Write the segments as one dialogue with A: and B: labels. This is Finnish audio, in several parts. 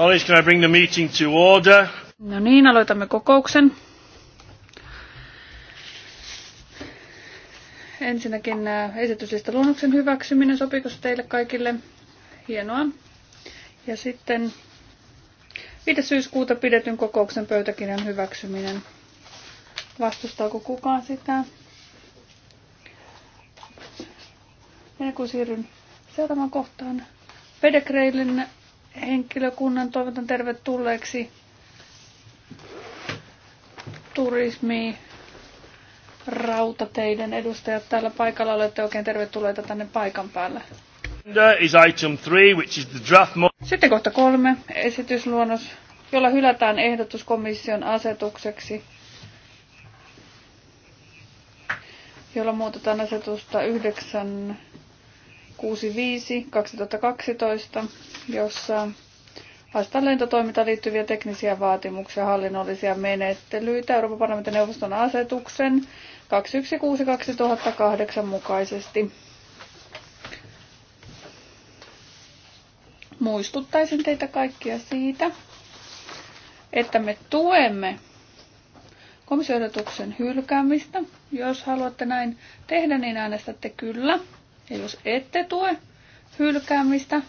A: Colleagues, can I bring the meeting to order?
B: No niin, aloitamme kokouksen. Ensinnäkin äh, esityslistan luonnoksen hyväksyminen, sopiko se teille kaikille? Hienoa. Ja sitten 5. syyskuuta pidetyn kokouksen pöytäkirjan hyväksyminen. Vastustaako kukaan sitä? Ennen kuin siirryn seuraavaan kohtaan, Pedegreilin henkilökunnan toivotan tervetulleeksi turismi rautateiden edustajat täällä paikalla. Olette oikein tervetulleita tänne paikan päälle. Sitten kohta kolme, esitysluonnos, jolla hylätään ehdotus komission asetukseksi, jolla muutetaan asetusta 9 65 2012, jossa lentotoimintaan liittyviä teknisiä vaatimuksia hallinnollisia menettelyitä Euroopan parlamentin neuvoston asetuksen 216-2008 mukaisesti. Muistuttaisin teitä kaikkia siitä, että me tuemme komissioehdotuksen hylkäämistä. Jos haluatte näin tehdä, niin äänestätte kyllä. Ja jos ette tue hylkäämistä,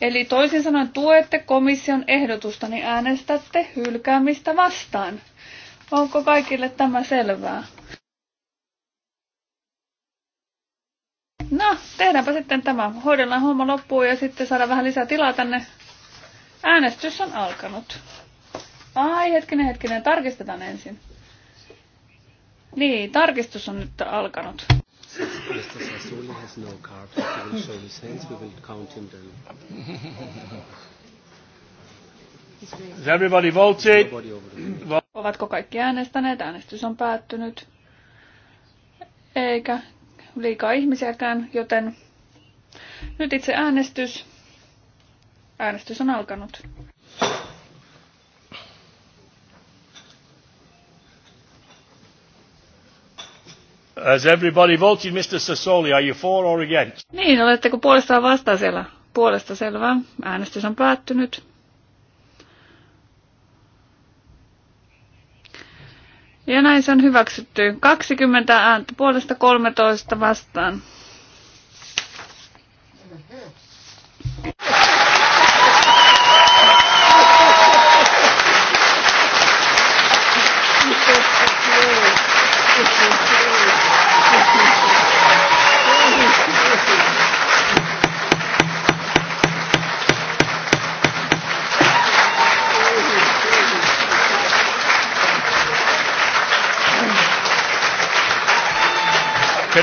B: eli toisin sanoen tuette komission ehdotusta, niin äänestätte hylkäämistä vastaan. Onko kaikille tämä selvää? No, tehdäänpä sitten tämä. Hoidellaan homma loppuun ja sitten saadaan vähän lisää tilaa tänne. Äänestys on alkanut. Ai, hetkinen, hetkinen. Tarkistetaan ensin. Niin, tarkistus on nyt alkanut. Mr. Sassoli
A: has no card. He will show his hands. We will count him then. Has everybody voted?
B: Ovatko kaikki äänestäneet? Äänestys on päättynyt. Eikä liikaa ihmisiäkään, joten nyt itse äänestys. Äänestys on alkanut.
A: Has everybody voted, Mr. Sassoli? Are you for or against?
B: Niin, oletteko puolesta vai vastaan siellä? Puolesta selvä. Äänestys on päättynyt. Ja näin se on hyväksytty. 20 ääntä puolesta 13 vastaan.
C: Thank you.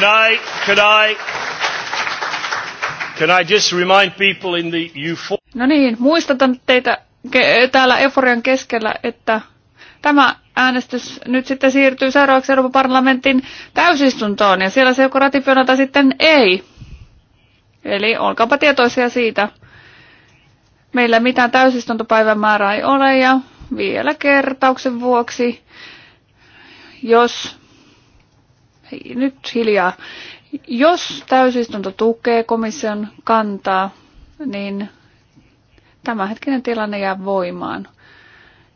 A: Can I, can I, can I just remind people in the euphoria?
B: No niin, muistutan teitä täällä euforian keskellä, että tämä äänestys nyt sitten siirtyy seuraavaksi Euroopan parlamentin täysistuntoon ja siellä se joko ratifioidaan tai sitten ei. Eli olkaapa tietoisia siitä. Meillä mitään määrää ei ole ja vielä kertauksen vuoksi, jos nyt hiljaa. Jos täysistunto tukee komission kantaa, niin tämänhetkinen tilanne jää voimaan,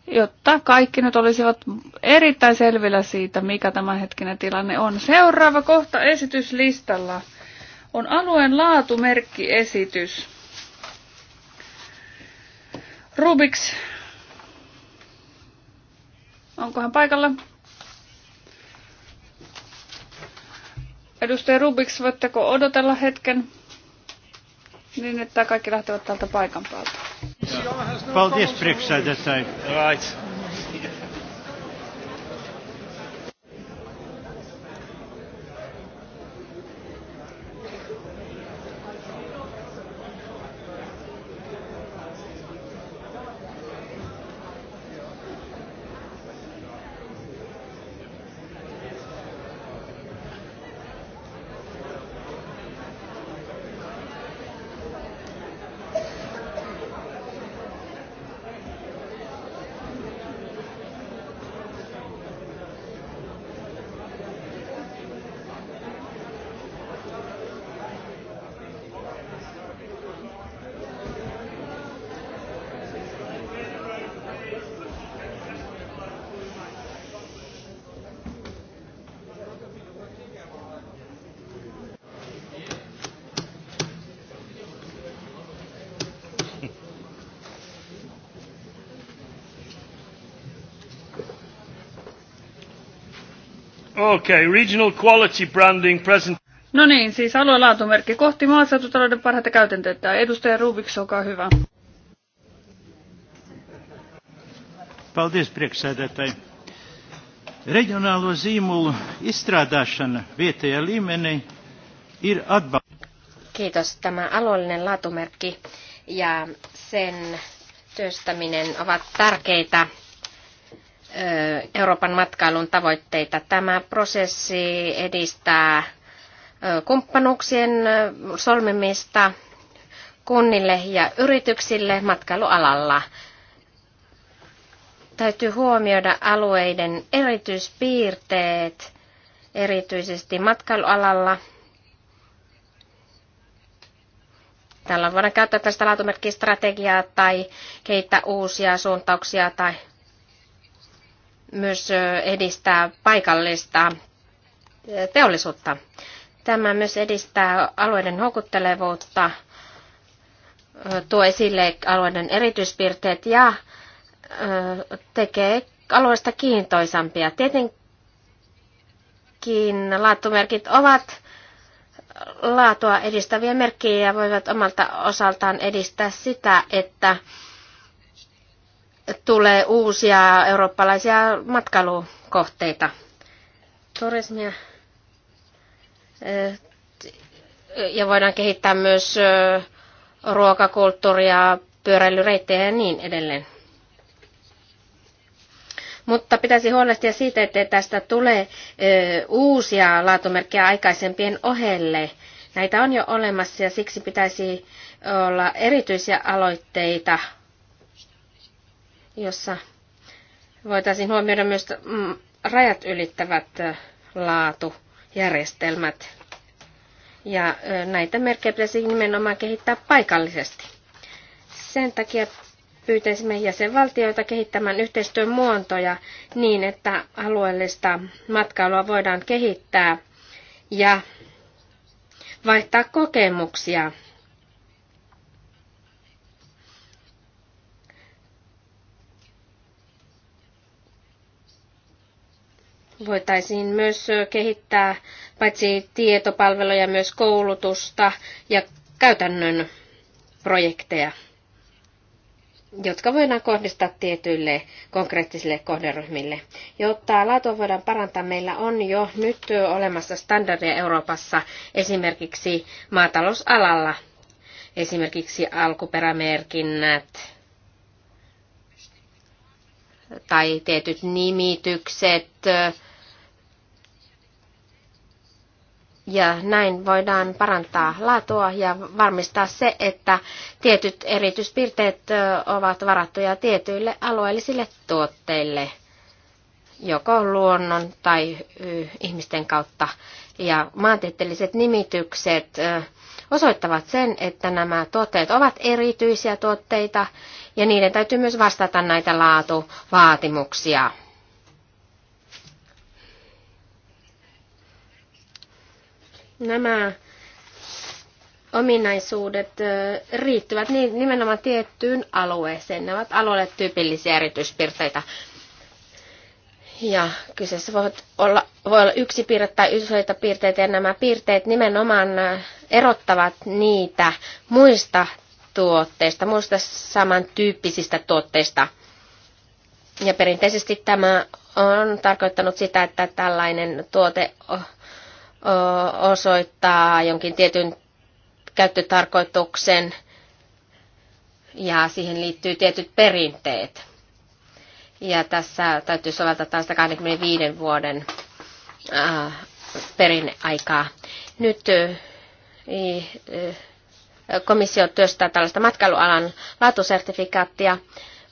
B: jotta kaikki nyt olisivat erittäin selvillä siitä, mikä tämänhetkinen tilanne on. Seuraava kohta esityslistalla on alueen laatumerkkiesitys. Rubiks, onkohan paikalla? Edustaja Rubiks, voitteko odotella hetken? Niin, että kaikki lähtevät täältä paikan päältä.
C: Well, this brief Right.
A: Okay, regional quality branding present.
B: No niin, siis aluelaatumerkki kohti maaseututalouden parhaita käytänteitä. Edustaja Rubiks, olkaa hyvä.
A: Paldies, priekšsēdētāji. Reģionālo zīmolu izstrādāšana vietējā līmenī ir atbalsta.
D: Kiitos. Tämä alueellinen laatumerkki ja sen työstäminen ovat tärkeitä Euroopan matkailun tavoitteita. Tämä prosessi edistää kumppanuuksien solmimista kunnille ja yrityksille matkailualalla. Täytyy huomioida alueiden erityispiirteet, erityisesti matkailualalla. Täällä voidaan käyttää tästä laatumerkkistrategiaa tai kehittää uusia suuntauksia tai myös edistää paikallista teollisuutta. Tämä myös edistää alueiden houkuttelevuutta, tuo esille alueiden erityispiirteet ja tekee alueesta kiintoisampia. Tietenkin laatumerkit ovat laatua edistäviä merkkejä ja voivat omalta osaltaan edistää sitä, että tulee uusia eurooppalaisia matkailukohteita. Turismia. Eh, ja voidaan kehittää myös eh, ruokakulttuuria, pyöräilyreittejä ja niin edelleen. Mutta pitäisi huolehtia siitä, että tästä tulee eh, uusia laatumerkkejä aikaisempien ohelle. Näitä on jo olemassa ja siksi pitäisi olla erityisiä aloitteita – jossa voitaisiin huomioida myös mm, rajat ylittävät laatujärjestelmät. Ja näitä merkkejä pitäisi nimenomaan kehittää paikallisesti. Sen takia pyytäisimme jäsenvaltioita kehittämään yhteistyön muotoja niin, että alueellista matkailua voidaan kehittää ja vaihtaa kokemuksia Voitaisiin myös kehittää paitsi tietopalveluja, myös koulutusta ja käytännön projekteja, jotka voidaan kohdistaa tietyille konkreettisille kohderyhmille. Jotta laatua voidaan parantaa, meillä on jo nyt olemassa standardia Euroopassa esimerkiksi maatalousalalla, esimerkiksi alkuperämerkinnät, tai tietyt nimitykset, Ja näin voidaan parantaa laatua ja varmistaa se, että tietyt erityispiirteet ovat varattuja tietyille alueellisille tuotteille, joko luonnon tai ihmisten kautta. Ja maantieteelliset nimitykset osoittavat sen, että nämä tuotteet ovat erityisiä tuotteita ja niiden täytyy myös vastata näitä laatuvaatimuksia. Nämä ominaisuudet riittyvät nimenomaan tiettyyn alueeseen. Ne ovat alueelle tyypillisiä erityispiirteitä. Ja kyseessä voi olla, voi olla yksi piirre tai useita piirteitä, ja nämä piirteet nimenomaan erottavat niitä muista tuotteista, muista samantyyppisistä tuotteista. Ja perinteisesti tämä on tarkoittanut sitä, että tällainen tuote osoittaa jonkin tietyn käyttötarkoituksen ja siihen liittyy tietyt perinteet. Ja tässä täytyy soveltaa tällaista 25 vuoden perinneaikaa. Nyt komissio työstää tällaista matkailualan laatusertifikaattia,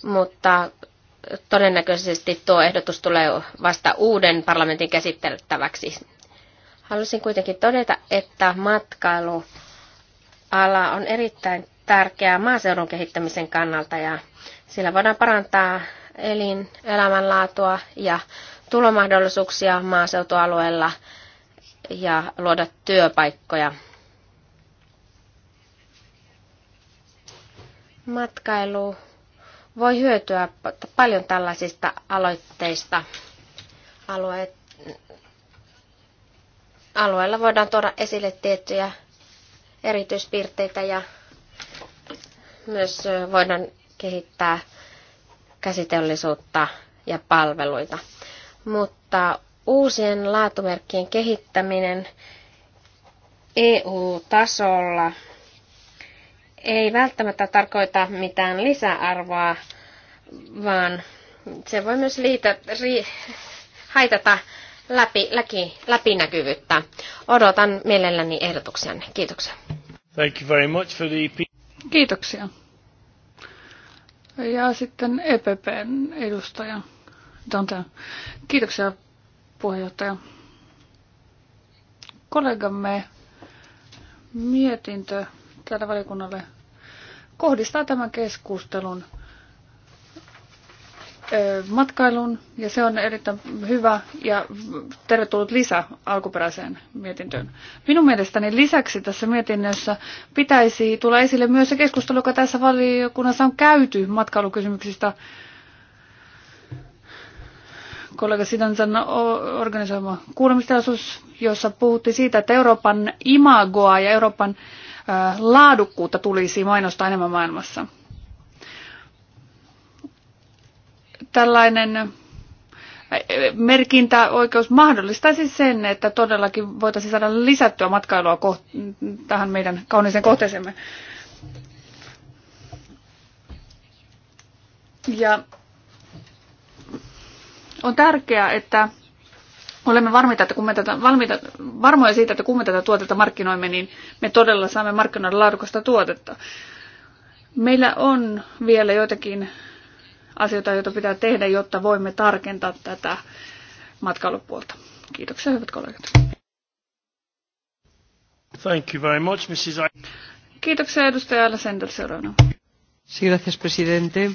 D: mutta todennäköisesti tuo ehdotus tulee vasta uuden parlamentin käsiteltäväksi. Haluaisin kuitenkin todeta, että matkailuala on erittäin tärkeää maaseudun kehittämisen kannalta ja sillä voidaan parantaa elin, elämänlaatua ja tulomahdollisuuksia maaseutualueella ja luoda työpaikkoja. Matkailu voi hyötyä paljon tällaisista aloitteista. Alueet alueella voidaan tuoda esille tiettyjä erityispiirteitä ja myös voidaan kehittää käsiteollisuutta ja palveluita. Mutta uusien laatumerkkien kehittäminen EU-tasolla ei välttämättä tarkoita mitään lisäarvoa, vaan se voi myös liitä, ri, haitata läpi, läpi, läpinäkyvyyttä. Odotan mielelläni ehdotuksianne. Kiitoksia.
A: Thank you very much for the... E
B: Kiitoksia. Ja sitten EPPn edustaja Dante. Kiitoksia puheenjohtaja. Kollegamme mietintö tälle valiokunnalle kohdistaa tämän keskustelun matkailun ja se on erittäin hyvä ja tervetullut lisä alkuperäiseen mietintöön. Minun mielestäni lisäksi tässä mietinnössä pitäisi tulla esille myös se keskustelu, joka tässä valiokunnassa on käyty matkailukysymyksistä. Kollega Sidansan organisoima kuulemistilaisuus, jossa puhuttiin siitä, että Euroopan imagoa ja Euroopan laadukkuutta tulisi mainostaa enemmän maailmassa. tällainen äh, merkintäoikeus mahdollistaisi sen, että todellakin voitaisiin saada lisättyä matkailua koht- tähän meidän kauniiseen kohteeseemme. Ja on tärkeää, että olemme varmiita, että kun me tätä, valmiita, varmoja siitä, että kun me tätä tuotetta markkinoimme, niin me todella saamme markkinoida laadukasta tuotetta. Meillä on vielä joitakin asioita, joita pitää tehdä, jotta voimme tarkentaa tätä matkailupuolta. Kiitoksia, hyvät kollegat.
A: Thank you very much, Mrs. I-
B: Kiitoksia, edustaja Alessandr seuraavana.
A: Sí, gracias, presidente.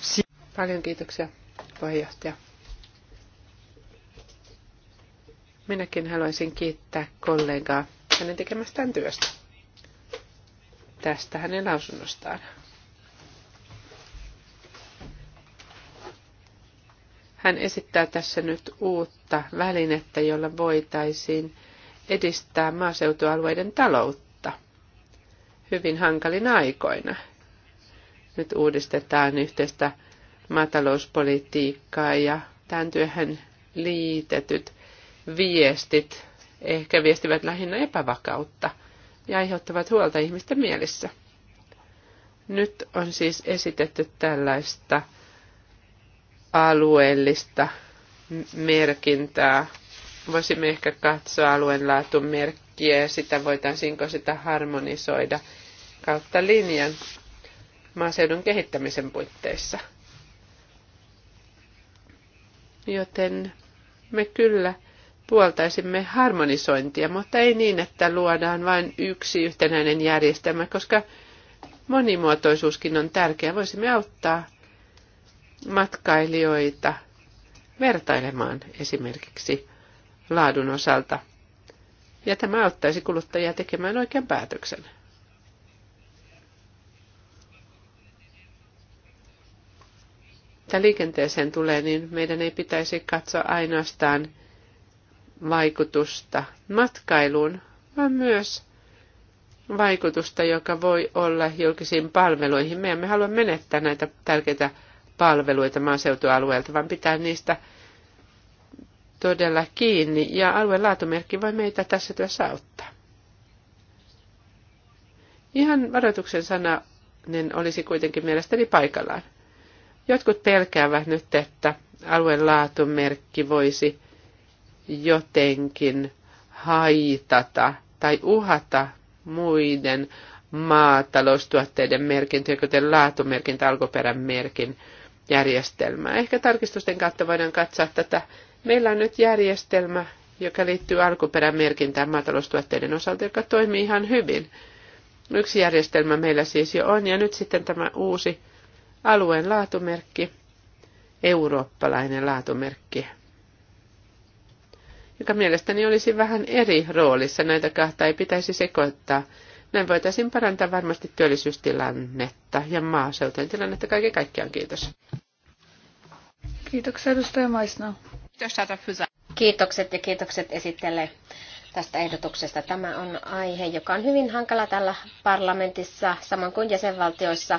A: Sí.
B: Paljon kiitoksia, puheenjohtaja.
E: Minäkin haluaisin kiittää kollegaa hänen tekemästään työstä. Tästä hänen lausunnostaan. Hän esittää tässä nyt uutta välinettä, jolla voitaisiin edistää maaseutualueiden taloutta hyvin hankalina aikoina. Nyt uudistetaan yhteistä maatalouspolitiikkaa ja tämän työhön liitetyt viestit ehkä viestivät lähinnä epävakautta ja aiheuttavat huolta ihmisten mielissä. Nyt on siis esitetty tällaista alueellista merkintää. Voisimme ehkä katsoa alueen merkkiä ja sitä voitaisiinko sitä harmonisoida kautta linjan maaseudun kehittämisen puitteissa. Joten me kyllä puoltaisimme harmonisointia, mutta ei niin, että luodaan vain yksi yhtenäinen järjestelmä, koska monimuotoisuuskin on tärkeä. Voisimme auttaa matkailijoita vertailemaan esimerkiksi laadun osalta. Ja tämä auttaisi kuluttajia tekemään oikean päätöksen. Mitä liikenteeseen tulee, niin meidän ei pitäisi katsoa ainoastaan vaikutusta matkailuun, vaan myös vaikutusta, joka voi olla julkisiin palveluihin. Me emme halua menettää näitä tärkeitä palveluita maaseutualueelta, vaan pitää niistä todella kiinni. Ja alueen laatumerkki voi meitä tässä työssä auttaa. Ihan varoituksen niin olisi kuitenkin mielestäni paikallaan. Jotkut pelkäävät nyt, että alueen laatumerkki voisi jotenkin haitata tai uhata muiden maataloustuotteiden merkintöjä, kuten laatumerkintä, alkuperän merkin, järjestelmää. Ehkä tarkistusten kautta voidaan katsoa tätä. Meillä on nyt järjestelmä, joka liittyy alkuperämerkintään maataloustuotteiden osalta, joka toimii ihan hyvin. Yksi järjestelmä meillä siis jo on, ja nyt sitten tämä uusi alueen laatumerkki, eurooppalainen laatumerkki, joka mielestäni olisi vähän eri roolissa. Näitä kahta ei pitäisi sekoittaa – näin voitaisiin parantaa varmasti työllisyystilannetta ja maaseutujen tilannetta kaiken kaikkiaan. Kiitos.
B: Kiitoksia edustaja Maisna.
D: Kiitokset ja kiitokset esittelee tästä ehdotuksesta. Tämä on aihe, joka on hyvin hankala tällä parlamentissa, samoin kuin jäsenvaltioissa.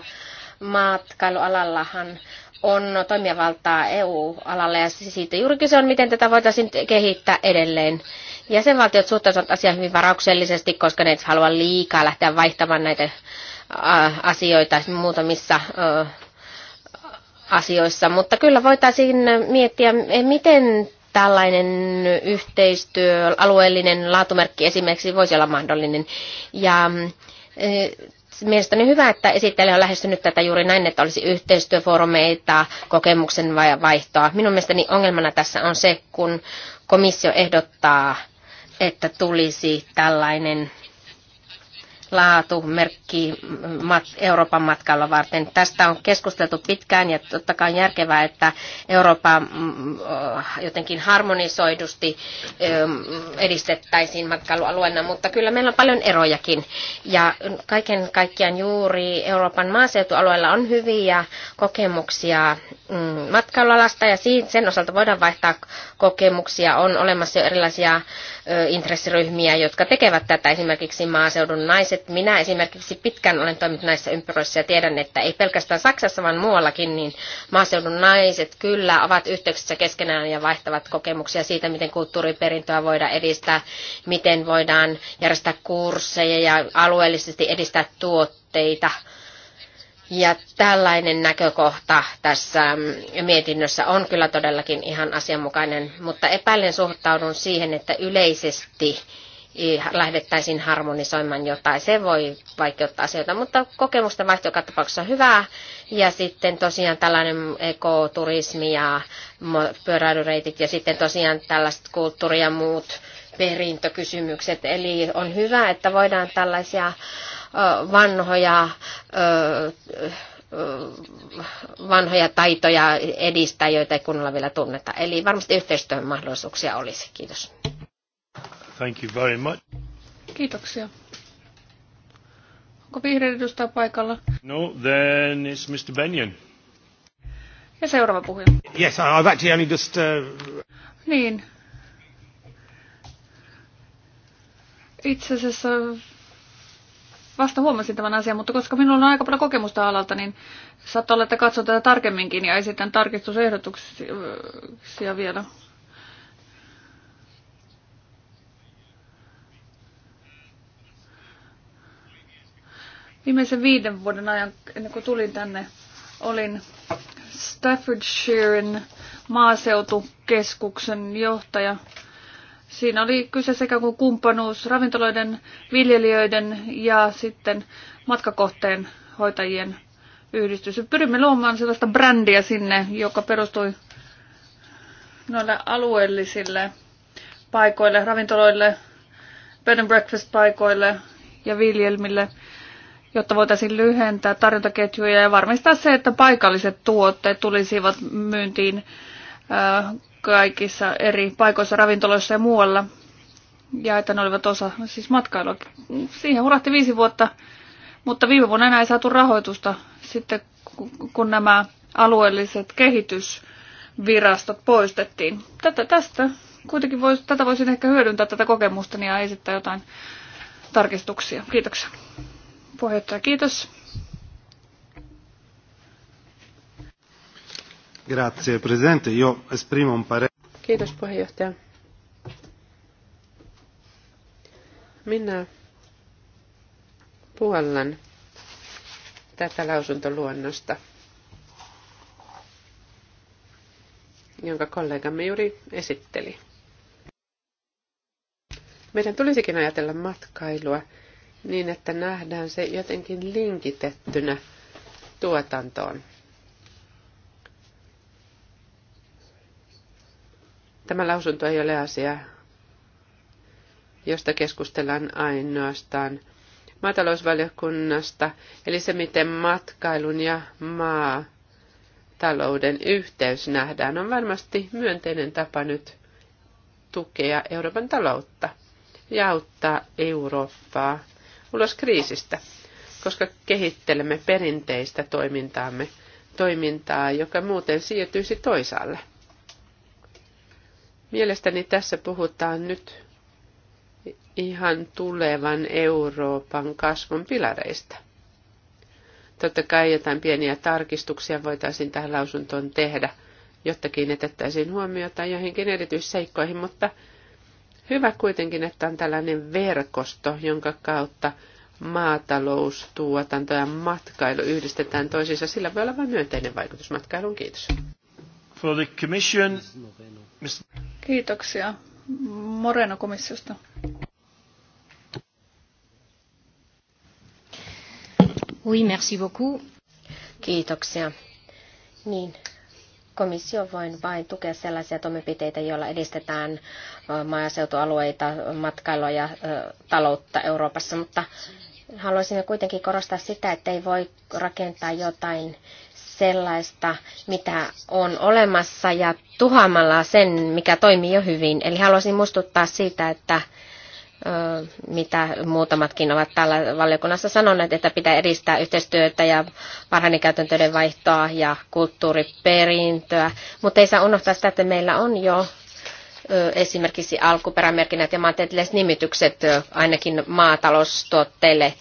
D: Matkailualallahan on toimivaltaa EU-alalla ja siitä juuri kyse on, miten tätä voitaisiin kehittää edelleen. Jäsenvaltiot suhtautuvat asiaan hyvin varauksellisesti, koska ne eivät halua liikaa lähteä vaihtamaan näitä asioita muutamissa asioissa. Mutta kyllä voitaisiin miettiä, miten tällainen yhteistyö, alueellinen laatumerkki esimerkiksi voisi olla mahdollinen. Ja mielestäni hyvä, että esittelijä on lähestynyt tätä juuri näin, että olisi yhteistyöfoorumeita, kokemuksen vaihtoa. Minun mielestäni ongelmana tässä on se, kun komissio ehdottaa että tulisi tällainen laatu mat, Euroopan matkalla varten. Tästä on keskusteltu pitkään ja totta kai on järkevää, että Eurooppa mm, äh, jotenkin harmonisoidusti ähm, edistettäisiin matkailualueena, mutta kyllä meillä on paljon erojakin. Ja kaiken kaikkiaan juuri Euroopan maaseutualueella on hyviä kokemuksia mm, matkailualasta ja sen osalta voidaan vaihtaa kokemuksia. On olemassa jo erilaisia intressiryhmiä, jotka tekevät tätä, esimerkiksi maaseudun naiset minä esimerkiksi pitkään olen toiminut näissä ympyröissä ja tiedän, että ei pelkästään Saksassa, vaan muuallakin, niin maaseudun naiset kyllä ovat yhteyksissä keskenään ja vaihtavat kokemuksia siitä, miten kulttuuriperintöä voidaan edistää, miten voidaan järjestää kursseja ja alueellisesti edistää tuotteita. Ja tällainen näkökohta tässä mm, mietinnössä on kyllä todellakin ihan asianmukainen, mutta epäilen suhtaudun siihen, että yleisesti lähdettäisiin harmonisoimaan jotain. Se voi vaikeuttaa asioita, mutta kokemusten vaihto joka tapauksessa on hyvää. Ja sitten tosiaan tällainen ekoturismi ja pyöräilyreitit ja sitten tosiaan tällaiset kulttuuri ja muut perintökysymykset. Eli on hyvä, että voidaan tällaisia vanhoja vanhoja taitoja edistää, joita ei kunnolla vielä tunneta. Eli varmasti yhteistyön mahdollisuuksia olisi. Kiitos.
A: Thank you very much.
B: Kiitoksia. Onko vihreä edustaja paikalla?
A: No, then it's Mr. Benyon.
B: Ja seuraava puhuja.
A: Yes, I've actually only just... Uh...
B: Niin. Itse asiassa vasta huomasin tämän asian, mutta koska minulla on aika paljon kokemusta alalta, niin saattaa olla, että katson tätä tarkemminkin ja esitän tarkistusehdotuksia vielä. Viimeisen viiden vuoden ajan, ennen kuin tulin tänne, olin Staffordshiren maaseutukeskuksen johtaja. Siinä oli kyse sekä kuin kumppanuus ravintoloiden, viljelijöiden ja sitten matkakohteen hoitajien yhdistys. Pyrimme luomaan sellaista brändiä sinne, joka perustui noille alueellisille paikoille, ravintoloille, bed and breakfast paikoille ja viljelmille jotta voitaisiin lyhentää tarjontaketjuja ja varmistaa se, että paikalliset tuotteet tulisivat myyntiin kaikissa eri paikoissa, ravintoloissa ja muualla. Ja että ne olivat osa siis matkailua. Siihen hurahti viisi vuotta, mutta viime vuonna enää ei saatu rahoitusta sitten, kun nämä alueelliset kehitysvirastot poistettiin. Tätä, tästä kuitenkin vois, tätä voisin ehkä hyödyntää tätä kokemusta ja esittää jotain tarkistuksia. Kiitoksia. Puheenjohtaja, kiitos.
C: Grazie, presidente. Io esprimo un pare...
E: Kiitos, puheenjohtaja. Minä puollan tätä lausuntoluonnosta, jonka kollegamme juuri esitteli. Meidän tulisikin ajatella matkailua niin, että nähdään se jotenkin linkitettynä tuotantoon. Tämä lausunto ei ole asia, josta keskustellaan ainoastaan maatalousvaliokunnasta, eli se, miten matkailun ja maatalouden yhteys nähdään, on varmasti myönteinen tapa nyt tukea Euroopan taloutta ja auttaa Eurooppaa ulos kriisistä, koska kehittelemme perinteistä toimintaamme, toimintaa, joka muuten siirtyisi toisaalle. Mielestäni tässä puhutaan nyt ihan tulevan Euroopan kasvun pilareista. Totta kai jotain pieniä tarkistuksia voitaisiin tähän lausuntoon tehdä, jotta kiinnitettäisiin huomiota joihinkin erityisseikkoihin, mutta Hyvä kuitenkin, että on tällainen verkosto, jonka kautta maataloustuotanto ja matkailu yhdistetään toisiinsa. Sillä voi olla vain myönteinen vaikutus matkailuun. Kiitos.
A: For the commission,
B: Kiitoksia. Moreno komissiosta. Oui, merci beaucoup.
D: Kiitoksia. Niin, Komissio voi vain tukea sellaisia toimenpiteitä, joilla edistetään maaseutualueita, matkailua ja taloutta Euroopassa, mutta haluaisimme kuitenkin korostaa sitä, että ei voi rakentaa jotain sellaista, mitä on olemassa ja tuhamalla sen, mikä toimii jo hyvin. Eli haluaisin muistuttaa siitä, että mitä muutamatkin ovat täällä valiokunnassa sanoneet, että pitää edistää yhteistyötä ja parhaiden käytäntöiden vaihtoa ja kulttuuriperintöä. Mutta ei saa unohtaa sitä, että meillä on jo esimerkiksi alkuperämerkinnät ja maantieteelliset nimitykset ainakin maataloustuotteille,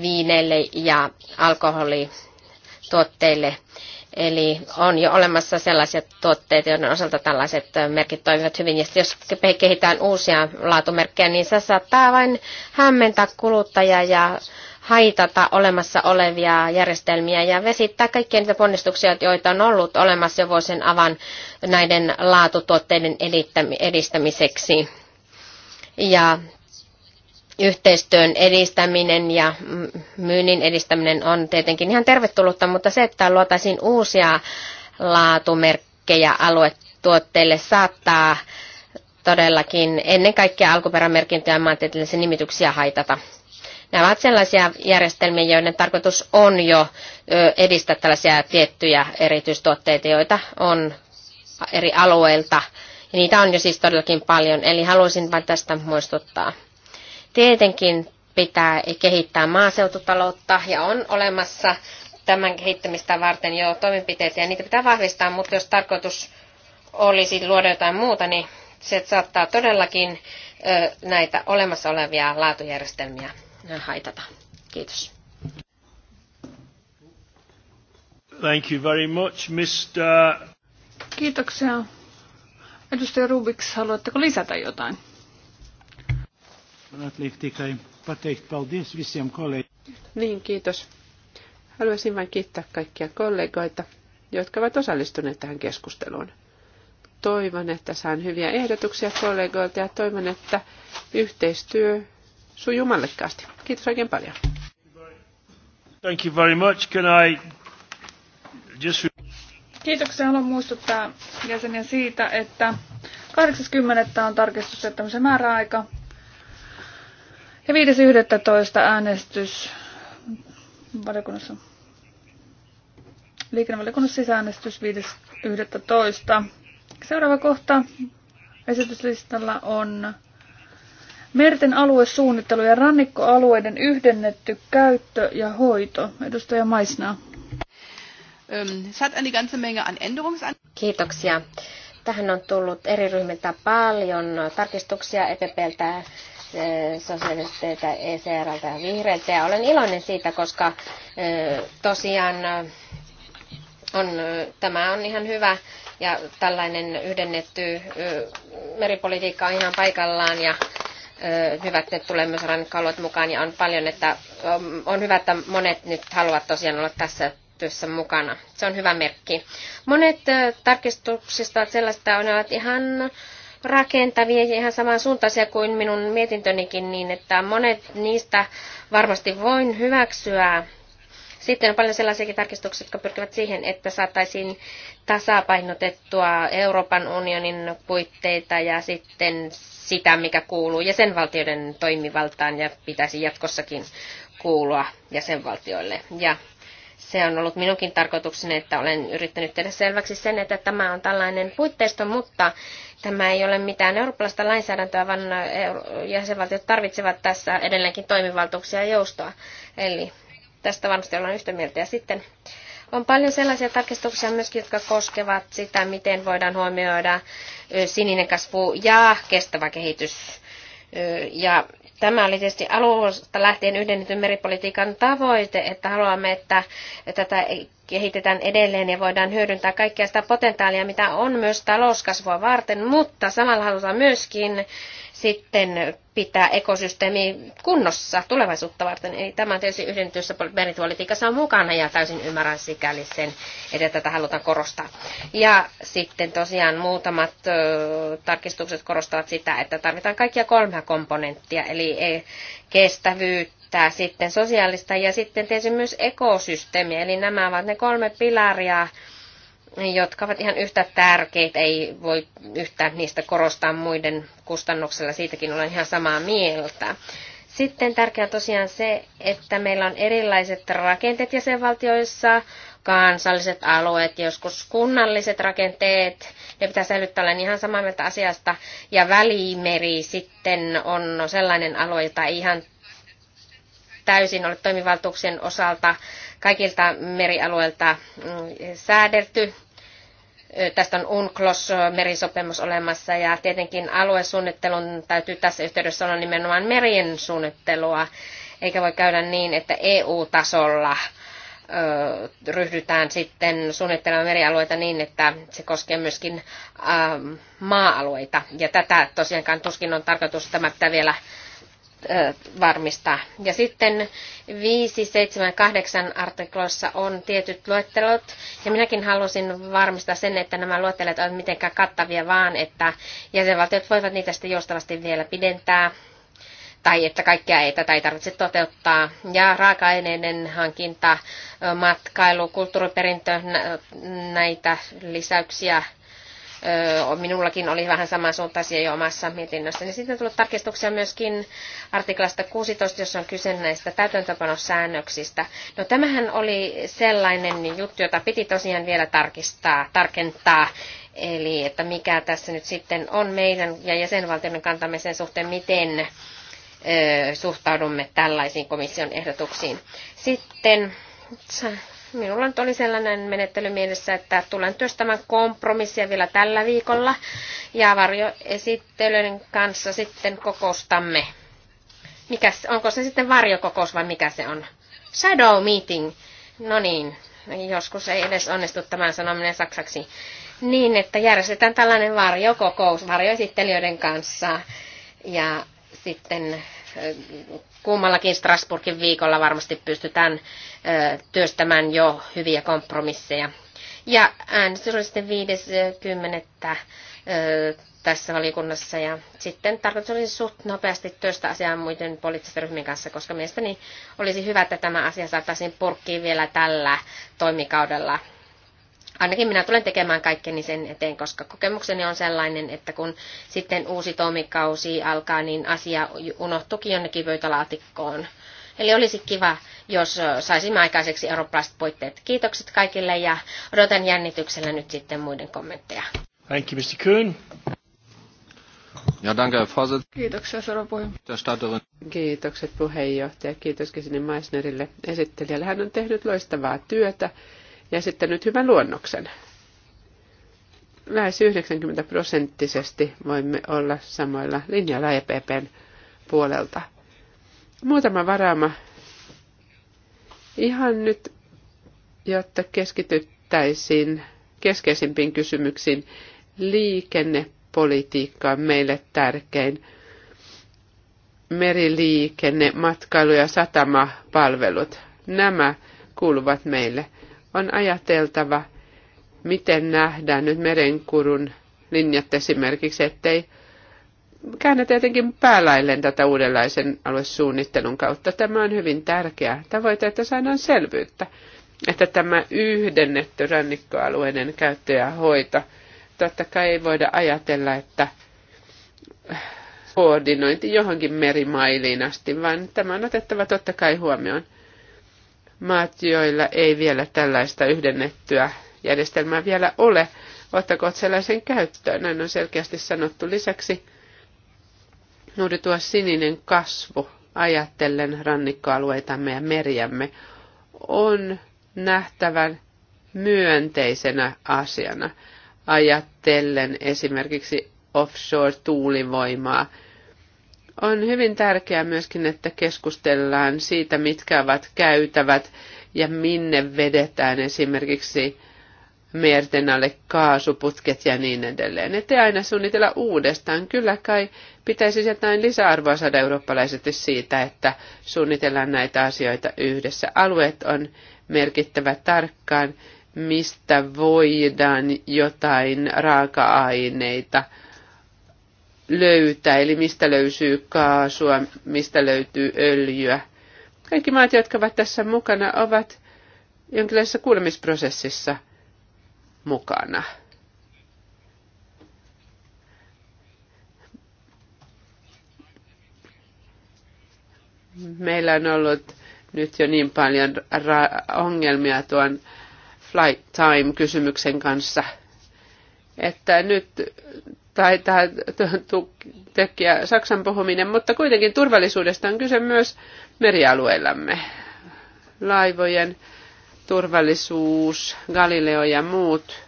D: viineille ja alkoholituotteille. Eli on jo olemassa sellaisia tuotteita, joiden osalta tällaiset merkit toimivat hyvin. Ja jos kehitään uusia laatumerkkejä, niin se saattaa vain hämmentää kuluttajaa ja haitata olemassa olevia järjestelmiä ja vesittää kaikkia niitä ponnistuksia, joita on ollut olemassa jo vuosien avan näiden laatutuotteiden edistämiseksi. Ja yhteistyön edistäminen ja myynnin edistäminen on tietenkin ihan tervetullutta, mutta se, että luotaisiin uusia laatumerkkejä aluetuotteille saattaa todellakin ennen kaikkea alkuperämerkintöjä ja maantieteellisiä nimityksiä haitata. Nämä ovat sellaisia järjestelmiä, joiden tarkoitus on jo edistää tällaisia tiettyjä erityistuotteita, joita on eri alueilta. Ja niitä on jo siis todellakin paljon, eli haluaisin vain tästä muistuttaa. Tietenkin pitää kehittää maaseututaloutta ja on olemassa tämän kehittämistä varten jo toimenpiteitä ja niitä pitää vahvistaa, mutta jos tarkoitus olisi luoda jotain muuta, niin se saattaa todellakin näitä olemassa olevia laatujärjestelmiä haitata. Kiitos.
A: Thank you very much, Mr.
B: Kiitoksia. Edustaja Rubiks, haluatteko lisätä jotain? Niin, kiitos.
E: Haluaisin vain kiittää kaikkia kollegoita, jotka ovat osallistuneet tähän keskusteluun. Toivon, että saan hyviä ehdotuksia kollegoilta ja toivon, että yhteistyö sujuu mallikkaasti. Kiitos oikein paljon.
A: Thank you very much. Can I just...
B: Kiitoksia. Haluan muistuttaa jäseniä siitä, että 80. on tarkistus, että se määräaika ja 5.11. äänestys valiokunnassa. Liikennevaliokunnan sisäänestys 5.11. Seuraava kohta esityslistalla on Merten aluesuunnittelu ja rannikkoalueiden yhdennetty käyttö ja hoito. Edustaja Maisnaa.
D: Ähm,
B: Kiitoksia.
D: Tähän on tullut eri ryhmiltä paljon tarkistuksia EPPltä sosiaalisteilta, ECRltä ja vihreiltä. Ja olen iloinen siitä, koska tosiaan on, tämä on ihan hyvä ja tällainen yhdennetty meripolitiikka on ihan paikallaan ja hyvät nyt tulee myös rannikkoalueet mukaan ja on paljon, että on hyvä, että monet nyt haluavat tosiaan olla tässä työssä mukana. Se on hyvä merkki. Monet tarkistuksista sellaista on ihan rakentavia ja ihan samansuuntaisia kuin minun mietintönikin, niin että monet niistä varmasti voin hyväksyä. Sitten on paljon sellaisiakin tarkistuksia, jotka pyrkivät siihen, että saataisiin tasapainotettua Euroopan unionin puitteita ja sitten sitä, mikä kuuluu jäsenvaltioiden toimivaltaan ja pitäisi jatkossakin kuulua jäsenvaltioille. Ja se on ollut minunkin tarkoitukseni, että olen yrittänyt tehdä selväksi sen, että tämä on tällainen puitteisto, mutta tämä ei ole mitään eurooppalaista lainsäädäntöä, vaan jäsenvaltiot tarvitsevat tässä edelleenkin toimivaltuuksia ja joustoa. Eli tästä varmasti ollaan yhtä mieltä. Ja sitten on paljon sellaisia tarkistuksia myöskin, jotka koskevat sitä, miten voidaan huomioida sininen kasvu ja kestävä kehitys. Ja Tämä oli tietysti alusta lähtien yhdennetyn meripolitiikan tavoite, että haluamme, että tätä kehitetään edelleen ja voidaan hyödyntää kaikkea sitä potentiaalia, mitä on myös talouskasvua varten, mutta samalla halutaan myöskin sitten pitää ekosysteemi kunnossa tulevaisuutta varten. Eli tämä tietysti työssä meripolitiikassa on mukana ja täysin ymmärrän sikäli sen, että tätä halutaan korostaa. Ja sitten tosiaan muutamat ö, tarkistukset korostavat sitä, että tarvitaan kaikkia kolmea komponenttia, eli e, kestävyyttä, sitten sosiaalista ja sitten tietysti myös ekosysteemiä. Eli nämä ovat ne kolme pilaria, jotka ovat ihan yhtä tärkeitä, ei voi yhtään niistä korostaa muiden kustannuksella, siitäkin olen ihan samaa mieltä. Sitten tärkeää tosiaan se, että meillä on erilaiset rakenteet jäsenvaltioissa, kansalliset alueet, joskus kunnalliset rakenteet, ne pitää säilyttää, olla ihan samaa mieltä asiasta, ja välimeri sitten on sellainen alue, jota ei ihan täysin ole toimivaltuuksien osalta kaikilta merialueilta mm, säädelty. Tästä on UNCLOS-merisopimus olemassa ja tietenkin aluesuunnittelun täytyy tässä yhteydessä olla nimenomaan merien suunnittelua, eikä voi käydä niin, että EU-tasolla ryhdytään sitten suunnittelemaan merialueita niin, että se koskee myöskin ähm, maa-alueita. Ja tätä tosiaankaan tuskin on tarkoitus, tämä pitää vielä varmistaa. Ja sitten 5, 7, 8 artiklossa on tietyt luettelot, ja minäkin halusin varmistaa sen, että nämä luettelot ovat mitenkään kattavia, vaan että jäsenvaltiot voivat niitä sitten joustavasti vielä pidentää, tai että kaikkea ei tätä ei tarvitse toteuttaa. Ja raaka-aineiden hankinta, matkailu, kulttuuriperintö, näitä lisäyksiä minullakin oli vähän samansuuntaisia jo omassa mietinnössäni. Sitten on tullut tarkistuksia myöskin artiklasta 16, jossa on kyse näistä täytäntöpanossäännöksistä. No tämähän oli sellainen juttu, jota piti tosiaan vielä tarkistaa, tarkentaa. Eli että mikä tässä nyt sitten on meidän ja jäsenvaltioiden kantamme sen suhteen, miten suhtaudumme tällaisiin komission ehdotuksiin. Sitten Minulla nyt oli sellainen menettely mielessä, että tulen työstämään kompromissia vielä tällä viikolla ja varjoesittelyiden kanssa sitten kokoustamme. Mikäs, onko se sitten varjokokous vai mikä se on? Shadow meeting. No niin, joskus ei edes onnistu tämän sanominen saksaksi. Niin, että järjestetään tällainen varjokokous varjoesittelijöiden kanssa ja sitten kummallakin Strasbourgin viikolla varmasti pystytään työstämään jo hyviä kompromisseja. Ja äänestys oli sitten 50. tässä valiokunnassa ja sitten tarkoitus olisi suht nopeasti työstä asiaa muiden poliittisten ryhmien kanssa, koska mielestäni olisi hyvä, että tämä asia saataisiin purkkiin vielä tällä toimikaudella ainakin minä tulen tekemään kaikkeni sen eteen, koska kokemukseni on sellainen, että kun sitten uusi toimikausi alkaa, niin asia unohtukin jonnekin pöytälaatikkoon. Eli olisi kiva, jos saisimme aikaiseksi eurooppalaiset puitteet. Kiitokset kaikille ja odotan jännityksellä nyt sitten muiden kommentteja.
A: Thank you, Mr. Kuhn. Ja danke,
D: Kiitoksia, seuraava puheenjohtaja.
E: Kiitokset puheenjohtaja. Kiitos Kisini Meissnerille esittelijälle. Hän on tehnyt loistavaa työtä ja esittänyt hyvän luonnoksen. Lähes 90 prosenttisesti voimme olla samoilla linjalla EPPn puolelta. Muutama varaama. Ihan nyt, jotta keskityttäisiin keskeisimpiin kysymyksiin, liikennepolitiikka on meille tärkein meriliikenne, matkailu ja satamapalvelut. Nämä kuuluvat meille on ajateltava, miten nähdään nyt merenkurun linjat esimerkiksi, ettei käännä jotenkin päälailleen tätä uudenlaisen aluesuunnittelun kautta. Tämä on hyvin tärkeä tavoite, että saadaan selvyyttä, että tämä yhdennetty rannikkoalueiden käyttö ja hoito, totta kai ei voida ajatella, että koordinointi johonkin merimailiin asti, vaan tämä on otettava totta kai huomioon maat, joilla ei vielä tällaista yhdennettyä järjestelmää vielä ole, Ottako sellaisen käyttöön. Näin on selkeästi sanottu. Lisäksi juuri tuo sininen kasvu, ajatellen rannikkoalueitamme ja meriämme, on nähtävän myönteisenä asiana, ajatellen esimerkiksi offshore-tuulivoimaa – on hyvin tärkeää myöskin, että keskustellaan siitä, mitkä ovat käytävät ja minne vedetään esimerkiksi merten alle kaasuputket ja niin edelleen. Ette aina suunnitella uudestaan. Kyllä kai pitäisi jotain lisäarvoa saada eurooppalaisesti siitä, että suunnitellaan näitä asioita yhdessä. Alueet on merkittävä tarkkaan, mistä voidaan jotain raaka-aineita – löytää, eli mistä löysyy kaasua, mistä löytyy öljyä. Kaikki maat, jotka ovat tässä mukana, ovat jonkinlaisessa kuulemisprosessissa mukana. Meillä on ollut nyt jo niin paljon ongelmia tuon flight time-kysymyksen kanssa, että nyt tai tähän tökkiä Saksan puhuminen, mutta kuitenkin turvallisuudesta on kyse myös merialueillamme. Laivojen turvallisuus, Galileo ja muut.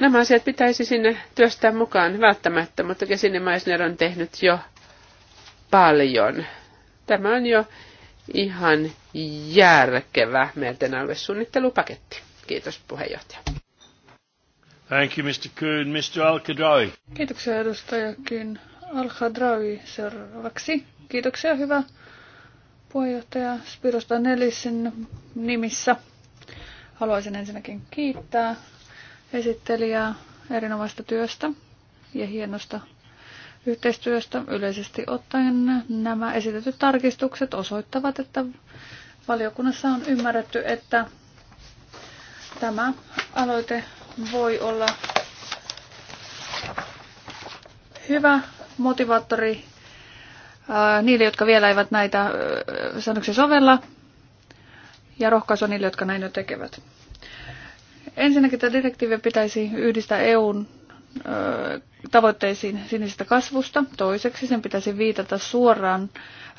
E: Nämä asiat pitäisi sinne työstää mukaan välttämättä, mutta Kesine Meissner on tehnyt jo paljon. Tämä on jo ihan järkevä merten aluesuunnittelupaketti. Kiitos puheenjohtaja.
A: Thank you, Mr. Kuhn. Mr. Al-Kadrawi.
B: Kiitoksia edustaja Kuhn. al seuraavaksi. Kiitoksia, hyvä puheenjohtaja Spiros Danelisin nimissä. Haluaisin ensinnäkin kiittää esittelijää erinomaista työstä ja hienosta yhteistyöstä. Yleisesti ottaen nämä esitetyt tarkistukset osoittavat, että valiokunnassa on ymmärretty, että tämä aloite voi olla hyvä motivaattori niille, jotka vielä eivät näitä sanoksia sovella, ja rohkaisu niille, jotka näin jo tekevät. Ensinnäkin tämä direktiivi pitäisi yhdistää EUn tavoitteisiin sinisestä kasvusta. Toiseksi sen pitäisi viitata suoraan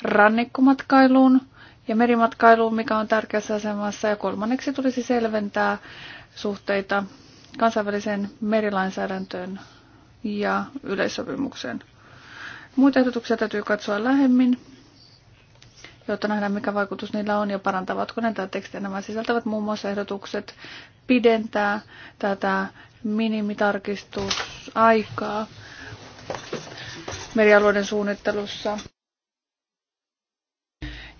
B: rannikkomatkailuun ja merimatkailuun, mikä on tärkeässä asemassa. Ja kolmanneksi tulisi selventää suhteita kansainväliseen merilainsäädäntöön ja yleissopimukseen. Muita ehdotuksia täytyy katsoa lähemmin, jotta nähdään mikä vaikutus niillä on ja parantavatko ne tätä tekstiä. Nämä sisältävät muun muassa ehdotukset pidentää tätä minimitarkistusaikaa merialueiden suunnittelussa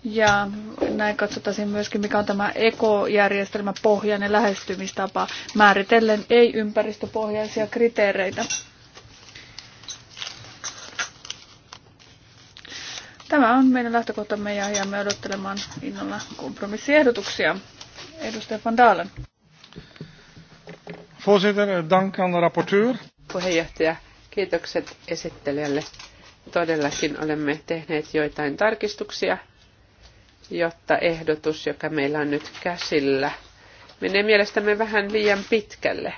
B: ja näin katsotaan myöskin, mikä on tämä ekojärjestelmä pohjainen lähestymistapa määritellen ei-ympäristöpohjaisia kriteereitä. Tämä on meidän lähtökohtamme ja jäämme odottelemaan innolla kompromissiehdotuksia. Edustaja Van Dalen. Voorzitter, dank aan de rapporteur.
E: Puheenjohtaja, kiitokset esittelijälle. Todellakin olemme tehneet joitain tarkistuksia jotta ehdotus, joka meillä on nyt käsillä, menee mielestämme vähän liian pitkälle.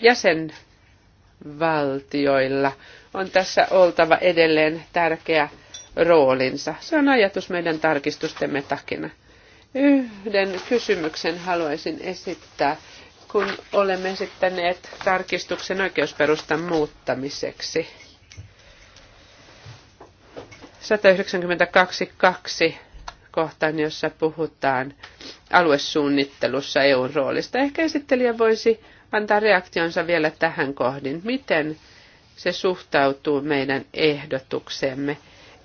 E: Jäsenvaltioilla on tässä oltava edelleen tärkeä roolinsa. Se on ajatus meidän tarkistustemme takana. Yhden kysymyksen haluaisin esittää, kun olemme esittäneet tarkistuksen oikeusperustan muuttamiseksi. 192.2 kohtaan, jossa puhutaan aluesuunnittelussa EUn roolista. Ehkä esittelijä voisi antaa reaktionsa vielä tähän kohdin. Miten se suhtautuu meidän ehdotuksemme,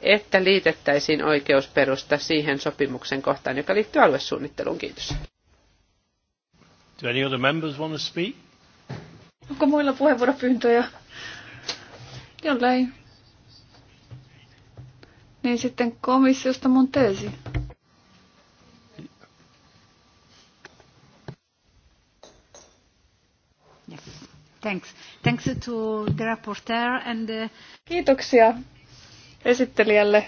E: että liitettäisiin oikeusperusta siihen sopimuksen kohtaan, joka liittyy aluesuunnitteluun. Kiitos.
A: Do any other members want to speak?
B: Onko muilla puheenvuoropyyntöjä? Jollei. Niin sitten komissiosta mun teesi. Thanks. Thanks to the rapporteur and the... Kiitoksia esittelijälle.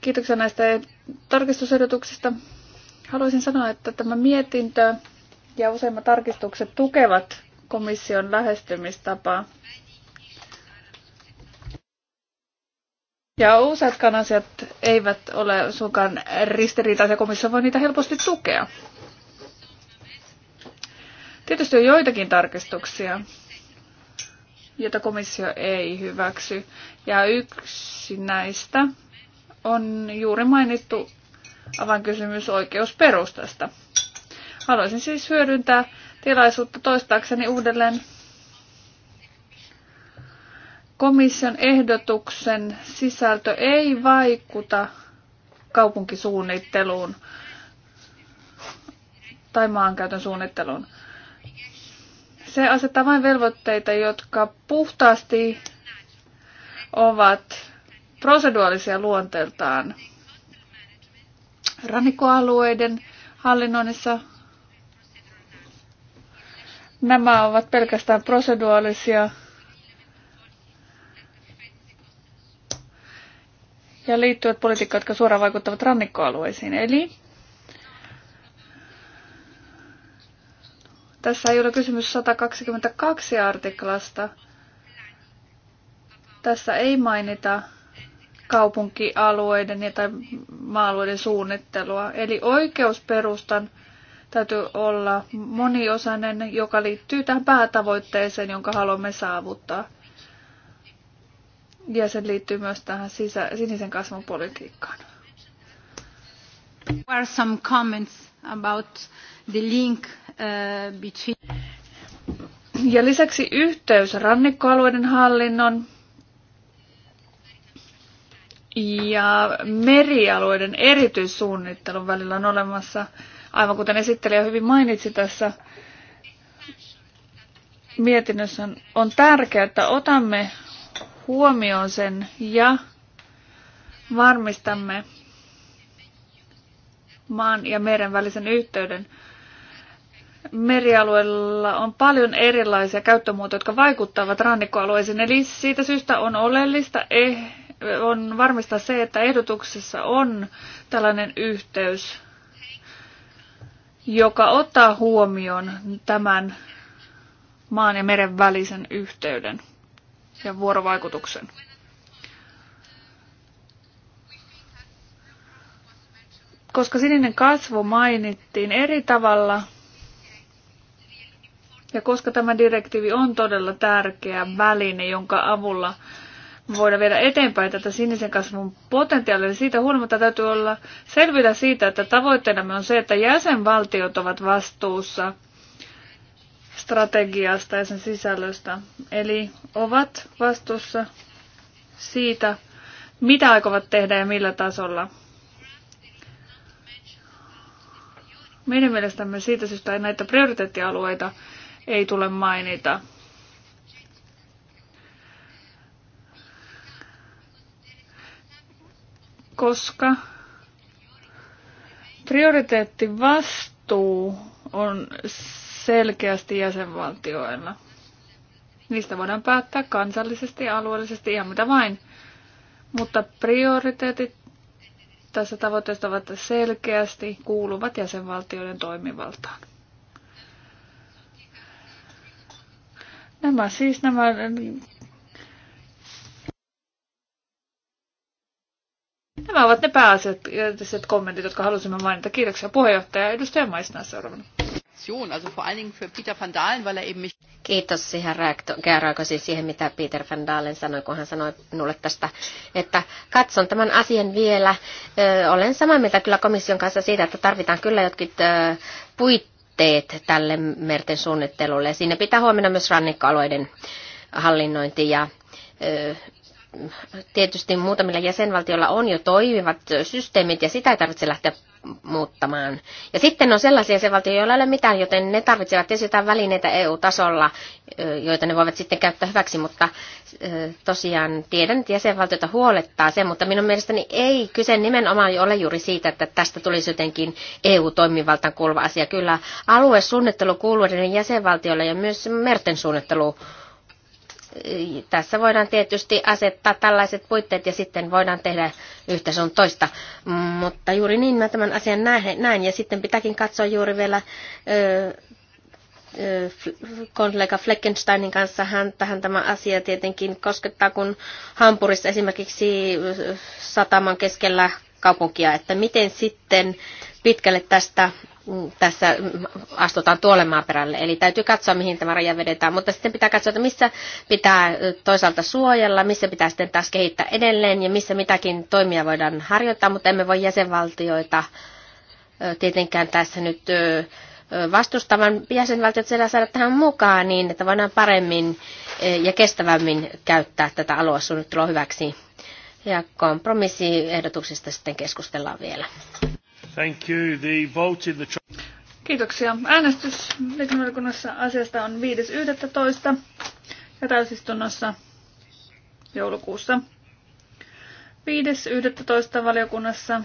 B: Kiitoksia näistä tarkistusehdotuksista. Haluaisin sanoa, että tämä mietintö ja useimmat tarkistukset tukevat komission lähestymistapaa. Ja useatkaan asiat eivät ole suinkaan ristiriitaisia. Komissio voi niitä helposti tukea. Tietysti on joitakin tarkistuksia, joita komissio ei hyväksy. Ja yksi näistä on juuri mainittu avainkysymys oikeusperustasta. Haluaisin siis hyödyntää tilaisuutta toistaakseni uudelleen komission ehdotuksen sisältö ei vaikuta kaupunkisuunnitteluun tai maankäytön suunnitteluun se asettaa vain velvoitteita, jotka puhtaasti ovat proseduaalisia luonteeltaan. Rannikkoalueiden hallinnoinnissa nämä ovat pelkästään proseduaalisia ja liittyvät politiikkaan, jotka suoraan vaikuttavat rannikkoalueisiin. Eli Tässä ei ole kysymys 122 artiklasta. Tässä ei mainita kaupunkialueiden ja tai maalueiden suunnittelua. Eli oikeusperustan täytyy olla moniosainen, joka liittyy tähän päätavoitteeseen, jonka haluamme saavuttaa. Ja se liittyy myös tähän sisä, sinisen kasvun politiikkaan. There are some comments about the link ja lisäksi yhteys rannikkoalueiden hallinnon ja merialueiden erityissuunnittelun välillä on olemassa, aivan kuten esittelijä hyvin mainitsi tässä mietinnössä, on tärkeää, että otamme huomioon sen ja varmistamme maan ja meren välisen yhteyden merialueella on paljon erilaisia käyttömuotoja, jotka vaikuttavat rannikkoalueisiin. Eli siitä syystä on oleellista eh, on varmistaa se, että ehdotuksessa on tällainen yhteys, joka ottaa huomioon tämän maan ja meren välisen yhteyden ja vuorovaikutuksen. Koska sininen kasvu mainittiin eri tavalla – ja koska tämä direktiivi on todella tärkeä väline, jonka avulla voidaan viedä eteenpäin tätä sinisen kasvun potentiaalia, niin siitä huolimatta täytyy olla selvillä siitä, että tavoitteenamme on se, että jäsenvaltiot ovat vastuussa strategiasta ja sen sisällöstä. Eli ovat vastuussa siitä, mitä aikovat tehdä ja millä tasolla. Meidän mielestämme siitä syystä näitä prioriteettialueita ei tule mainita. Koska prioriteetti vastuu on selkeästi jäsenvaltioilla. Niistä voidaan päättää kansallisesti, alueellisesti, ihan mitä vain. Mutta prioriteetit tässä tavoitteesta ovat selkeästi kuuluvat jäsenvaltioiden toimivaltaan. Nämä siis nämä Nämä ovat ne pääasiat kommentit, jotka halusimme mainita. Kiitoksia puheenjohtaja. Edustaja Maisnaa seuraavana.
D: Kiitos siihen reagoisin siihen, mitä Peter van Dalen sanoi, kun hän sanoi minulle tästä, että katson tämän asian vielä. Ö, olen samaa mieltä kyllä komission kanssa siitä, että tarvitaan kyllä jotkut ö, puit, puitteet tälle merten suunnittelulle. Siinä pitää huomioida myös rannikkoalueiden hallinnointi ja tietysti muutamilla jäsenvaltioilla on jo toimivat systeemit ja sitä ei tarvitse lähteä muuttamaan. Ja sitten on sellaisia jäsenvaltioita, joilla ei ole mitään, joten ne tarvitsevat tietysti jotain välineitä EU-tasolla, joita ne voivat sitten käyttää hyväksi, mutta tosiaan tiedän, että jäsenvaltiota huolettaa se, mutta minun mielestäni ei kyse nimenomaan ole juuri siitä, että tästä tulisi jotenkin EU-toimivaltaan kuuluva asia. Kyllä aluesuunnittelu kuuluu jäsenvaltioille ja myös merten suunnittelu tässä voidaan tietysti asettaa tällaiset puitteet ja sitten voidaan tehdä yhtä sun toista. Mutta juuri niin mä tämän asian näen. Ja sitten pitääkin katsoa juuri vielä kollega Fleckensteinin kanssa hän, tähän tämä asia tietenkin koskettaa, kun Hampurissa esimerkiksi sataman keskellä kaupunkia, että miten sitten pitkälle tästä tässä astutaan tuolle maaperälle. Eli täytyy katsoa, mihin tämä raja vedetään. Mutta sitten pitää katsoa, että missä pitää toisaalta suojella, missä pitää sitten taas kehittää edelleen ja missä mitäkin toimia voidaan harjoittaa, mutta emme voi jäsenvaltioita tietenkään tässä nyt vastustavan jäsenvaltiot siellä saada tähän mukaan niin, että voidaan paremmin ja kestävämmin käyttää tätä aluesuunnittelua hyväksi. Ja kompromissiehdotuksista sitten keskustellaan vielä.
A: Thank you. The vote in the...
B: Kiitoksia. Äänestys liikennevaliokunnassa asiasta on 5.11. ja täysistunnossa joulukuussa. 5.11. valiokunnassa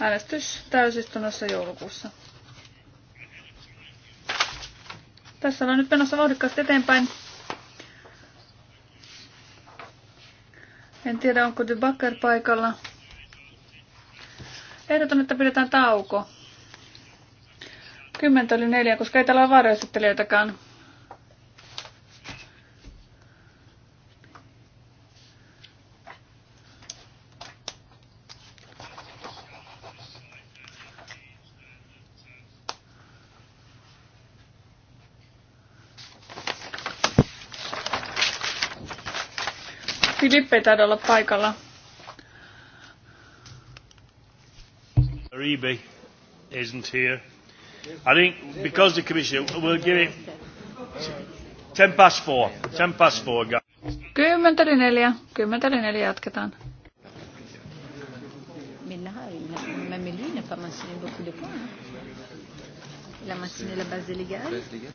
B: äänestys täysistunnossa joulukuussa. Tässä on nyt menossa vauhdikkaasti eteenpäin. En tiedä, onko Dybacker paikalla. Ehdotan, että pidetään tauko. Kymmentä oli neljä, koska ei täällä ole varjoesittelijöitäkään. Filippe ei taida olla paikalla.
A: Uribe isn't here. I think because the commission will give it ten past four. Ten past four, guys.
B: Kymmentä neljä. Kymmentä neljä jatketaan.
D: Même lui n'a pas mentionné beaucoup de points. Il a mentionné la base légale.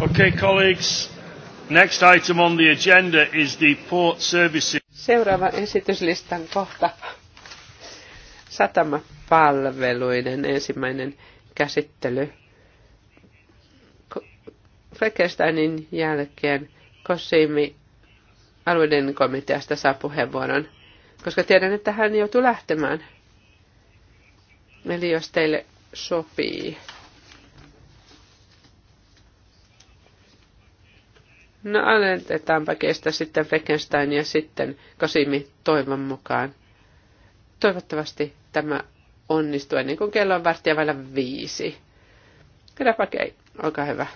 A: Okay, colleagues. Next item on the agenda is the port services.
E: Seuraava esityslistan kohta. Satamapalveluiden ensimmäinen käsittely. Frekestanin jälkeen Kosimi alueiden komiteasta saa puheenvuoron, koska tiedän, että hän joutuu lähtemään. Eli jos teille sopii. No alennetaanpa kestä sitten Frankenstein ja sitten kasimi toivon mukaan. Toivottavasti tämä onnistuu ennen kuin kello on vartija vailla viisi. Kyllä pakei, olkaa hyvä.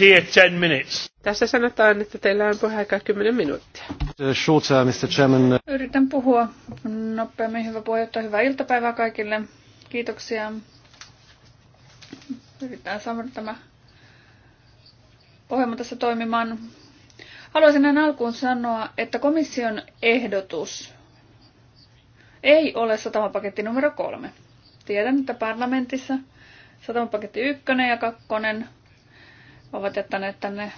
A: you 10 minutes.
E: Tässä sanotaan, että teillä on puheaikaa 10 minuuttia.
C: Uh, shorter, Mr. Chairman.
B: Yritän puhua nopeammin. Hyvä puheenjohtaja, hyvää iltapäivää kaikille. Kiitoksia. Yritetään saada tämä ohjelma tässä toimimaan. Haluaisin näin alkuun sanoa, että komission ehdotus ei ole satamapaketti numero kolme. Tiedän, että parlamentissa satamapaketti ykkönen ja kakkonen ovat jättäneet tänne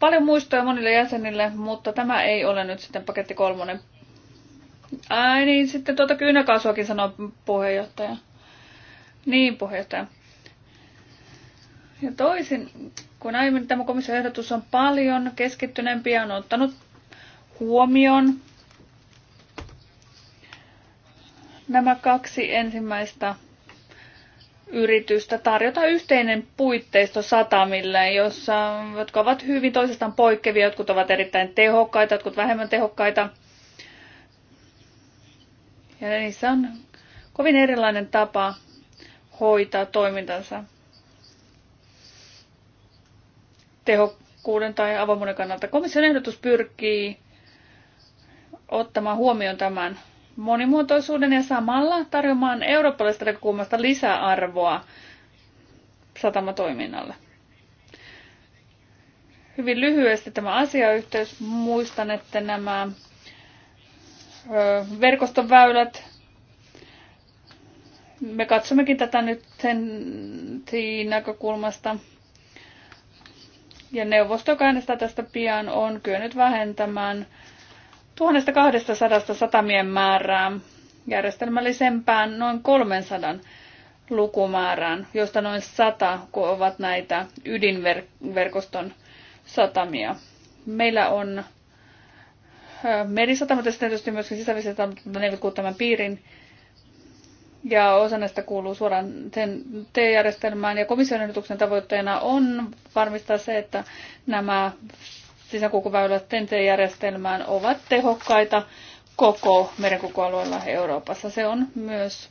B: paljon muistoja monille jäsenille, mutta tämä ei ole nyt sitten paketti kolmonen. Ai niin, sitten tuota kyynäkaasuakin sanoo puheenjohtaja. Niin, puheenjohtaja. Ja toisin kun aiemmin tämä komission ehdotus on paljon keskittyneempi ja on ottanut huomioon nämä kaksi ensimmäistä yritystä tarjota yhteinen puitteisto satamille, jossa, jotka ovat hyvin toisestaan poikkevia, jotkut ovat erittäin tehokkaita, jotkut vähemmän tehokkaita. Ja niissä on kovin erilainen tapa hoitaa toimintansa tehokkuuden tai avoimuuden kannalta. Komission ehdotus pyrkii ottamaan huomioon tämän monimuotoisuuden ja samalla tarjoamaan eurooppalaisesta näkökulmasta lisäarvoa satamatoiminnalle. Hyvin lyhyesti tämä asiayhteys. Muistan, että nämä verkoston väylät, me katsommekin tätä nyt sen näkökulmasta – ja neuvosto, joka äänestää tästä pian, on kyennyt vähentämään 1200 satamien määrää järjestelmällisempään noin 300 lukumäärään, josta noin 100 kun ovat näitä ydinverkoston satamia. Meillä on merisatamat ja tietysti myöskin sisävesisatamat, mutta ne eivät tämän piirin ja osa näistä kuuluu suoraan sen T-järjestelmään. Ja komission ehdotuksen tavoitteena on varmistaa se, että nämä sisäkulkuväylät ten järjestelmään ovat tehokkaita koko merenkulkualueella Euroopassa. Se on myös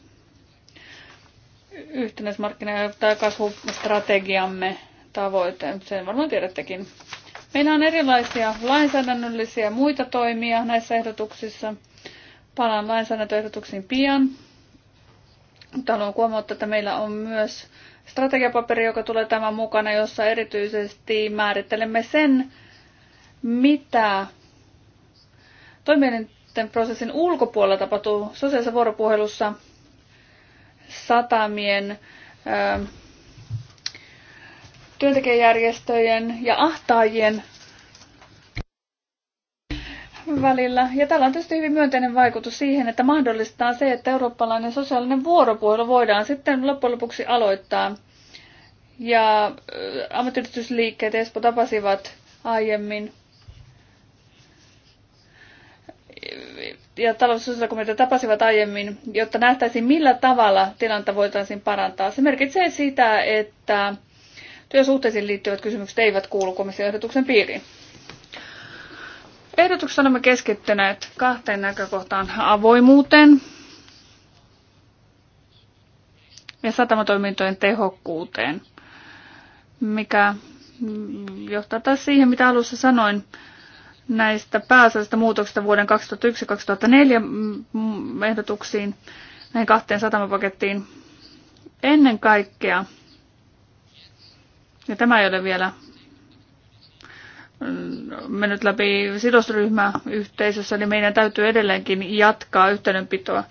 B: yhtenäismarkkina- ja kasvustrategiamme tavoite. Sen varmaan tiedättekin. Meillä on erilaisia lainsäädännöllisiä muita toimia näissä ehdotuksissa. Palaan lainsäädäntöehdotuksiin pian. Mutta haluan huomauttaa, että meillä on myös strategiapaperi, joka tulee tämän mukana, jossa erityisesti määrittelemme sen, mitä toimielinten prosessin ulkopuolella tapahtuu sosiaalisessa vuoropuhelussa satamien, työntekijäjärjestöjen ja ahtaajien välillä. Ja tällä on tietysti hyvin myönteinen vaikutus siihen, että mahdollistaa se, että eurooppalainen sosiaalinen vuoropuhelu voidaan sitten loppujen lopuksi aloittaa. Ja ammattiyhdistysliikkeet Espo tapasivat aiemmin. Ja talousosakomitea tapasivat aiemmin, jotta nähtäisiin millä tavalla tilanta voitaisiin parantaa. Se merkitsee sitä, että työsuhteisiin liittyvät kysymykset eivät kuulu komission ehdotuksen piiriin. Ehdotuksessa olemme keskittyneet kahteen näkökohtaan avoimuuteen ja satamatoimintojen tehokkuuteen, mikä johtaa taas siihen, mitä alussa sanoin näistä pääasiallisista muutoksista vuoden 2001-2004 mm, mm, ehdotuksiin, näihin kahteen satamapakettiin. Ennen kaikkea, ja tämä ei ole vielä mennyt läpi sidosryhmä yhteisössä, niin meidän täytyy edelleenkin jatkaa yhteydenpitoa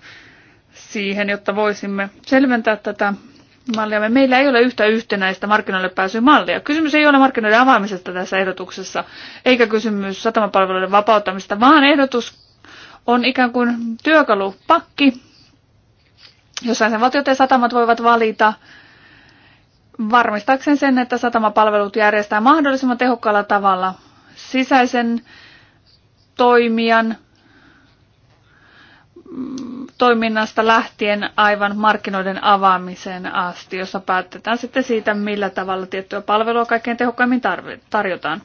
B: siihen, jotta voisimme selventää tätä mallia. Meillä ei ole yhtä yhtenäistä markkinoille mallia. Kysymys ei ole markkinoiden avaamisesta tässä ehdotuksessa, eikä kysymys satamapalveluiden vapauttamista. vaan ehdotus on ikään kuin työkalupakki, jossa sen valtiot ja satamat voivat valita varmistaakseen sen, että satamapalvelut järjestää mahdollisimman tehokkaalla tavalla sisäisen toimijan mm, toiminnasta lähtien aivan markkinoiden avaamiseen asti, jossa päätetään sitten siitä, millä tavalla tiettyä palvelua kaikkein tehokkaimmin tarjotaan.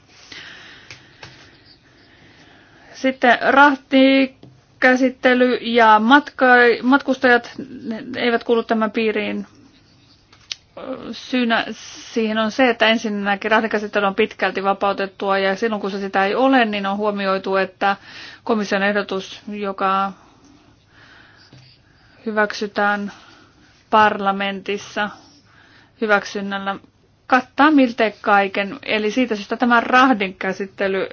B: Sitten rahtikäsittely ja matka- matkustajat eivät kuulu tämän piiriin, syynä siihen on se, että ensinnäkin rahdinkäsittely on pitkälti vapautettua ja silloin kun se sitä ei ole, niin on huomioitu, että komission ehdotus, joka hyväksytään parlamentissa hyväksynnällä, kattaa miltei kaiken. Eli siitä syystä tämä rahdinkäsittely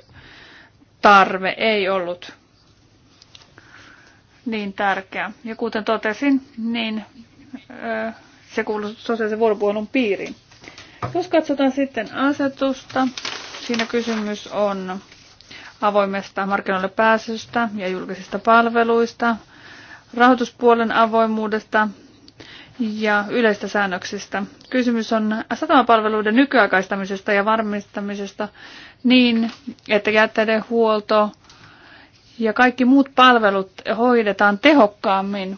B: tarve ei ollut niin tärkeä. Ja kuten totesin, niin öö, se kuuluu sosiaalisen vuoropuhelun piiriin. Jos katsotaan sitten asetusta, siinä kysymys on avoimesta markkinoille pääsystä ja julkisista palveluista, rahoituspuolen avoimuudesta ja yleistä säännöksistä. Kysymys on satamapalveluiden nykyaikaistamisesta ja varmistamisesta niin, että jätteiden huolto ja kaikki muut palvelut hoidetaan tehokkaammin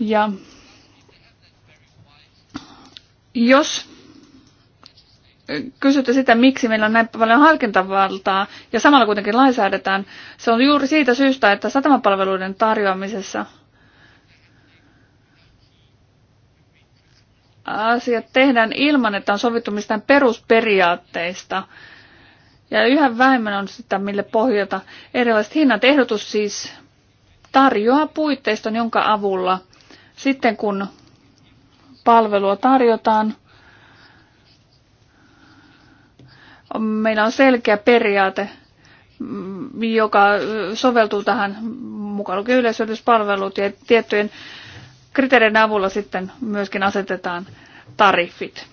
B: Ja jos kysytte sitä, miksi meillä on näin paljon harkintavaltaa ja samalla kuitenkin lainsäädetään, se on juuri siitä syystä, että satamapalveluiden tarjoamisessa asiat tehdään ilman, että on sovittu mistään perusperiaatteista. Ja yhä vähemmän on sitä, mille pohjata erilaiset hinnat. Ehdotus siis tarjoaa puitteiston, jonka avulla – sitten kun palvelua tarjotaan, meillä on selkeä periaate, joka soveltuu tähän mukaan lukien yleishyödyllispalvelut ja tiettyjen kriteerien avulla sitten myöskin asetetaan tariffit.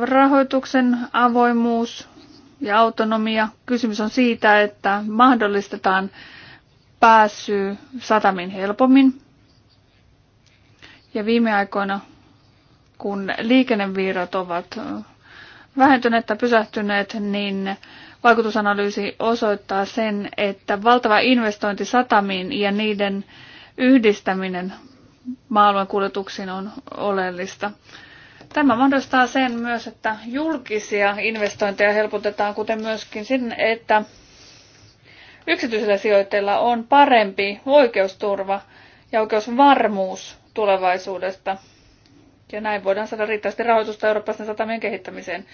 B: Rahoituksen avoimuus ja autonomia. Kysymys on siitä, että mahdollistetaan pääsy satamiin helpommin. Ja viime aikoina, kun liikennevirrat ovat vähentyneet tai pysähtyneet, niin vaikutusanalyysi osoittaa sen, että valtava investointi satamiin ja niiden yhdistäminen maailman kuljetuksiin on oleellista. Tämä mahdollistaa sen myös, että julkisia investointeja helpotetaan, kuten myöskin sen, että yksityisillä sijoittajilla on parempi oikeusturva ja oikeusvarmuus tulevaisuudesta. Ja näin voidaan saada riittävästi rahoitusta Euroopan satamien kehittämiseen.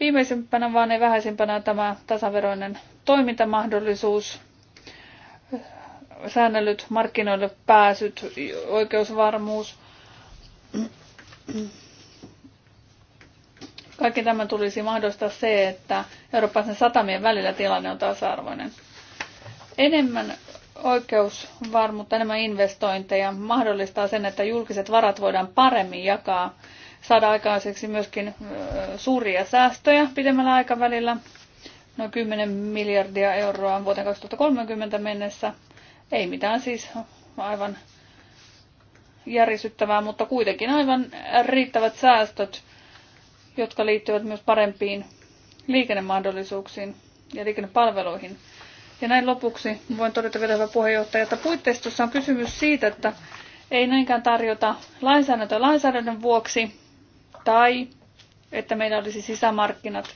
B: Viimeisimpänä vaan ei vähäisimpänä tämä tasaveroinen toimintamahdollisuus, säännellyt markkinoille pääsyt, oikeusvarmuus. Kaikki tämä tulisi mahdollistaa se, että Euroopan satamien välillä tilanne on tasa-arvoinen. Enemmän oikeusvarmuutta, enemmän investointeja mahdollistaa sen, että julkiset varat voidaan paremmin jakaa, saada aikaiseksi myöskin suuria säästöjä pidemmällä aikavälillä, noin 10 miljardia euroa vuoteen 2030 mennessä. Ei mitään siis aivan järisyttävää, mutta kuitenkin aivan riittävät säästöt, jotka liittyvät myös parempiin liikennemahdollisuuksiin ja liikennepalveluihin. Ja näin lopuksi voin todeta vielä hyvä puheenjohtaja, että puitteistossa on kysymys siitä, että ei näinkään tarjota lainsäädäntö lainsäädännön vuoksi tai että meillä olisi sisämarkkinat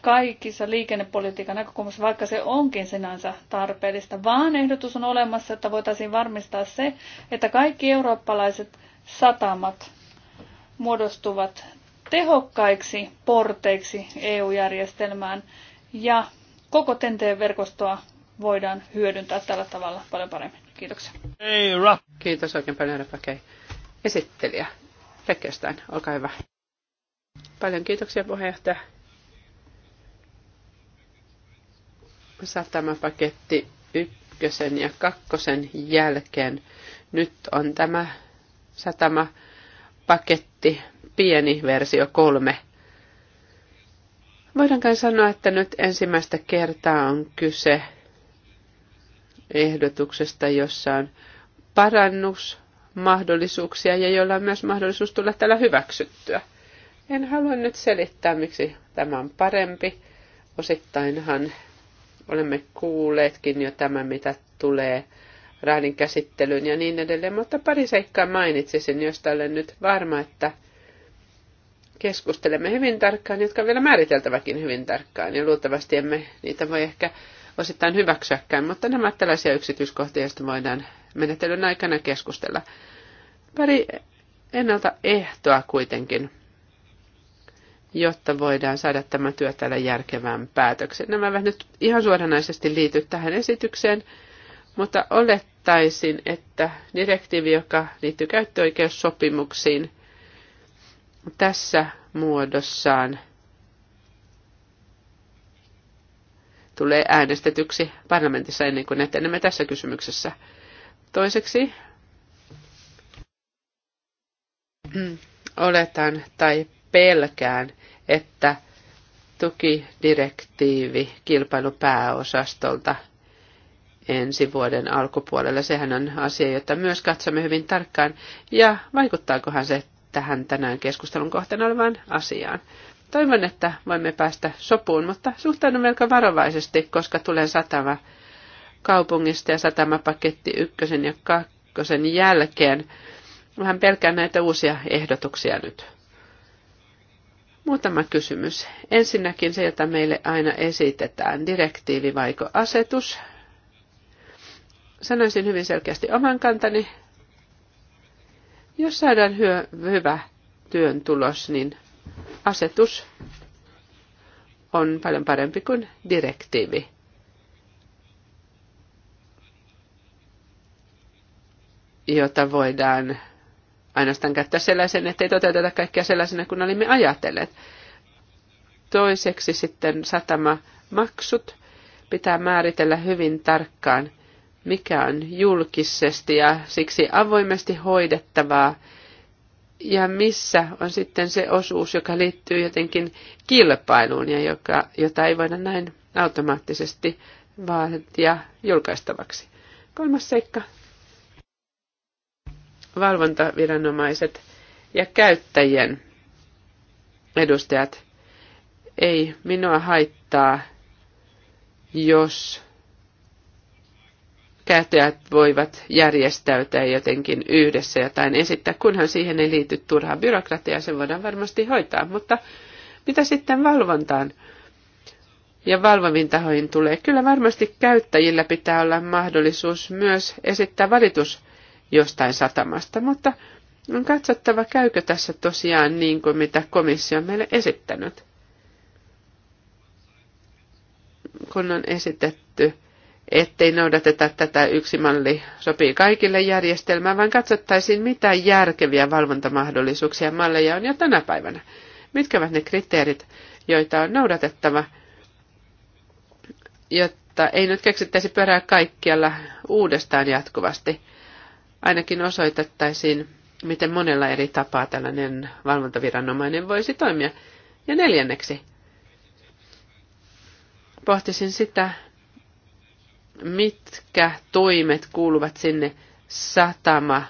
B: kaikissa liikennepolitiikan näkökulmassa, vaikka se onkin sinänsä tarpeellista, vaan ehdotus on olemassa, että voitaisiin varmistaa se, että kaikki eurooppalaiset satamat muodostuvat tehokkaiksi porteiksi EU-järjestelmään ja koko TNT-verkostoa voidaan hyödyntää tällä tavalla paljon paremmin. Kiitoksia.
A: Hei, Ra.
E: Kiitos oikein paljon, Rapakei. Esittelijä Fleckenstein, olkaa hyvä. Paljon kiitoksia puheenjohtaja. Saa paketti ykkösen ja kakkosen jälkeen. Nyt on tämä satama paketti, pieni versio kolme Voidaan sanoa, että nyt ensimmäistä kertaa on kyse ehdotuksesta, jossa on parannusmahdollisuuksia ja jolla on myös mahdollisuus tulla täällä hyväksyttyä. En halua nyt selittää, miksi tämä on parempi. Osittainhan olemme kuulleetkin jo tämän, mitä tulee raadin käsittelyyn ja niin edelleen, mutta pari seikkaa mainitsisin, josta olen nyt varma, että – keskustelemme hyvin tarkkaan, jotka on vielä määriteltäväkin hyvin tarkkaan, ja luultavasti emme niitä voi ehkä osittain hyväksyäkään, mutta nämä tällaisia yksityiskohtia, joista voidaan menetelyn aikana keskustella. Pari ennalta ehtoa kuitenkin, jotta voidaan saada tämä työ täällä järkevään päätöksen. Nämä eivät nyt ihan suoranaisesti liity tähän esitykseen, mutta olettaisin, että direktiivi, joka liittyy käyttöoikeussopimuksiin, tässä muodossaan tulee äänestetyksi parlamentissa ennen kuin etenemme tässä kysymyksessä. Toiseksi mm, oletan tai pelkään, että tukidirektiivi kilpailupääosastolta ensi vuoden alkupuolella. Sehän on asia, jota myös katsomme hyvin tarkkaan. Ja vaikuttaakohan se tähän tänään keskustelun kohteena olevaan asiaan. Toivon, että voimme päästä sopuun, mutta suhtaudun melko varovaisesti, koska tulee satama kaupungista ja satamapaketti ykkösen ja kakkosen jälkeen. Vähän pelkään näitä uusia ehdotuksia nyt. Muutama kysymys. Ensinnäkin se, jota meille aina esitetään, direktiivi vaiko asetus. Sanoisin hyvin selkeästi oman kantani. Jos saadaan hyö, hyvä työn tulos, niin asetus on paljon parempi kuin direktiivi. jota voidaan ainoastaan käyttää sellaisen, ettei toteuteta kaikkea sellaisena kuin olimme ajatelleet. Toiseksi sitten satama maksut pitää määritellä hyvin tarkkaan, mikä on julkisesti ja siksi avoimesti hoidettavaa, ja missä on sitten se osuus, joka liittyy jotenkin kilpailuun ja joka, jota ei voida näin automaattisesti vaatia julkaistavaksi. Kolmas seikka. Valvontaviranomaiset ja käyttäjien edustajat. Ei minua haittaa, jos käyttäjät voivat järjestäytää jotenkin yhdessä jotain esittää, kunhan siihen ei liity turhaa byrokratiaa, se voidaan varmasti hoitaa. Mutta mitä sitten valvontaan ja valvoviin tahoihin tulee? Kyllä varmasti käyttäjillä pitää olla mahdollisuus myös esittää valitus jostain satamasta, mutta on katsottava, käykö tässä tosiaan niin kuin mitä komissio on meille esittänyt. Kun on esitetty ettei noudateta tätä yksi malli sopii kaikille järjestelmää, vaan katsottaisiin mitä järkeviä valvontamahdollisuuksia malleja on jo tänä päivänä. Mitkä ovat ne kriteerit, joita on noudatettava, jotta ei nyt keksittäisi pörää kaikkialla uudestaan jatkuvasti. Ainakin osoitettaisiin, miten monella eri tapaa tällainen valvontaviranomainen voisi toimia. Ja neljänneksi, pohtisin sitä, mitkä toimet kuuluvat sinne satama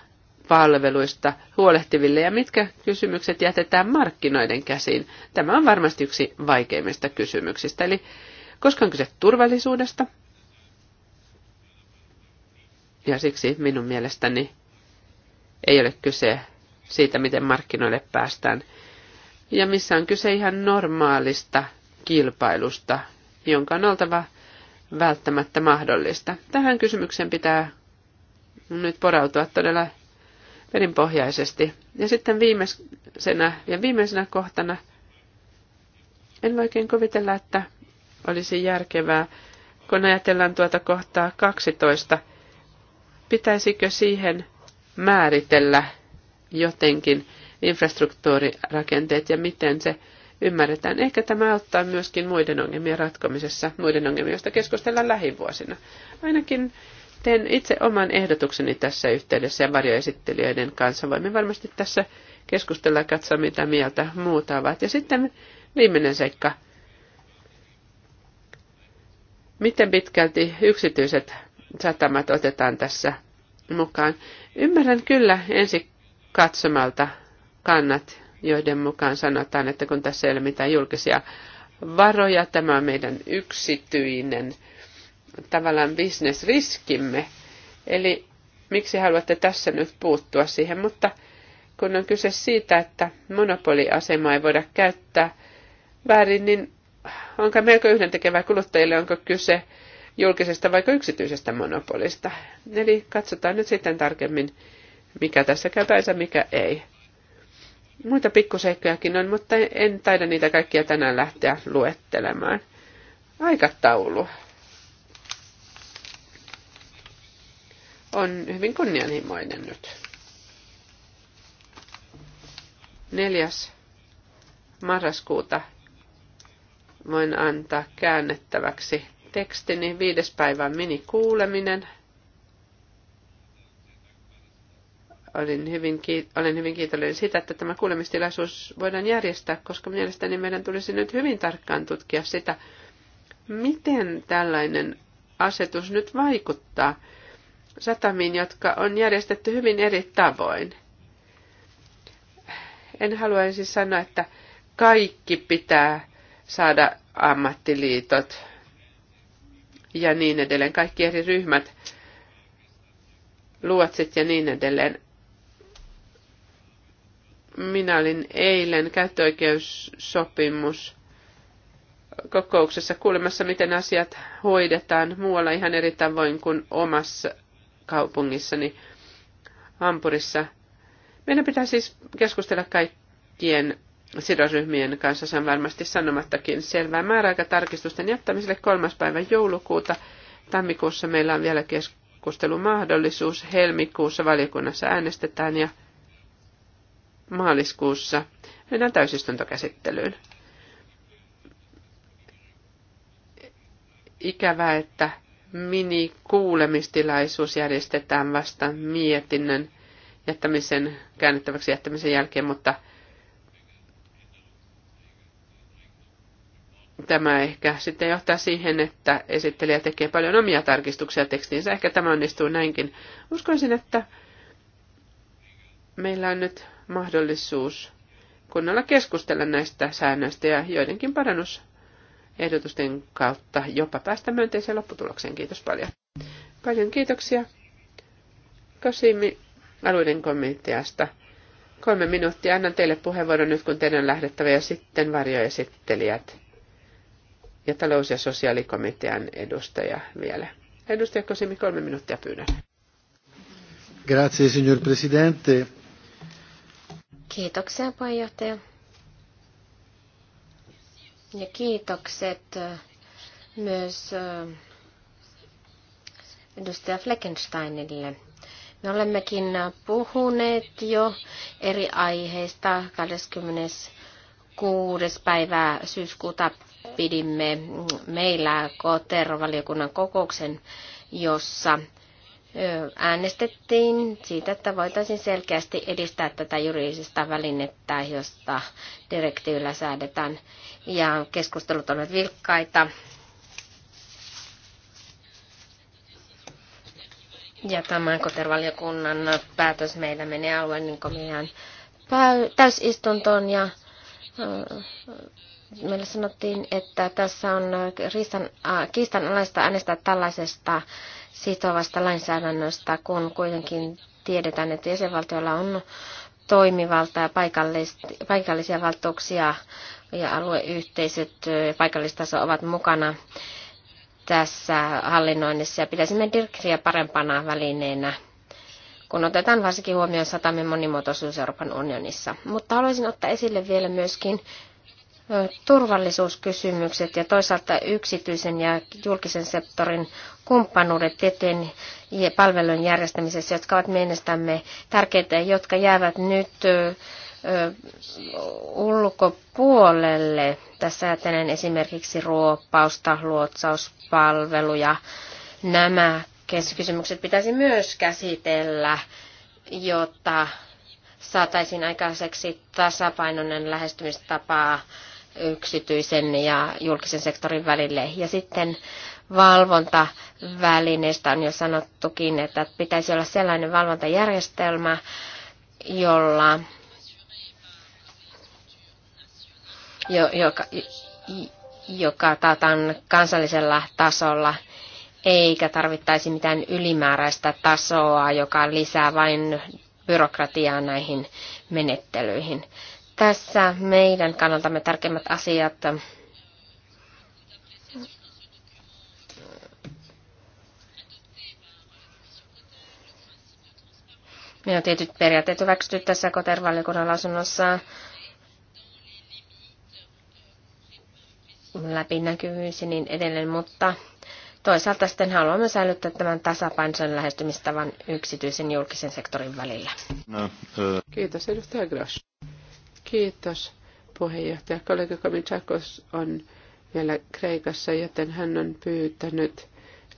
E: palveluista huolehtiville ja mitkä kysymykset jätetään markkinoiden käsiin. Tämä on varmasti yksi vaikeimmista kysymyksistä. Eli koska on kyse turvallisuudesta, ja siksi minun mielestäni ei ole kyse siitä, miten markkinoille päästään. Ja missä on kyse ihan normaalista kilpailusta, jonka on oltava – välttämättä mahdollista. Tähän kysymykseen pitää nyt porautua todella perinpohjaisesti. Ja sitten viimeisenä ja viimeisenä kohtana en oikein kuvitella, että olisi järkevää, kun ajatellaan tuota kohtaa 12, pitäisikö siihen määritellä jotenkin infrastruktuurirakenteet ja miten se ymmärretään. Ehkä tämä auttaa myöskin muiden ongelmien ratkomisessa, muiden ongelmien, joista keskustellaan lähivuosina. Ainakin teen itse oman ehdotukseni tässä yhteydessä ja varjoesittelijöiden kanssa. Voimme varmasti tässä keskustella ja katsoa, mitä mieltä muut ovat. Ja sitten viimeinen seikka. Miten pitkälti yksityiset satamat otetaan tässä mukaan? Ymmärrän kyllä ensi katsomalta kannat joiden mukaan sanotaan, että kun tässä ei ole mitään julkisia varoja, tämä on meidän yksityinen tavallaan bisnesriskimme. Eli miksi haluatte tässä nyt puuttua siihen, mutta kun on kyse siitä, että monopoliasemaa ei voida käyttää väärin, niin onko melko yhdentekevää kuluttajille, onko kyse julkisesta vai yksityisestä monopolista. Eli katsotaan nyt sitten tarkemmin, mikä tässä ja mikä ei. Muita pikkuseikkojakin on, mutta en taida niitä kaikkia tänään lähteä luettelemaan. Aikataulu on hyvin kunnianhimoinen nyt. Neljäs marraskuuta voin antaa käännettäväksi tekstini. Viides päivän minikuuleminen olin hyvin, olen hyvin kiitollinen siitä, että tämä kuulemistilaisuus voidaan järjestää, koska mielestäni meidän tulisi nyt hyvin tarkkaan tutkia sitä, miten tällainen asetus nyt vaikuttaa satamiin, jotka on järjestetty hyvin eri tavoin. En haluaisi sanoa, että kaikki pitää saada ammattiliitot ja niin edelleen, kaikki eri ryhmät, luotsit ja niin edelleen minä olin eilen käyttöoikeussopimus kokouksessa kuulemassa, miten asiat hoidetaan muualla ihan eri tavoin kuin omassa kaupungissani Hampurissa. Meidän pitää siis keskustella kaikkien sidosryhmien kanssa, se on varmasti sanomattakin selvää. Määräaikatarkistusten jättämiselle kolmas päivä joulukuuta. Tammikuussa meillä on vielä keskustelumahdollisuus. Helmikuussa valiokunnassa äänestetään ja maaliskuussa mennään täysistuntokäsittelyyn. Ikävää, että mini-kuulemistilaisuus järjestetään vasta mietinnön jättämisen, käännettäväksi jättämisen jälkeen, mutta tämä ehkä sitten johtaa siihen, että esittelijä tekee paljon omia tarkistuksia tekstiinsä. Ehkä tämä onnistuu näinkin. Uskoisin, että meillä on nyt mahdollisuus kunnolla keskustella näistä säännöistä ja joidenkin parannusehdotusten kautta jopa päästä myönteiseen lopputulokseen. Kiitos paljon. Paljon kiitoksia. Kasimi alueiden komiteasta. Kolme minuuttia. Annan teille puheenvuoron nyt, kun teidän on lähdettävä ja sitten varjoesittelijät ja talous- ja sosiaalikomitean edustaja vielä. Edustaja Kosimi, kolme minuuttia pyydän.
A: Grazie,
C: signor Presidente.
D: Kiitoksia puheenjohtaja. Ja kiitokset myös edustaja Fleckensteinille. Me olemmekin puhuneet jo eri aiheista 26. päivää syyskuuta pidimme meillä KTR-valiokunnan kokouksen, jossa äänestettiin siitä, että voitaisiin selkeästi edistää tätä juridista välinettä, josta direktiivillä säädetään. Ja keskustelut olivat vilkkaita. Ja tämän kotervaliokunnan päätös meillä menee alueen niin komitean täysistuntoon ja meillä sanottiin, että tässä on kiistanalaista äänestää tällaisesta sitovasta lainsäädännöstä, kun kuitenkin tiedetään, että jäsenvaltioilla on toimivalta ja paikallisia valtuuksia ja alueyhteisöt ja paikallistaso ovat mukana tässä hallinnoinnissa ja pitäisimme direktiiviä parempana välineenä, kun otetaan varsinkin huomioon satamien monimuotoisuus Euroopan unionissa. Mutta haluaisin ottaa esille vielä myöskin turvallisuuskysymykset ja toisaalta yksityisen ja julkisen sektorin kumppanuudet tieteen ja palvelujen järjestämisessä, jotka ovat mielestämme tärkeitä ja jotka jäävät nyt ulkopuolelle. Tässä ajattelen esimerkiksi ruoppausta, luotsauspalveluja. Nämä kysymykset pitäisi myös käsitellä, jotta saataisiin aikaiseksi tasapainoinen lähestymistapa yksityisen ja julkisen sektorin välille. Ja sitten valvontavälineistä on jo sanottukin, että pitäisi olla sellainen valvontajärjestelmä, jolla, jo, joka, joka taataan kansallisella tasolla, eikä tarvittaisi mitään ylimääräistä tasoa, joka lisää vain byrokratiaa näihin menettelyihin. Tässä meidän kannaltamme tärkeimmät asiat. Me on tietyt periaatteet hyväksytty tässä kotervaliokunnan lausunnossa. läpinäkyvyys ja niin edelleen, mutta toisaalta sitten haluamme säilyttää tämän tasapainoisen lähestymistavan yksityisen julkisen sektorin välillä. No, uh... Kiitos, edustaja Grosch. Kiitos puheenjohtaja.
E: Kollega Komitsakos on vielä Kreikassa, joten hän on pyytänyt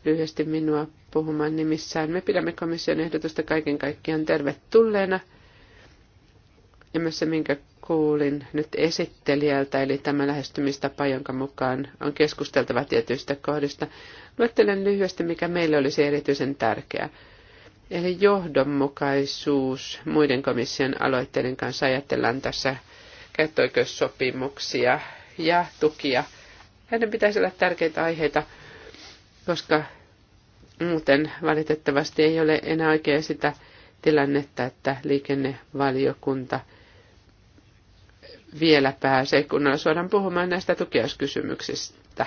E: lyhyesti minua puhumaan nimissään. Me pidämme komission ehdotusta kaiken kaikkiaan tervetulleena. Ja myös se, minkä kuulin nyt esittelijältä, eli tämä lähestymistapa, jonka mukaan on keskusteltava tietyistä kohdista. Luettelen lyhyesti, mikä meille olisi erityisen tärkeää. Eli johdonmukaisuus muiden komission aloitteiden kanssa ajatellaan tässä käyttöoikeussopimuksia ja tukia. Hänen pitäisi olla tärkeitä aiheita, koska muuten valitettavasti ei ole enää oikein sitä tilannetta, että liikennevaliokunta vielä pääsee kunnolla suoraan puhumaan näistä tukiauskysymyksistä.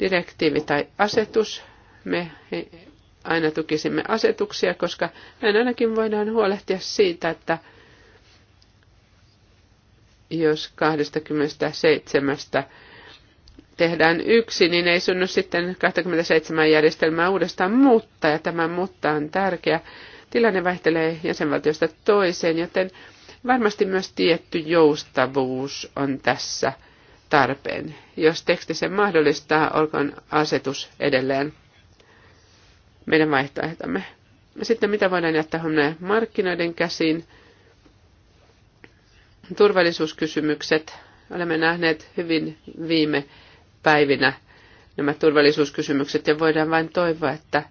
E: Direktiivi tai asetus, me aina tukisimme asetuksia, koska näin ainakin voidaan huolehtia siitä, että jos 27 tehdään yksi, niin ei synny sitten 27 järjestelmää uudestaan mutta ja tämä mutta on tärkeä. Tilanne vaihtelee jäsenvaltiosta toiseen, joten varmasti myös tietty joustavuus on tässä tarpeen. Jos teksti sen mahdollistaa, olkoon asetus edelleen meidän vaihtoehtomme. Sitten mitä voidaan jättää homme markkinoiden käsiin? Turvallisuuskysymykset. Olemme nähneet hyvin viime päivinä nämä turvallisuuskysymykset ja voidaan vain toivoa, että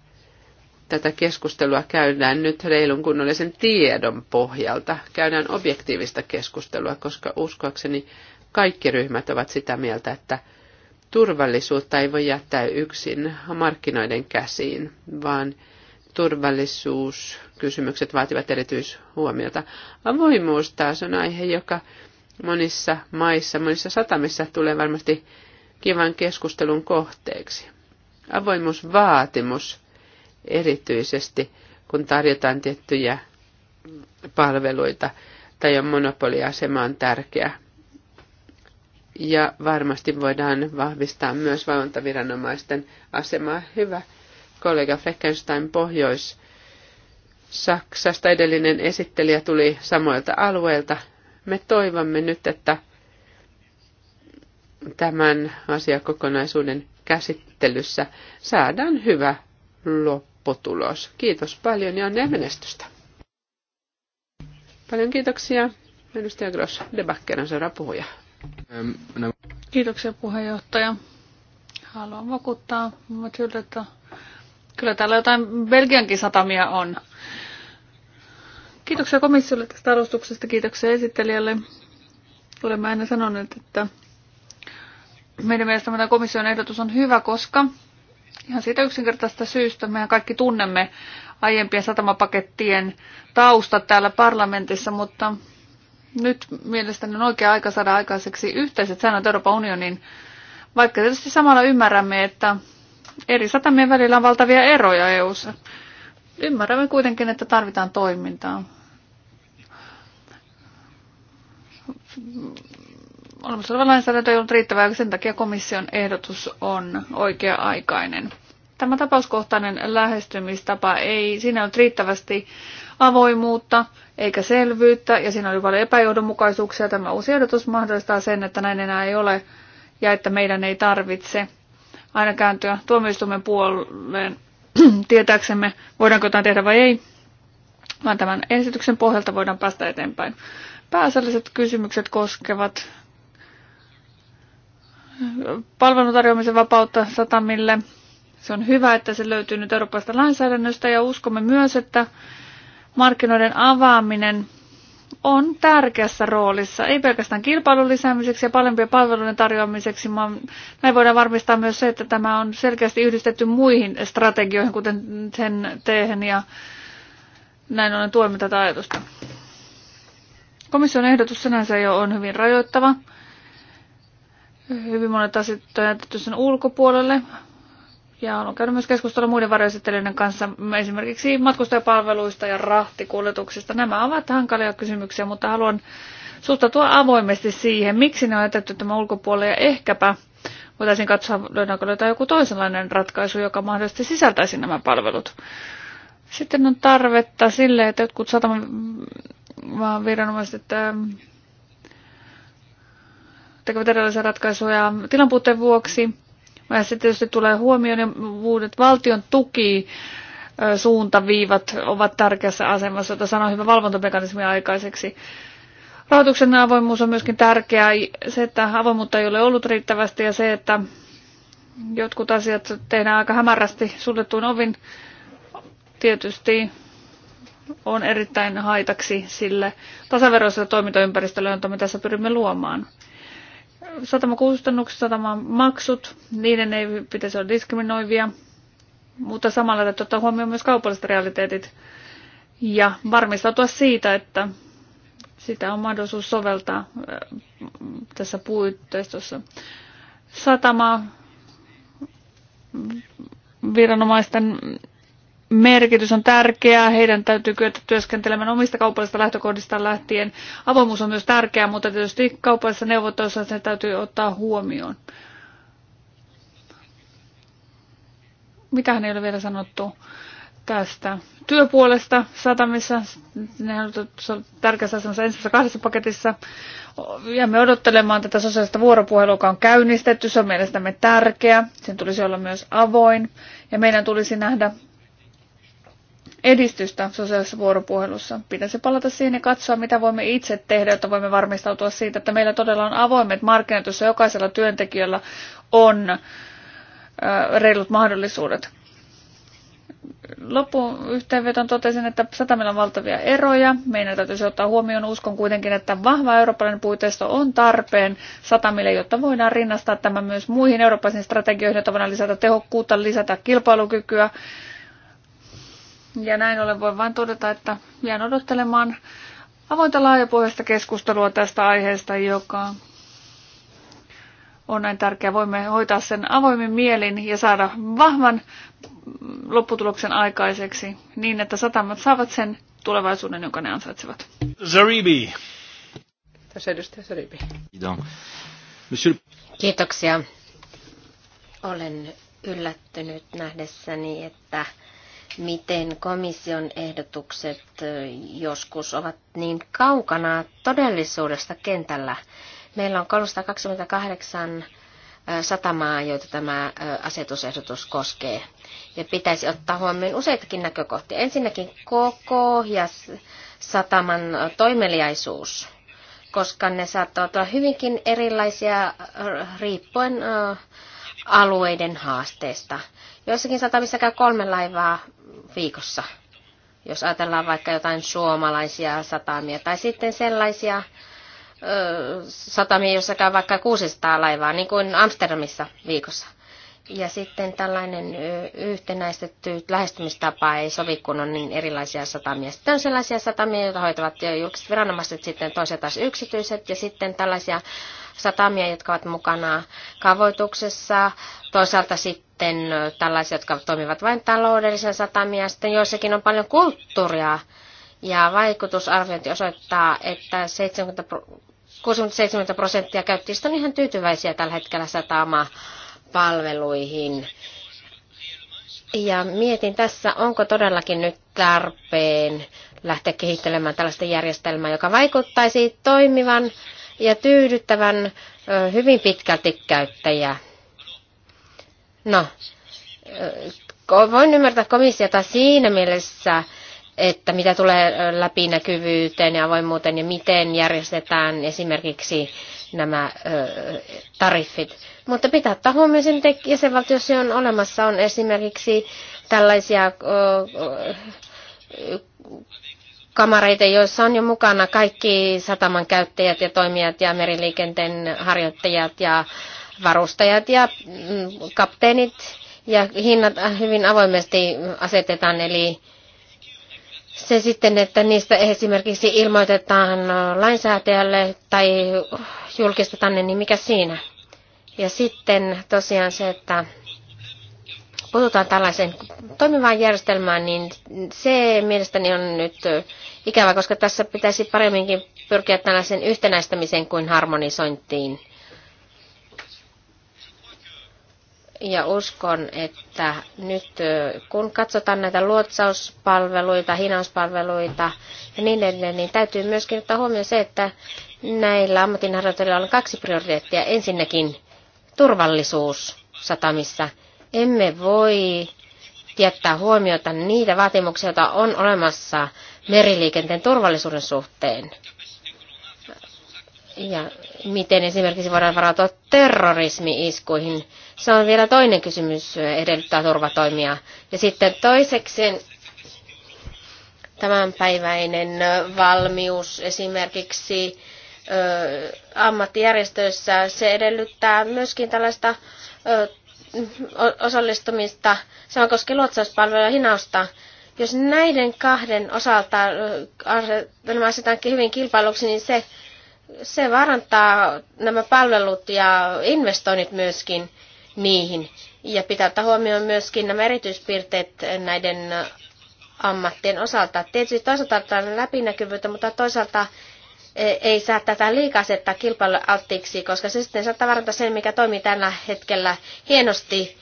E: tätä keskustelua käydään nyt reilun kunnollisen tiedon pohjalta. Käydään objektiivista keskustelua, koska uskoakseni kaikki ryhmät ovat sitä mieltä, että turvallisuutta ei voi jättää yksin markkinoiden käsiin, vaan turvallisuuskysymykset vaativat erityishuomiota. Avoimuus taas on aihe, joka monissa maissa, monissa satamissa tulee varmasti kivan keskustelun kohteeksi. Avoimuusvaatimus erityisesti, kun tarjotaan tiettyjä palveluita tai on monopoliasema on tärkeä ja varmasti voidaan vahvistaa myös valvontaviranomaisten asemaa. Hyvä kollega Fleckenstein Pohjois. Saksasta edellinen esittelijä tuli samoilta alueilta. Me toivomme nyt, että tämän asiakokonaisuuden käsittelyssä saadaan hyvä lopputulos. Kiitos paljon ja onnea menestystä.
B: Paljon kiitoksia. Edustaja
E: Gross, Debakker seuraava puhuja.
B: Kiitoksia puheenjohtaja. Haluan vakuuttaa Matilda, että kyllä täällä jotain Belgiankin satamia on. Kiitoksia komissiolle tästä alustuksesta, kiitoksia esittelijälle. Olemme aina sanoneet, että meidän mielestämme tämä komission ehdotus on hyvä, koska ihan siitä yksinkertaisesta syystä mehän kaikki tunnemme aiempien satamapakettien taustat täällä parlamentissa, mutta nyt mielestäni on oikea aika saada aikaiseksi yhteiset säännöt Euroopan unionin, vaikka tietysti samalla ymmärrämme, että eri satamien välillä on valtavia eroja EU-ssa. Ymmärrämme kuitenkin, että tarvitaan toimintaa. Olemassa oleva lainsäädäntö ei ollut riittävää, sen takia komission ehdotus on oikea-aikainen. Tämä tapauskohtainen lähestymistapa ei, siinä on riittävästi avoimuutta eikä selvyyttä ja siinä oli paljon epäjohdonmukaisuuksia. Tämä uusi ehdotus mahdollistaa sen, että näin enää ei ole ja että meidän ei tarvitse aina kääntyä tuomioistuimen puoleen tietääksemme, voidaanko jotain tehdä vai ei, vaan tämän esityksen pohjalta voidaan päästä eteenpäin. Pääasialliset kysymykset koskevat palvelutarjoamisen vapautta satamille. Se on hyvä, että se löytyy nyt Euroopasta lainsäädännöstä ja uskomme myös, että markkinoiden avaaminen on tärkeässä roolissa, ei pelkästään kilpailun lisäämiseksi ja parempien palveluiden tarjoamiseksi, vaan näin voidaan varmistaa myös se, että tämä on selkeästi yhdistetty muihin strategioihin, kuten sen tehen ja näin ollen tuemme tätä ajatusta. Komission ehdotus sinänsä jo on hyvin rajoittava. Hyvin monet asiat on jätetty sen ulkopuolelle. Ja olen käynyt myös keskustelua muiden varjoesittelijöiden kanssa esimerkiksi matkustajapalveluista ja rahtikuljetuksista. Nämä ovat hankalia kysymyksiä, mutta haluan suhtautua avoimesti siihen, miksi ne on jätetty tämä ulkopuolelle ja ehkäpä voitaisiin katsoa, löydäänkö löytää joku toisenlainen ratkaisu, joka mahdollisesti sisältäisi nämä palvelut. Sitten on tarvetta sille, että jotkut sataman viranomaiset ähm, tekevät erilaisia ratkaisuja tilanpuutteen vuoksi sitten tietysti tulee huomioon että valtion tuki suuntaviivat ovat tärkeässä asemassa, jota sanoo hyvä valvontamekanismi aikaiseksi. Rahoituksen avoimuus on myöskin tärkeää. Se, että avoimuutta ei ole ollut riittävästi ja se, että jotkut asiat tehdään aika hämärästi suljettuin ovin, tietysti on erittäin haitaksi sille tasaveroiselle toimintaympäristölle, jota me tässä pyrimme luomaan satamakustannukset, maksut, niiden ei pitäisi olla diskriminoivia, mutta samalla täytyy ottaa huomioon myös kaupalliset realiteetit ja varmistautua siitä, että sitä on mahdollisuus soveltaa äh, tässä puitteistossa. Satama viranomaisten merkitys on tärkeää. Heidän täytyy kyetä työskentelemään omista kaupallisista lähtökohdistaan lähtien. Avoimuus on myös tärkeää, mutta tietysti kaupallisissa neuvottelussa se täytyy ottaa huomioon. Mitähän ei ole vielä sanottu tästä työpuolesta satamissa. Ne on tärkeässä asemassa ensimmäisessä kahdessa paketissa. Jäämme odottelemaan tätä sosiaalista vuoropuhelua, joka on käynnistetty. Se on mielestämme tärkeä. Sen tulisi olla myös avoin. Ja meidän tulisi nähdä edistystä sosiaalisessa vuoropuhelussa. Pitäisi palata siihen ja katsoa, mitä voimme itse tehdä, jotta voimme varmistautua siitä, että meillä todella on avoimet markkinat, jossa jokaisella työntekijällä on reilut mahdollisuudet. Lopun yhteenveton totesin, että satamilla on valtavia eroja. Meidän täytyisi ottaa huomioon, uskon kuitenkin, että vahva eurooppalainen puiteisto on tarpeen satamille, jotta voidaan rinnastaa tämä myös muihin eurooppalaisiin strategioihin, jotta voidaan lisätä tehokkuutta, lisätä kilpailukykyä ja näin ollen voin vain todeta, että jään odottelemaan avointa laajapohjaista keskustelua tästä aiheesta, joka on näin tärkeä. Voimme hoitaa sen avoimin mielin ja saada vahvan lopputuloksen aikaiseksi niin, että satamat saavat sen tulevaisuuden, jonka ne ansaitsevat.
A: Zaribi.
B: Tässä edustaja Zaribi.
D: Kiitoksia. Olen yllättynyt nähdessäni, että miten komission ehdotukset joskus ovat niin kaukana todellisuudesta kentällä. Meillä on 328 satamaa, joita tämä asetusehdotus koskee. Ja pitäisi ottaa huomioon useitakin näkökohtia. Ensinnäkin koko ja sataman toimeliaisuus, koska ne saattavat olla hyvinkin erilaisia riippuen alueiden haasteista. Joissakin satamissa käy kolme laivaa viikossa. Jos ajatellaan vaikka jotain suomalaisia satamia tai sitten sellaisia satamia, jossa käy vaikka 600 laivaa, niin kuin Amsterdamissa viikossa. Ja sitten tällainen yhtenäistetty lähestymistapa ei sovi, kun on niin erilaisia satamia. Sitten on sellaisia satamia, joita hoitavat julkiset viranomaiset, sitten toiset taas yksityiset, ja sitten tällaisia satamia, jotka ovat mukana kaavoituksessa, toisaalta sitten sitten tällaisia, jotka toimivat vain taloudellisen satamia, sitten joissakin on paljon kulttuuria, ja vaikutusarviointi osoittaa, että 70, 60-70 prosenttia käyttäjistä on ihan tyytyväisiä tällä hetkellä satama palveluihin. Ja mietin tässä, onko todellakin nyt tarpeen lähteä kehittelemään tällaista järjestelmää, joka vaikuttaisi toimivan ja tyydyttävän hyvin pitkälti käyttäjää. No, voin ymmärtää komissiota siinä mielessä, että mitä tulee läpinäkyvyyteen ja avoimuuteen ja miten järjestetään esimerkiksi nämä tariffit. Mutta pitää ottaa huomioon sen jäsenvaltiossa, on olemassa, on esimerkiksi tällaisia kamareita, joissa on jo mukana kaikki sataman käyttäjät ja toimijat ja meriliikenteen harjoittajat ja varustajat ja mm, kapteenit ja hinnat hyvin avoimesti asetetaan, eli se sitten, että niistä esimerkiksi ilmoitetaan lainsäätäjälle tai julkistetaan ne, niin mikä siinä? Ja sitten tosiaan se, että puhutaan tällaiseen toimivaan järjestelmään, niin se mielestäni on nyt ikävä, koska tässä pitäisi paremminkin pyrkiä tällaisen yhtenäistämiseen kuin harmonisointiin. Ja uskon, että nyt kun katsotaan näitä luotsauspalveluita, hinauspalveluita ja niin edelleen, niin täytyy myöskin ottaa huomioon se, että näillä ammatinharjoittajilla on kaksi prioriteettia. Ensinnäkin turvallisuus satamissa. Emme voi jättää huomiota niitä vaatimuksia, joita on olemassa meriliikenteen turvallisuuden suhteen. Ja miten esimerkiksi voidaan varautua terrorismi-iskuihin se on vielä toinen kysymys, edellyttää turvatoimia. Ja sitten toiseksi tämänpäiväinen valmius esimerkiksi ö, ammattijärjestöissä, se edellyttää myöskin tällaista ö, osallistumista. Se on koski luotsauspalveluja hinausta. Jos näiden kahden osalta nämä asetankin hyvin kilpailuksi, niin se, se varantaa nämä palvelut ja investoinnit myöskin niihin. Ja pitää ottaa huomioon myöskin nämä erityispiirteet näiden ammattien osalta. Tietysti toisaalta tarvitaan läpinäkyvyyttä, mutta toisaalta eh, ei saa tätä liikaa asettaa kilpailualttiiksi, koska se sitten saattaa varata sen, mikä toimii tällä hetkellä hienosti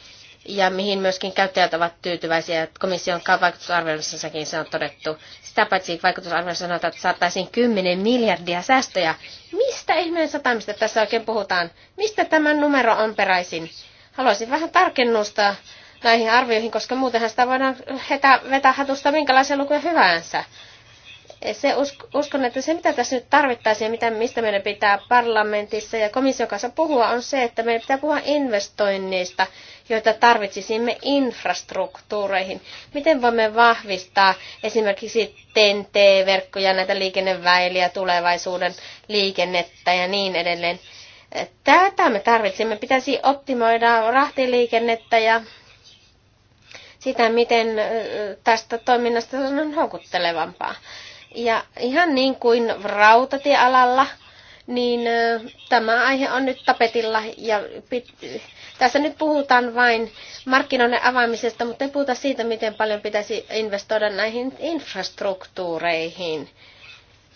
D: ja mihin myöskin käyttäjät ovat tyytyväisiä. Komission vaikutusarvioinnissakin se on todettu. Sitä paitsi vaikutusarvioinnissa sanotaan, että saataisiin 10 miljardia säästöjä. Mistä ihmeen satamista tässä oikein puhutaan? Mistä tämä numero on peräisin? Haluaisin vähän tarkennusta näihin arvioihin, koska muutenhan sitä voidaan heitä vetää hatusta minkälaisia lukuja hyvänsä. Se uskon, että se mitä tässä nyt tarvittaisiin ja mitä, mistä meidän pitää parlamentissa ja komission kanssa puhua on se, että meidän pitää puhua investoinneista, joita tarvitsisimme infrastruktuureihin. Miten voimme vahvistaa esimerkiksi TNT-verkkoja, näitä liikenneväiliä, tulevaisuuden liikennettä ja niin edelleen. Tätä me tarvitsemme. Pitäisi optimoida rahtiliikennettä ja sitä, miten tästä toiminnasta on houkuttelevampaa. Ja ihan niin kuin rautatiealalla, niin tämä aihe on nyt tapetilla ja pit- tässä nyt puhutaan vain markkinoiden avaamisesta, mutta ei puhuta siitä, miten paljon pitäisi investoida näihin infrastruktuureihin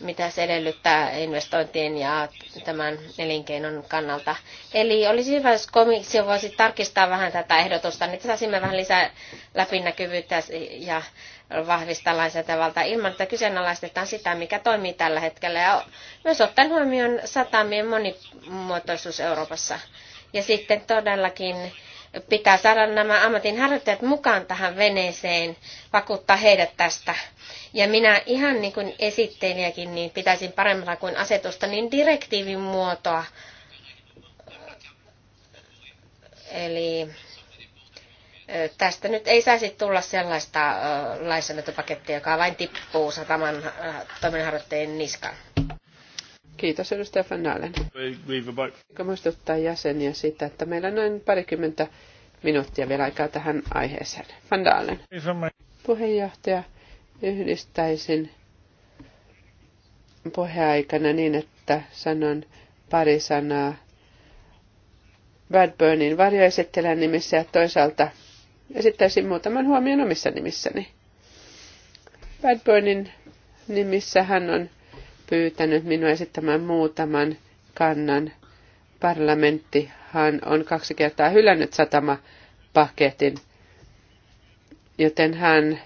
D: mitä se edellyttää investointien ja tämän elinkeinon kannalta. Eli olisi hyvä, jos komissio voisi tarkistaa vähän tätä ehdotusta, niin saisimme vähän lisää läpinäkyvyyttä ja vahvistaa lainsäädäntövaltaa ilman, että kyseenalaistetaan sitä, mikä toimii tällä hetkellä. Ja myös ottaen huomioon satamien monimuotoisuus Euroopassa. Ja sitten todellakin pitää saada nämä ammatinharjoittajat mukaan tähän veneeseen, vakuuttaa heidät tästä ja minä ihan niin kuin esittelijäkin niin pitäisin paremmalla kuin asetusta, niin direktiivin muotoa. Eli tästä nyt ei saisi tulla sellaista lainsäädäntöpakettia, joka vain tippuu sataman toiminnanharjoittajien niskaan.
E: Kiitos edustaja Van Dalen. muistuttaa jäseniä siitä, että meillä on noin parikymmentä minuuttia vielä aikaa tähän aiheeseen. Van Dalen. Puheenjohtaja, yhdistäisin puheaikana niin, että sanon pari sanaa Badburnin varjoesittelijän nimissä ja toisaalta esittäisin muutaman huomion omissa nimissäni. Badburnin nimissä hän on pyytänyt minua esittämään muutaman kannan. Parlamenttihan on kaksi kertaa hylännyt paketin, joten hän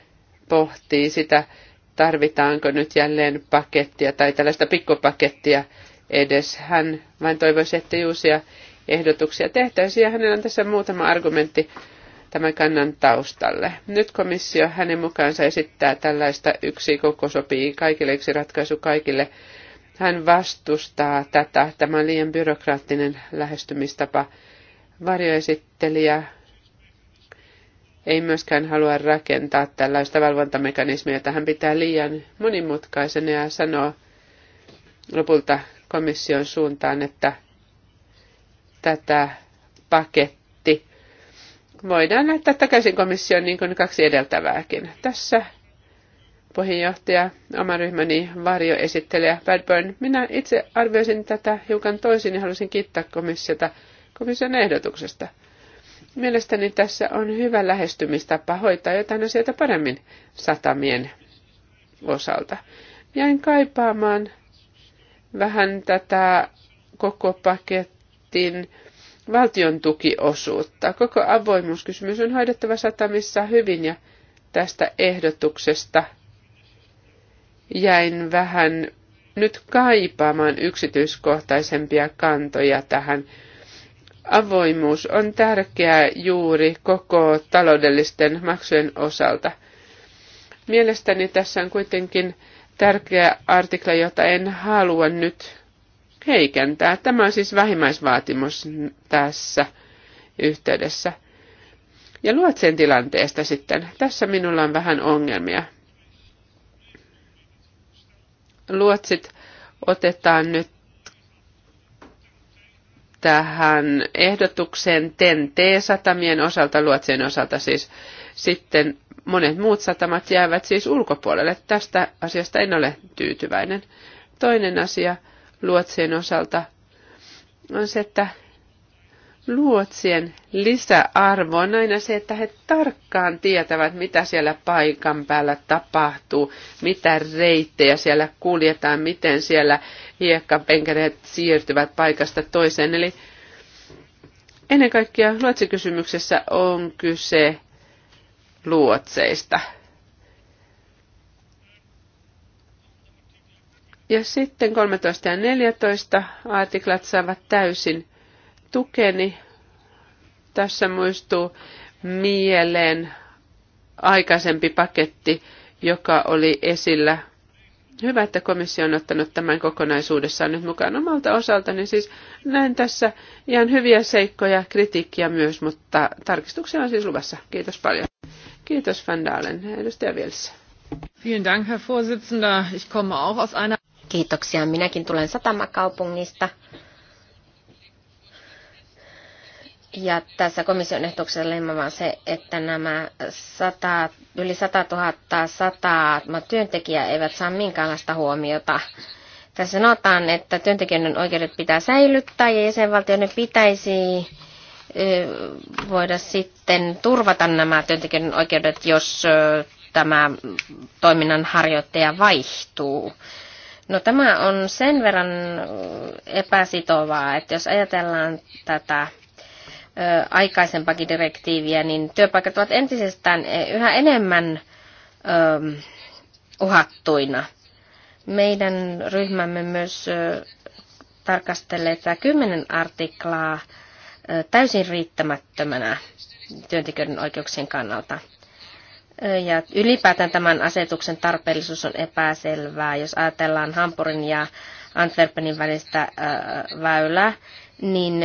E: pohtii sitä, tarvitaanko nyt jälleen pakettia tai tällaista pikkupakettia edes. Hän vain toivoisi, että uusia ehdotuksia tehtäisiin ja hänellä on tässä muutama argumentti tämän kannan taustalle. Nyt komissio hänen mukaansa esittää tällaista yksi koko sopii kaikille, yksi ratkaisu kaikille. Hän vastustaa tätä, tämä on liian byrokraattinen lähestymistapa. Varjoesittelijä ei myöskään halua rakentaa tällaista valvontamekanismia. Tähän pitää liian monimutkaisena ja sanoo lopulta komission suuntaan, että tätä paketti voidaan laittaa takaisin komission niin kuin kaksi edeltävääkin. Tässä puheenjohtaja, oma ryhmäni varjoesittelijä Badburn. Minä itse arvioisin tätä hiukan toisin ja haluaisin kiittää komissiota komission ehdotuksesta – Mielestäni tässä on hyvä lähestymistapa hoitaa jotain asioita paremmin satamien osalta. Jäin kaipaamaan vähän tätä koko paketin valtion tukiosuutta. Koko avoimuuskysymys on hoidettava satamissa hyvin ja tästä ehdotuksesta jäin vähän nyt kaipaamaan yksityiskohtaisempia kantoja tähän avoimuus on tärkeää juuri koko taloudellisten maksujen osalta. Mielestäni tässä on kuitenkin tärkeä artikla, jota en halua nyt heikentää. Tämä on siis vähimmäisvaatimus tässä yhteydessä. Ja luot sen tilanteesta sitten. Tässä minulla on vähän ongelmia. Luotsit otetaan nyt tähän ehdotukseen TEN-T-satamien osalta, Luotsien osalta siis sitten monet muut satamat jäävät siis ulkopuolelle. Tästä asiasta en ole tyytyväinen. Toinen asia Luotsien osalta on se, että luotsien lisäarvo on aina se, että he tarkkaan tietävät, mitä siellä paikan päällä tapahtuu, mitä reittejä siellä kuljetaan, miten siellä hiekkapenkereet siirtyvät paikasta toiseen. Eli ennen kaikkea luotsikysymyksessä on kyse luotseista. Ja sitten 13 ja 14 artiklat saavat täysin tukeni tässä muistuu mieleen aikaisempi paketti, joka oli esillä. Hyvä, että komissio on ottanut tämän kokonaisuudessaan nyt mukaan omalta osaltani. Siis näen tässä ihan hyviä seikkoja, kritiikkiä myös, mutta tarkistuksia on siis luvassa. Kiitos paljon. Kiitos Van Dalen. Edustaja Vils.
B: Vielen Dank, Herr Vorsitzender. Ich komme auch aus einer...
D: Kiitoksia. Minäkin tulen satamakaupungista. Ja tässä komission ehdotuksessa leimamaan se, että nämä 100, yli 100 000 100 työntekijää eivät saa minkäänlaista huomiota. Tässä sanotaan, että työntekijöiden oikeudet pitää säilyttää ja jäsenvaltioiden pitäisi voida sitten turvata nämä työntekijöiden oikeudet, jos tämä toiminnan harjoittaja vaihtuu. No tämä on sen verran epäsitovaa, että jos ajatellaan tätä aikaisempakin direktiiviä, niin työpaikat ovat entisestään e, yhä enemmän uhattuina. Meidän ryhmämme myös tarkastelee tämä kymmenen artiklaa täysin riittämättömänä työntekijöiden oikeuksien kannalta. Ja ylipäätään tämän asetuksen tarpeellisuus on epäselvää. Jos ajatellaan Hampurin ja Antwerpenin välistä väylää, niin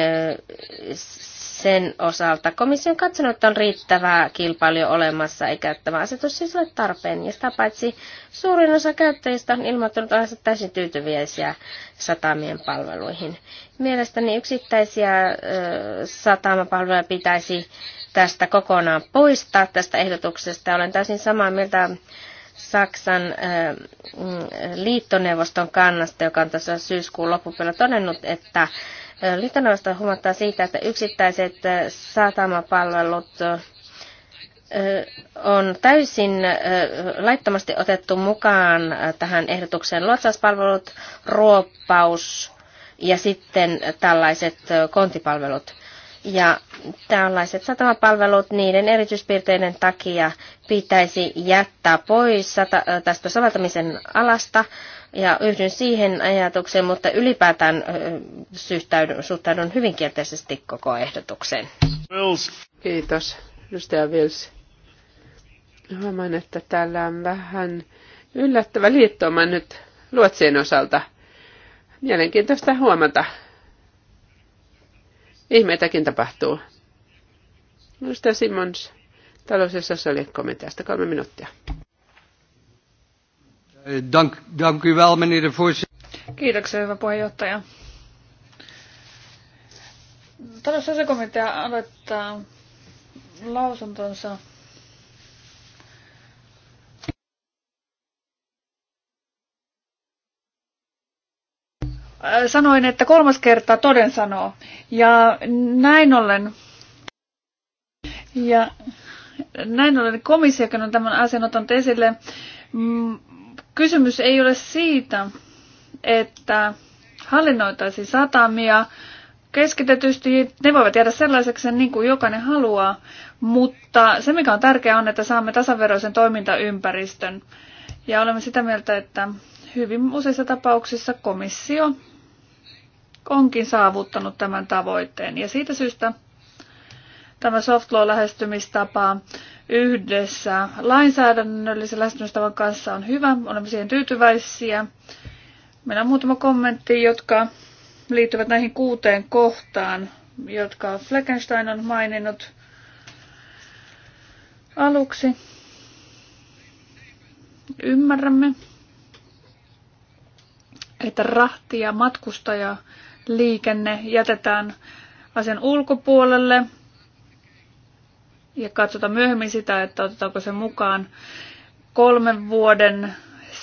D: sen osalta. Komissio on katsonut, että on riittävää kilpailu olemassa, eikä tämä asetus siis ole tarpeen. Ja sitä paitsi suurin osa käyttäjistä on ilmoittanut olevansa täysin tyytyväisiä satamien palveluihin. Mielestäni yksittäisiä ö, satamapalveluja pitäisi tästä kokonaan poistaa tästä ehdotuksesta. Olen täysin samaa mieltä Saksan mm, liittoneuvoston kannasta, joka on tässä syyskuun loppupuolella todennut, että Litanoista huomattaa siitä, että yksittäiset äh, satamapalvelut äh, on täysin äh, laittomasti otettu mukaan tähän ehdotukseen luotsauspalvelut, ruoppaus ja sitten tällaiset kontipalvelut. Ja tällaiset satamapalvelut niiden erityispiirteiden takia pitäisi jättää pois tästä soveltamisen alasta ja yhdyn siihen ajatukseen, mutta ylipäätään suhtaudun, suhtaudun hyvin kielteisesti koko ehdotukseen. Wills. Kiitos, edustaja Vils.
E: Huomaan, että täällä on vähän yllättävä liittoma nyt luotsien osalta. Mielenkiintoista huomata. Ihmeitäkin tapahtuu. Edustaja Simons, talous- ja sosiaalikomiteasta kolme minuuttia.
A: Eh, dank, dank u wel, meneer de voorzitter.
B: Kiitoksia, hyvä puheenjohtaja. Talousasiakomitea aloittaa lausuntonsa äh, sanoin, että kolmas kerta toden sanoo. Ja näin ollen, ja näin ollen komissiokin on tämän asian ottanut esille. Mm, kysymys ei ole siitä, että hallinnoitaisiin satamia keskitetysti. Ne voivat jäädä sellaiseksi niin kuin jokainen haluaa, mutta se mikä on tärkeää on, että saamme tasaveroisen toimintaympäristön. Ja olemme sitä mieltä, että hyvin useissa tapauksissa komissio onkin saavuttanut tämän tavoitteen. Ja siitä syystä tämä soft law lähestymistapa yhdessä lainsäädännöllisen lähestymistavan kanssa on hyvä. Olemme siihen tyytyväisiä. Meillä on muutama kommentti, jotka liittyvät näihin kuuteen kohtaan, jotka Fleckenstein on maininnut aluksi. Ymmärrämme, että rahti- ja matkustajaliikenne jätetään asian ulkopuolelle – ja katsotaan myöhemmin sitä, että otetaanko se mukaan kolmen vuoden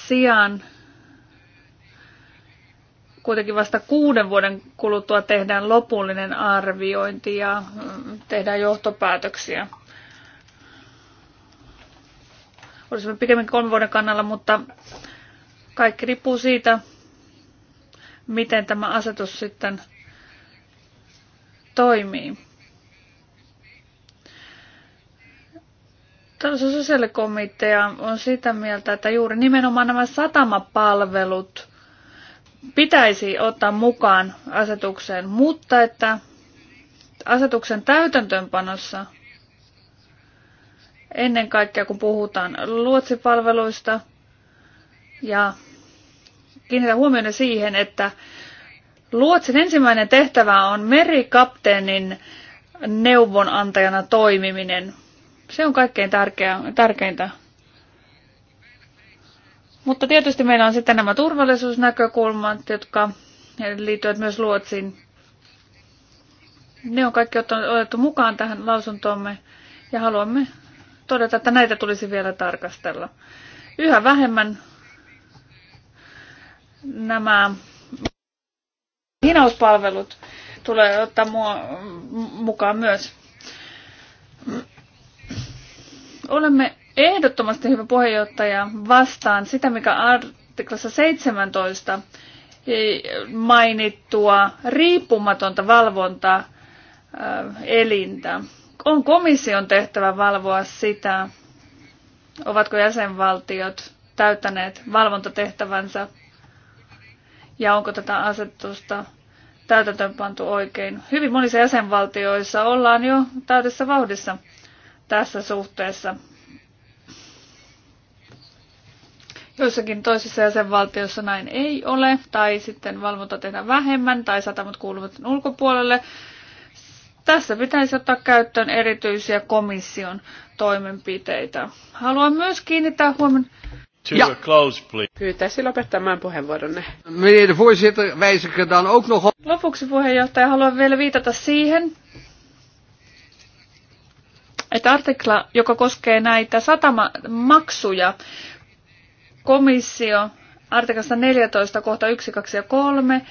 B: sijaan. Kuitenkin vasta kuuden vuoden kuluttua tehdään lopullinen arviointi ja mm, tehdään johtopäätöksiä. Olisimme pikemminkin kolmen vuoden kannalla, mutta kaikki riippuu siitä, miten tämä asetus sitten toimii. sosiaalikomitea on sitä mieltä, että juuri nimenomaan nämä satamapalvelut pitäisi ottaa mukaan asetukseen, mutta että asetuksen täytäntöönpanossa ennen kaikkea kun puhutaan luotsipalveluista ja kiinnitän huomioon siihen, että luotsin ensimmäinen tehtävä on merikapteenin neuvonantajana toimiminen – se on kaikkein tärkeä, tärkeintä. Mutta tietysti meillä on sitten nämä turvallisuusnäkökulmat, jotka liittyvät myös Luotsiin. Ne on kaikki otettu mukaan tähän lausuntoomme ja haluamme todeta, että näitä tulisi vielä tarkastella. Yhä vähemmän nämä hinauspalvelut tulee ottaa mua mukaan myös. Olemme ehdottomasti hyvä puheenjohtaja vastaan sitä, mikä artiklassa 17 mainittua riippumatonta valvontaa elintä. On komission tehtävä valvoa sitä, ovatko jäsenvaltiot täyttäneet valvontatehtävänsä ja onko tätä asetusta täytäntöönpantu oikein. Hyvin monissa jäsenvaltioissa ollaan jo täydessä vauhdissa tässä suhteessa. Joissakin toisissa jäsenvaltioissa näin ei ole, tai sitten valvonta tehdään vähemmän, tai satamat kuuluvat ulkopuolelle. Tässä pitäisi ottaa käyttöön erityisiä komission toimenpiteitä. Haluan myös kiinnittää huomioon...
A: Ja. Close,
B: Pyytäisi lopettamaan puheenvuoronne. Er Lopuksi puheenjohtaja, haluan vielä viitata siihen, että artikla, joka koskee näitä satamamaksuja, komissio artiklasta 14 kohta 1, 2 ja 3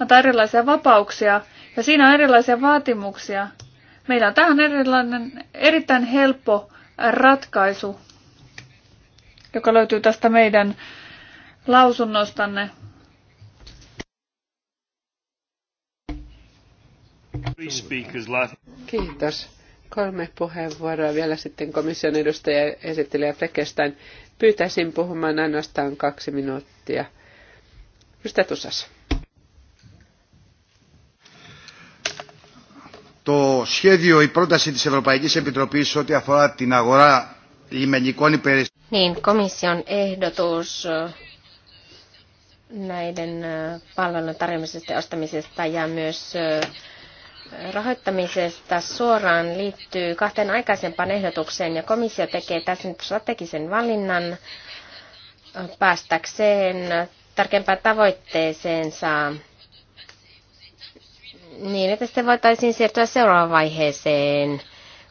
B: antaa erilaisia vapauksia ja siinä on erilaisia vaatimuksia. Meillä on tähän erilainen, erittäin helppo ratkaisu, joka löytyy tästä meidän lausunnostanne.
E: Kiitos. Kolme puheenvuoroa vielä sitten komission edustaja esittelijä Frekestain. Pyytäisin puhumaan ainoastaan kaksi minuuttia. Mistä tussas?
C: Το σχέδιο, η πρόταση της Ευρωπαϊκής Επιτροπής ό,τι αφορά την αγορά λιμενικών υπηρεσιών.
D: Niin, komission ehdotus näiden palvelun tarjoamisesta ja ostamisesta ja myös rahoittamisesta suoraan liittyy kahteen aikaisempaan ehdotukseen ja komissio tekee tässä nyt strategisen valinnan päästäkseen tarkempaan tavoitteeseensa niin, että sitten voitaisiin siirtyä seuraavaan vaiheeseen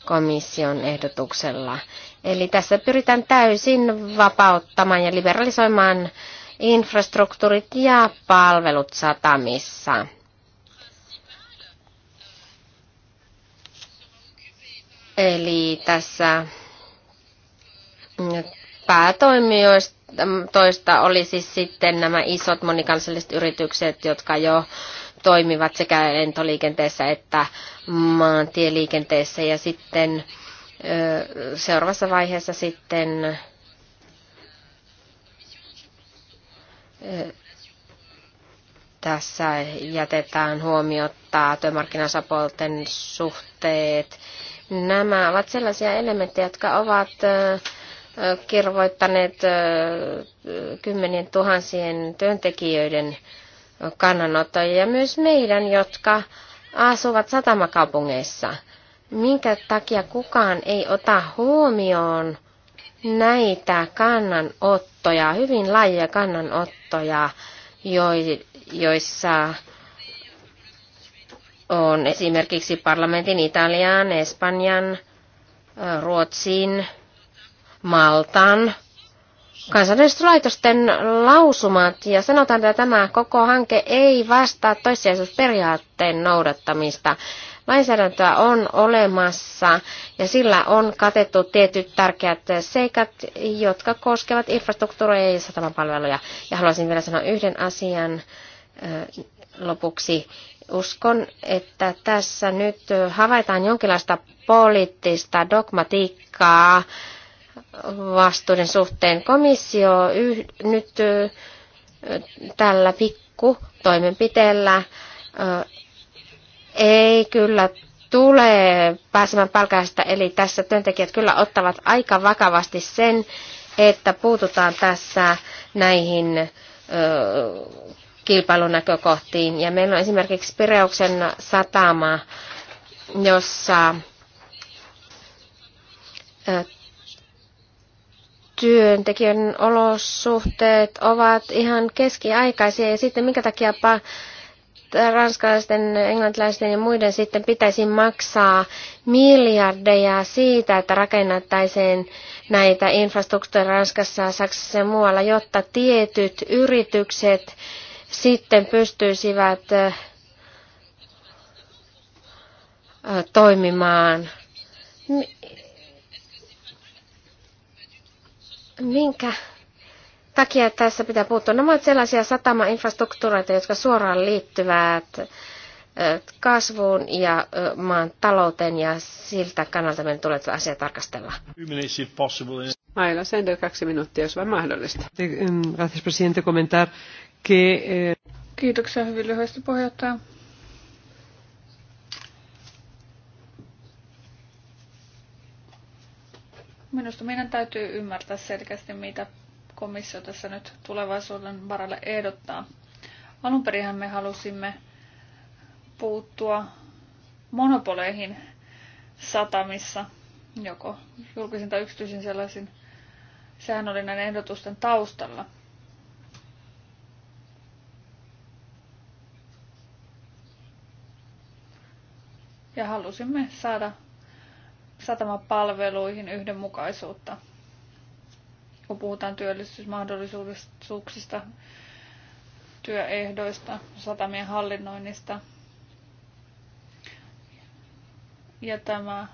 D: komission ehdotuksella. Eli tässä pyritään täysin vapauttamaan ja liberalisoimaan infrastruktuurit ja palvelut satamissa. Eli tässä päätoimijoista oli siis sitten nämä isot monikansalliset yritykset, jotka jo toimivat sekä lentoliikenteessä että maantieliikenteessä. Ja sitten seuraavassa vaiheessa sitten tässä jätetään huomiota työmarkkinasapolten suhteet Nämä ovat sellaisia elementtejä, jotka ovat kirvoittaneet kymmenien tuhansien työntekijöiden kannanottoja ja myös meidän, jotka asuvat satamakaupungeissa. Minkä takia kukaan ei ota huomioon näitä kannanottoja, hyvin laajia kannanottoja, joissa on esimerkiksi parlamentin Italian, Espanjan, Ruotsin, Maltan kansainvälisten laitosten lausumat ja sanotaan, että tämä koko hanke ei vastaa toissijaisuusperiaatteen noudattamista. Lainsäädäntöä on olemassa ja sillä on katettu tietyt tärkeät seikat, jotka koskevat infrastruktuuria ja satamapalveluja. Ja haluaisin vielä sanoa yhden asian lopuksi. Uskon, että tässä nyt havaitaan jonkinlaista poliittista dogmatiikkaa vastuuden suhteen. Komissio yh, nyt tällä pikku toimenpiteellä ei kyllä tule pääsemään palkasta, eli tässä työntekijät kyllä ottavat aika vakavasti sen, että puututaan tässä näihin kilpailunäkökohtiin. Ja meillä on esimerkiksi Pireuksen satama, jossa työntekijän olosuhteet ovat ihan keskiaikaisia ja sitten minkä takia ranskalaisten, englantilaisten ja muiden sitten pitäisi maksaa miljardeja siitä, että rakennettaisiin näitä infrastruktuureja Ranskassa, Saksassa ja muualla, jotta tietyt yritykset sitten pystyisivät toimimaan. Minkä takia tässä pitää puuttua? Nämä no, ovat sellaisia satamainfrastruktuureita, jotka suoraan liittyvät kasvuun ja maan talouteen ja siltä kannalta meidän tulee tätä asiaa tarkastella. Maila
E: Sender, kaksi minuuttia, jos vain mahdollista. Gracias, presidente, comentar Eh,
B: Kiitoksia hyvin lyhyesti puheenjohtaja. Minusta meidän täytyy ymmärtää selkeästi, mitä komissio tässä nyt tulevaisuuden varalle ehdottaa. Alun me halusimme puuttua monopoleihin satamissa, joko julkisin tai yksityisin sellaisin. säännöllinen ehdotusten taustalla – ja halusimme saada satamapalveluihin yhdenmukaisuutta. Kun puhutaan työllisyysmahdollisuuksista, työehdoista, satamien hallinnoinnista. Ja tämä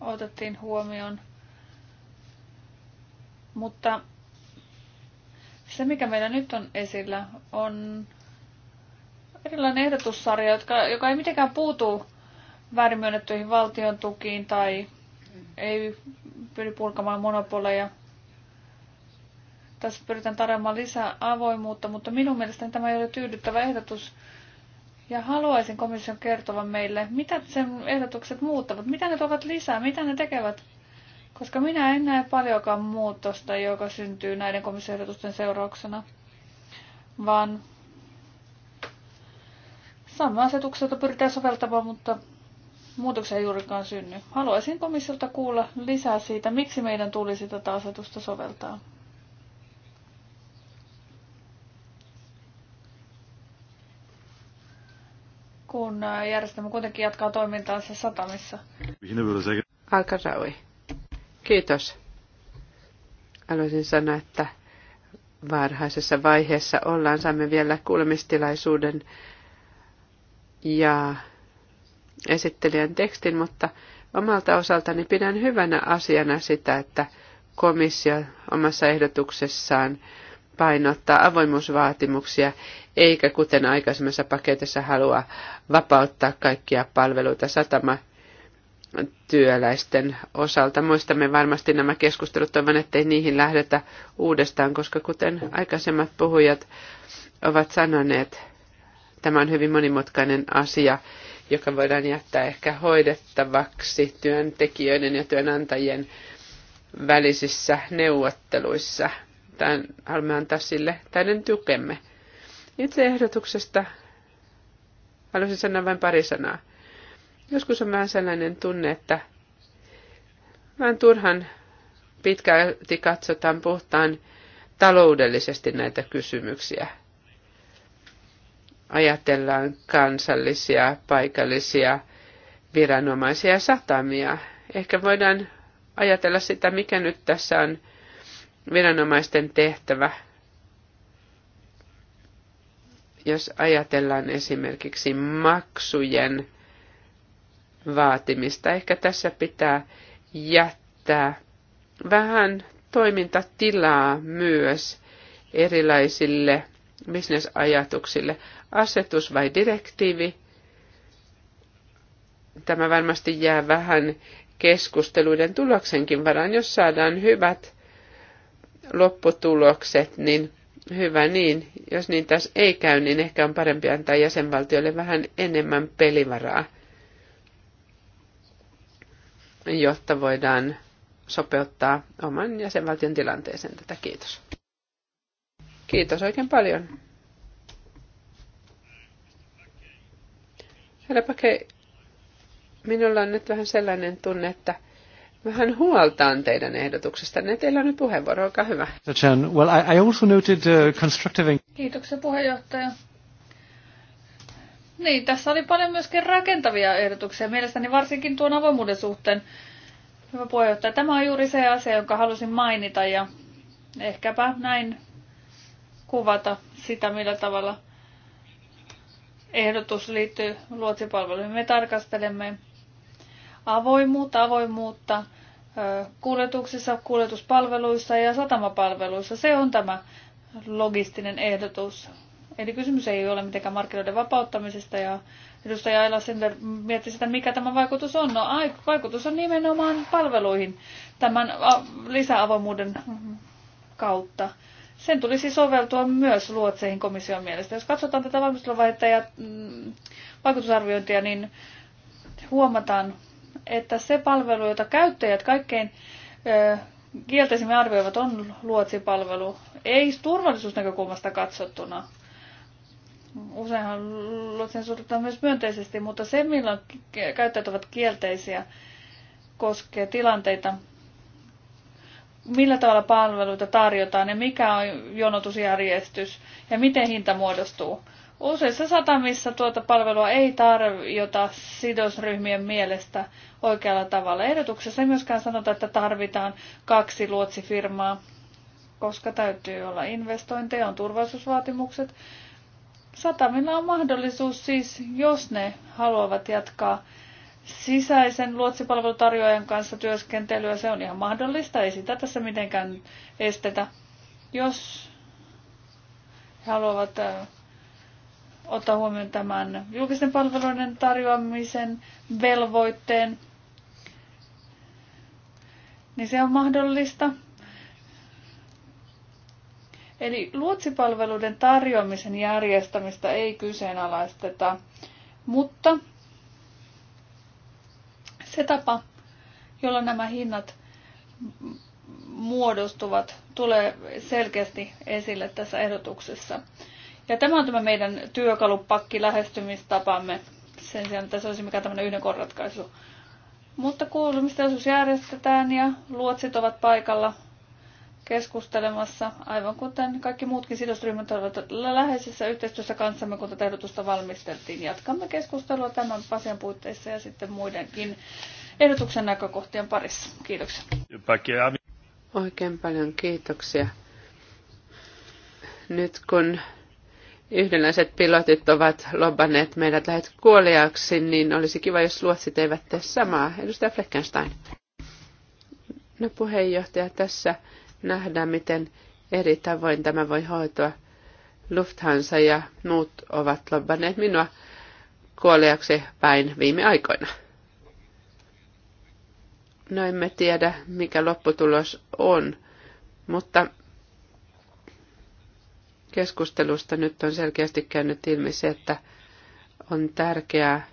B: otettiin huomioon. Mutta se, mikä meillä nyt on esillä, on erilainen ehdotussarja, jotka, joka ei mitenkään puutu väärin myönnettyihin valtion tukiin tai ei pyri purkamaan monopoleja. Tässä pyritään tarjoamaan lisää avoimuutta, mutta minun mielestäni tämä ei ole tyydyttävä ehdotus. Ja haluaisin komission kertovan meille, mitä sen ehdotukset muuttavat, mitä ne tuovat lisää, mitä ne tekevät. Koska minä en näe paljonkaan muutosta, joka syntyy näiden komission seurauksena, vaan Sama asetukselta pyritään soveltamaan, mutta muutoksia ei juurikaan synny. Haluaisin komissiolta kuulla lisää siitä, miksi meidän tulisi tätä asetusta soveltaa. kun järjestelmä kuitenkin jatkaa toimintaansa satamissa.
E: Aika raui. Kiitos. Haluaisin sanoa, että varhaisessa vaiheessa ollaan. Saamme vielä kuulemistilaisuuden ja esittelijän tekstin, mutta omalta osaltani pidän hyvänä asiana sitä, että komissio omassa ehdotuksessaan painottaa avoimuusvaatimuksia, eikä kuten aikaisemmassa paketissa halua vapauttaa kaikkia palveluita satama työläisten osalta. Muistamme varmasti nämä keskustelut, toivon ettei niihin lähdetä uudestaan, koska kuten aikaisemmat puhujat ovat sanoneet, Tämä on hyvin monimutkainen asia, joka voidaan jättää ehkä hoidettavaksi työntekijöiden ja työnantajien välisissä neuvotteluissa. Tämän haluamme antaa sille täyden tukemme. Itse ehdotuksesta haluaisin sanoa vain pari sanaa. Joskus on vähän sellainen tunne, että vähän turhan pitkälti katsotaan puhtaan taloudellisesti näitä kysymyksiä ajatellaan kansallisia, paikallisia viranomaisia satamia. Ehkä voidaan ajatella sitä, mikä nyt tässä on viranomaisten tehtävä. Jos ajatellaan esimerkiksi maksujen vaatimista, ehkä tässä pitää jättää vähän toimintatilaa myös erilaisille bisnesajatuksille asetus vai direktiivi. Tämä varmasti jää vähän keskusteluiden tuloksenkin varaan. Jos saadaan hyvät lopputulokset, niin hyvä niin. Jos niin taas ei käy, niin ehkä on parempi antaa jäsenvaltioille vähän enemmän pelivaraa, jotta voidaan sopeuttaa oman jäsenvaltion tilanteeseen tätä. Kiitos. Kiitos oikein paljon. Herra Pake, minulla on nyt vähän sellainen tunne, että vähän huoltaan teidän Ne Teillä on nyt puheenvuoro, olkaa hyvä.
A: Well, I, I also noted, uh, constructive...
B: Kiitoksia puheenjohtaja. Niin, tässä oli paljon myöskin rakentavia ehdotuksia, mielestäni varsinkin tuon avoimuuden suhteen. Hyvä puheenjohtaja, tämä on juuri se asia, jonka halusin mainita ja ehkäpä näin kuvata sitä, millä tavalla ehdotus liittyy luotsipalveluihin. Me tarkastelemme avoimuutta, avoimuutta kuljetuksissa, kuljetuspalveluissa ja satamapalveluissa. Se on tämä logistinen ehdotus. Eli kysymys ei ole mitenkään markkinoiden vapauttamisesta ja edustaja Aila Sender mietti sitä, mikä tämä vaikutus on. No vaikutus on nimenomaan palveluihin tämän lisäavoimuuden kautta. Sen tulisi soveltua myös luotseihin komission mielestä. Jos katsotaan tätä valmisteluvaihetta ja mm, vaikutusarviointia, niin huomataan, että se palvelu, jota käyttäjät kaikkein ö, kielteisimmin arvioivat, on luotsipalvelu. Ei turvallisuusnäkökulmasta katsottuna. Useinhan luotsin suhtautuu myös myönteisesti, mutta se, milloin käyttäjät ovat kielteisiä, koskee tilanteita, millä tavalla palveluita tarjotaan ja mikä on jonotusjärjestys ja miten hinta muodostuu. Useissa satamissa tuota palvelua ei tarjota sidosryhmien mielestä oikealla tavalla. Ehdotuksessa ei myöskään sanota, että tarvitaan kaksi luotsifirmaa, koska täytyy olla investointeja, on turvallisuusvaatimukset. Satamilla on mahdollisuus siis, jos ne haluavat jatkaa sisäisen luotsipalvelutarjoajan kanssa työskentelyä. Se on ihan mahdollista, ei sitä tässä mitenkään estetä. Jos he haluavat ottaa huomioon tämän julkisten palveluiden tarjoamisen velvoitteen, niin se on mahdollista. Eli luotsipalveluiden tarjoamisen järjestämistä ei kyseenalaisteta, mutta se tapa, jolla nämä hinnat muodostuvat, tulee selkeästi esille tässä ehdotuksessa. Ja tämä on tämä meidän työkalupakki lähestymistapamme sen sijaan, että se olisi mikään tämmöinen yhden korratkaisu. Mutta kuulemistilaisuus järjestetään ja luotsit ovat paikalla keskustelemassa, aivan kuten kaikki muutkin sidosryhmät olivat läheisessä yhteistyössä kanssamme, kun tätä ehdotusta valmisteltiin. Jatkamme keskustelua tämän asian puitteissa ja sitten muidenkin ehdotuksen näkökohtien parissa. Kiitoksia.
E: Oikein paljon kiitoksia. Nyt kun yhdenlaiset pilotit ovat lobanneet meidät lähet kuoliaaksi, niin olisi kiva, jos luotsit eivät tee samaa. Edustaja Fleckenstein. No puheenjohtaja, tässä nähdä, miten eri tavoin tämä voi hoitua. Lufthansa ja muut ovat lobbanneet minua kuoleaksi päin viime aikoina. No emme tiedä, mikä lopputulos on, mutta keskustelusta nyt on selkeästi käynyt ilmi se, että on tärkeää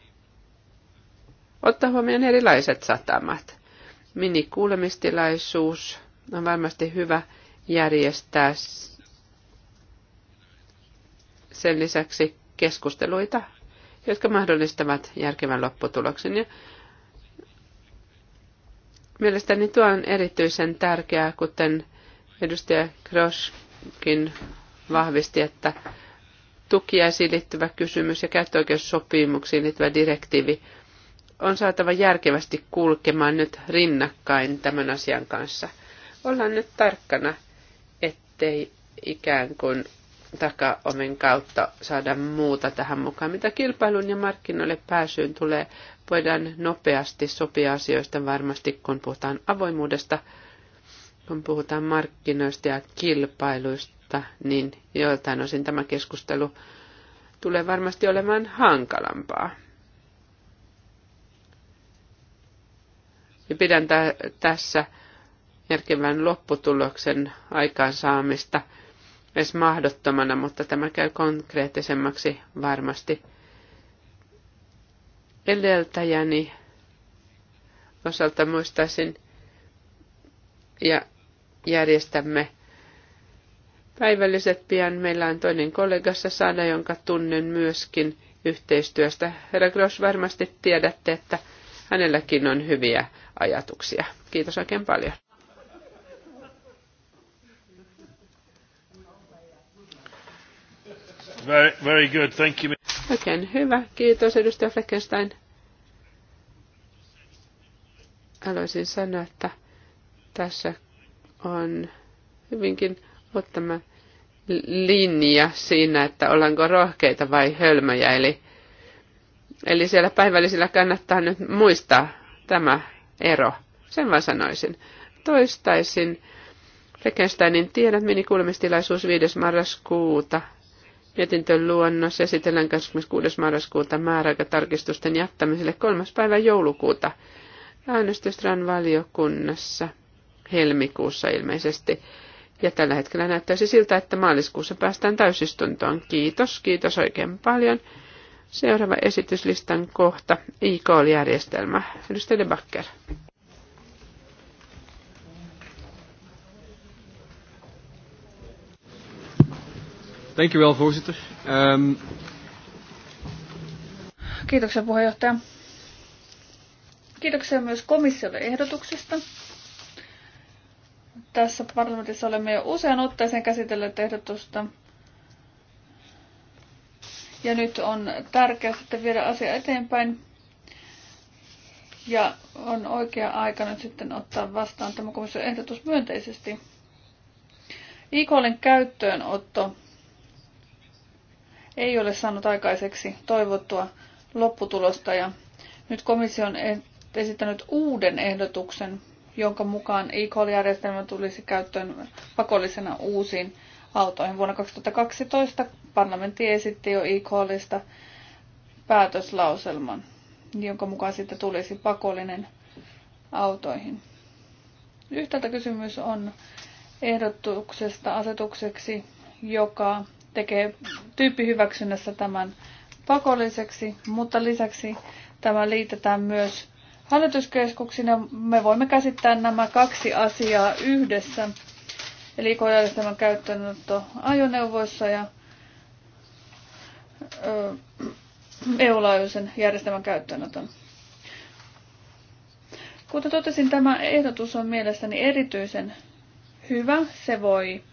E: ottaa huomioon erilaiset satamat. Minikuulemistilaisuus on varmasti hyvä järjestää sen lisäksi keskusteluita, jotka mahdollistavat järkevän lopputuloksen. Ja mielestäni tuo on erityisen tärkeää, kuten edustaja Kroskin vahvisti, että tukiaisiin liittyvä kysymys ja käyttöoikeussopimuksiin liittyvä direktiivi on saatava järkevästi kulkemaan nyt rinnakkain tämän asian kanssa – ollaan nyt tarkkana, ettei ikään kuin takaomen kautta saada muuta tähän mukaan. Mitä kilpailun ja markkinoille pääsyyn tulee, voidaan nopeasti sopia asioista varmasti, kun puhutaan avoimuudesta, kun puhutaan markkinoista ja kilpailuista, niin joiltain osin tämä keskustelu tulee varmasti olemaan hankalampaa. Ja pidän t- tässä järkevän lopputuloksen aikaansaamista edes mahdottomana, mutta tämä käy konkreettisemmaksi varmasti. Edeltäjäni osalta muistaisin ja järjestämme päivälliset pian. Meillä on toinen kollegassa Sana, jonka tunnen myöskin yhteistyöstä. Herra Gross, varmasti tiedätte, että hänelläkin on hyviä ajatuksia. Kiitos oikein paljon.
A: Very, very good. Thank you.
E: Oikein hyvä. Kiitos edustaja Fleckenstein. Haluaisin sanoa, että tässä on hyvinkin ottama linja siinä, että ollaanko rohkeita vai hölmöjä. Eli, eli siellä päivällisillä kannattaa nyt muistaa tämä ero. Sen vaan sanoisin. Toistaisin Fekensteinin tiedät minikuulemistilaisuus 5. marraskuuta Mietintön luonnos esitellään 26. marraskuuta määräaikatarkistusten jättämiselle 3. päivä joulukuuta äänestysran valiokunnassa helmikuussa ilmeisesti. Ja tällä hetkellä näyttäisi siltä, että maaliskuussa päästään täysistuntoon. Kiitos, kiitos oikein paljon. Seuraava esityslistan kohta, IK-järjestelmä. Edustaja Bakker. Backer.
A: Dank u wel, voorzitter. Um...
B: Kiitoksia puheenjohtaja. Kiitoksia myös komissiolle ehdotuksesta. Tässä parlamentissa olemme jo usean otteeseen käsitelleet ehdotusta. Ja nyt on tärkeää sitten viedä asia eteenpäin. Ja on oikea aika nyt sitten ottaa vastaan tämä komission ehdotus myönteisesti. E-callin käyttöönotto ei ole saanut aikaiseksi toivottua lopputulosta ja nyt komissio on e- esittänyt uuden ehdotuksen, jonka mukaan e-call-järjestelmä tulisi käyttöön pakollisena uusiin autoihin. Vuonna 2012 parlamentti esitti jo e-callista päätöslauselman, jonka mukaan siitä tulisi pakollinen autoihin. Yhtäältä kysymys on ehdotuksesta asetukseksi, joka tekee tyyppihyväksynnässä tämän pakolliseksi, mutta lisäksi tämä liitetään myös hallituskeskuksiin ja me voimme käsittää nämä kaksi asiaa yhdessä. Eli ekojärjestelmän käyttöönotto ajoneuvoissa ja EU-laajuisen järjestelmän käyttöönoton. Kuten totesin, tämä ehdotus on mielestäni erityisen hyvä. Se voi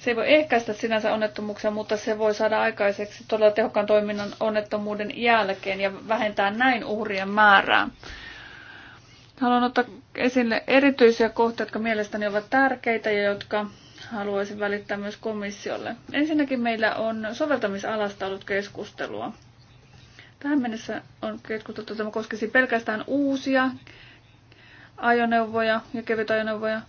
B: se ei voi ehkäistä sinänsä onnettomuuksia, mutta se voi saada aikaiseksi todella tehokkaan toiminnan onnettomuuden jälkeen ja vähentää näin uhrien määrää. Haluan ottaa esille erityisiä kohtia, jotka mielestäni ovat tärkeitä ja jotka haluaisin välittää myös komissiolle. Ensinnäkin meillä on soveltamisalasta ollut keskustelua. Tähän mennessä on keskusteltu, että tämä koskisi pelkästään uusia ajoneuvoja ja kevytajoneuvoja.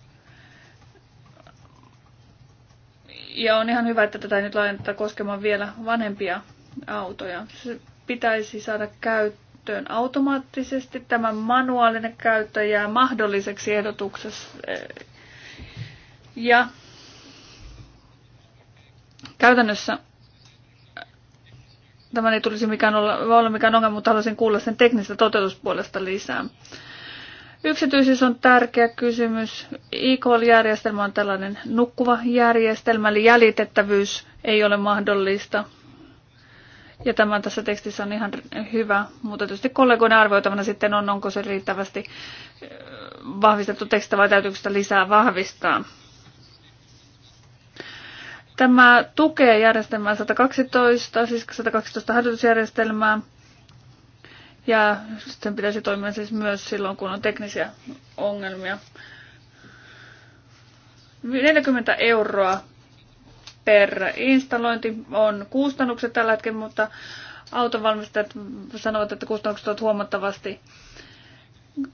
B: Ja on ihan hyvä, että tätä ei nyt laajenneta koskemaan vielä vanhempia autoja. Se pitäisi saada käyttöön automaattisesti. Tämä manuaalinen käyttö jää mahdolliseksi ehdotuksessa. Ja käytännössä tämä ei tulisi mikään olla, olla mikään ongelma, mutta haluaisin kuulla sen teknisestä toteutuspuolesta lisää. Yksityisyys on tärkeä kysymys. E-call-järjestelmä on tällainen nukkuva järjestelmä, eli jäljitettävyys ei ole mahdollista. Ja tämä tässä tekstissä on ihan hyvä, mutta tietysti kollegoiden arvioitavana sitten on, onko se riittävästi äh, vahvistettu tekstä vai täytyykö sitä lisää vahvistaa. Tämä tukee järjestelmää 112, siis 112 hälytysjärjestelmää, ja sitten pitäisi toimia siis myös silloin, kun on teknisiä ongelmia. 40 euroa per installointi on kustannukset tällä hetkellä, mutta autonvalmistajat sanovat, että kustannukset ovat huomattavasti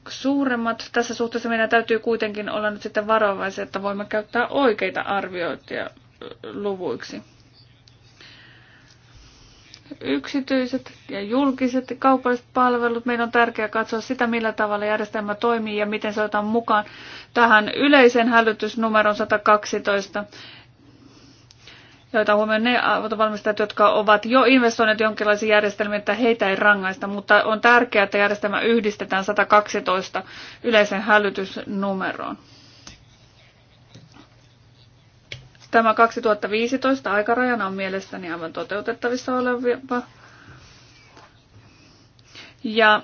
B: suuremmat. Tässä suhteessa meidän täytyy kuitenkin olla nyt sitten varovaisia, että voimme käyttää oikeita arviointia luvuiksi yksityiset ja julkiset kaupalliset palvelut. Meidän on tärkeää katsoa sitä, millä tavalla järjestelmä toimii ja miten se otetaan mukaan tähän yleisen hälytysnumeron 112, joita huomioon ne autovalmistajat, jotka ovat jo investoineet jonkinlaisiin järjestelmiin, että heitä ei rangaista, mutta on tärkeää, että järjestelmä yhdistetään 112 yleisen hälytysnumeroon. Tämä 2015 aikarajana on mielestäni aivan toteutettavissa oleva. Ja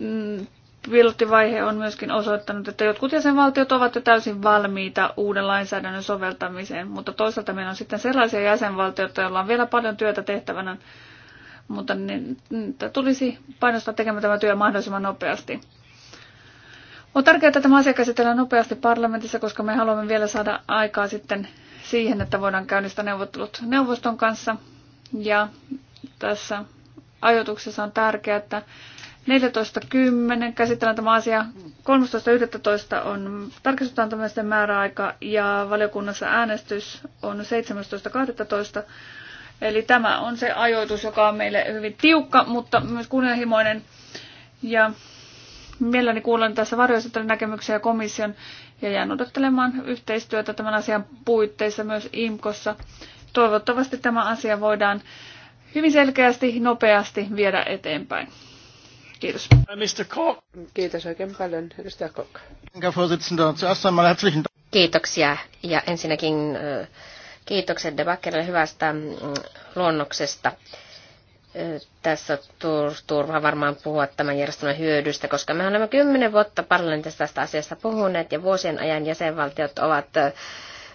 B: mm, pilottivaihe on myöskin osoittanut, että jotkut jäsenvaltiot ovat jo täysin valmiita uuden lainsäädännön soveltamiseen, mutta toisaalta meillä on sitten sellaisia jäsenvaltioita, joilla on vielä paljon työtä tehtävänä, mutta niitä tulisi painostaa tekemään tämä työ mahdollisimman nopeasti. On tärkeää, että tämä asia käsitellään nopeasti parlamentissa, koska me haluamme vielä saada aikaa sitten siihen, että voidaan käynnistää neuvottelut neuvoston kanssa. Ja tässä ajoituksessa on tärkeää, että 14.10. käsitellään tämä asia. 13.11. on tarkistustantamisten määräaika ja valiokunnassa äänestys on 17.12. Eli tämä on se ajoitus, joka on meille hyvin tiukka, mutta myös kunnianhimoinen. Ja Mielelläni kuulen tässä varjoisittelun näkemyksiä komission ja jään odottelemaan yhteistyötä tämän asian puitteissa myös IMKossa. Toivottavasti tämä asia voidaan hyvin selkeästi, nopeasti viedä eteenpäin. Kiitos.
E: Mr. Koch. Kiitos oikein paljon, edustaja Koch.
D: Kiitoksia ja ensinnäkin äh, kiitokset Debakkerille hyvästä mm, luonnoksesta tässä turha varmaan puhua tämän järjestelmän hyödystä, koska me olemme kymmenen vuotta parlamentissa tästä asiasta puhuneet ja vuosien ajan jäsenvaltiot ovat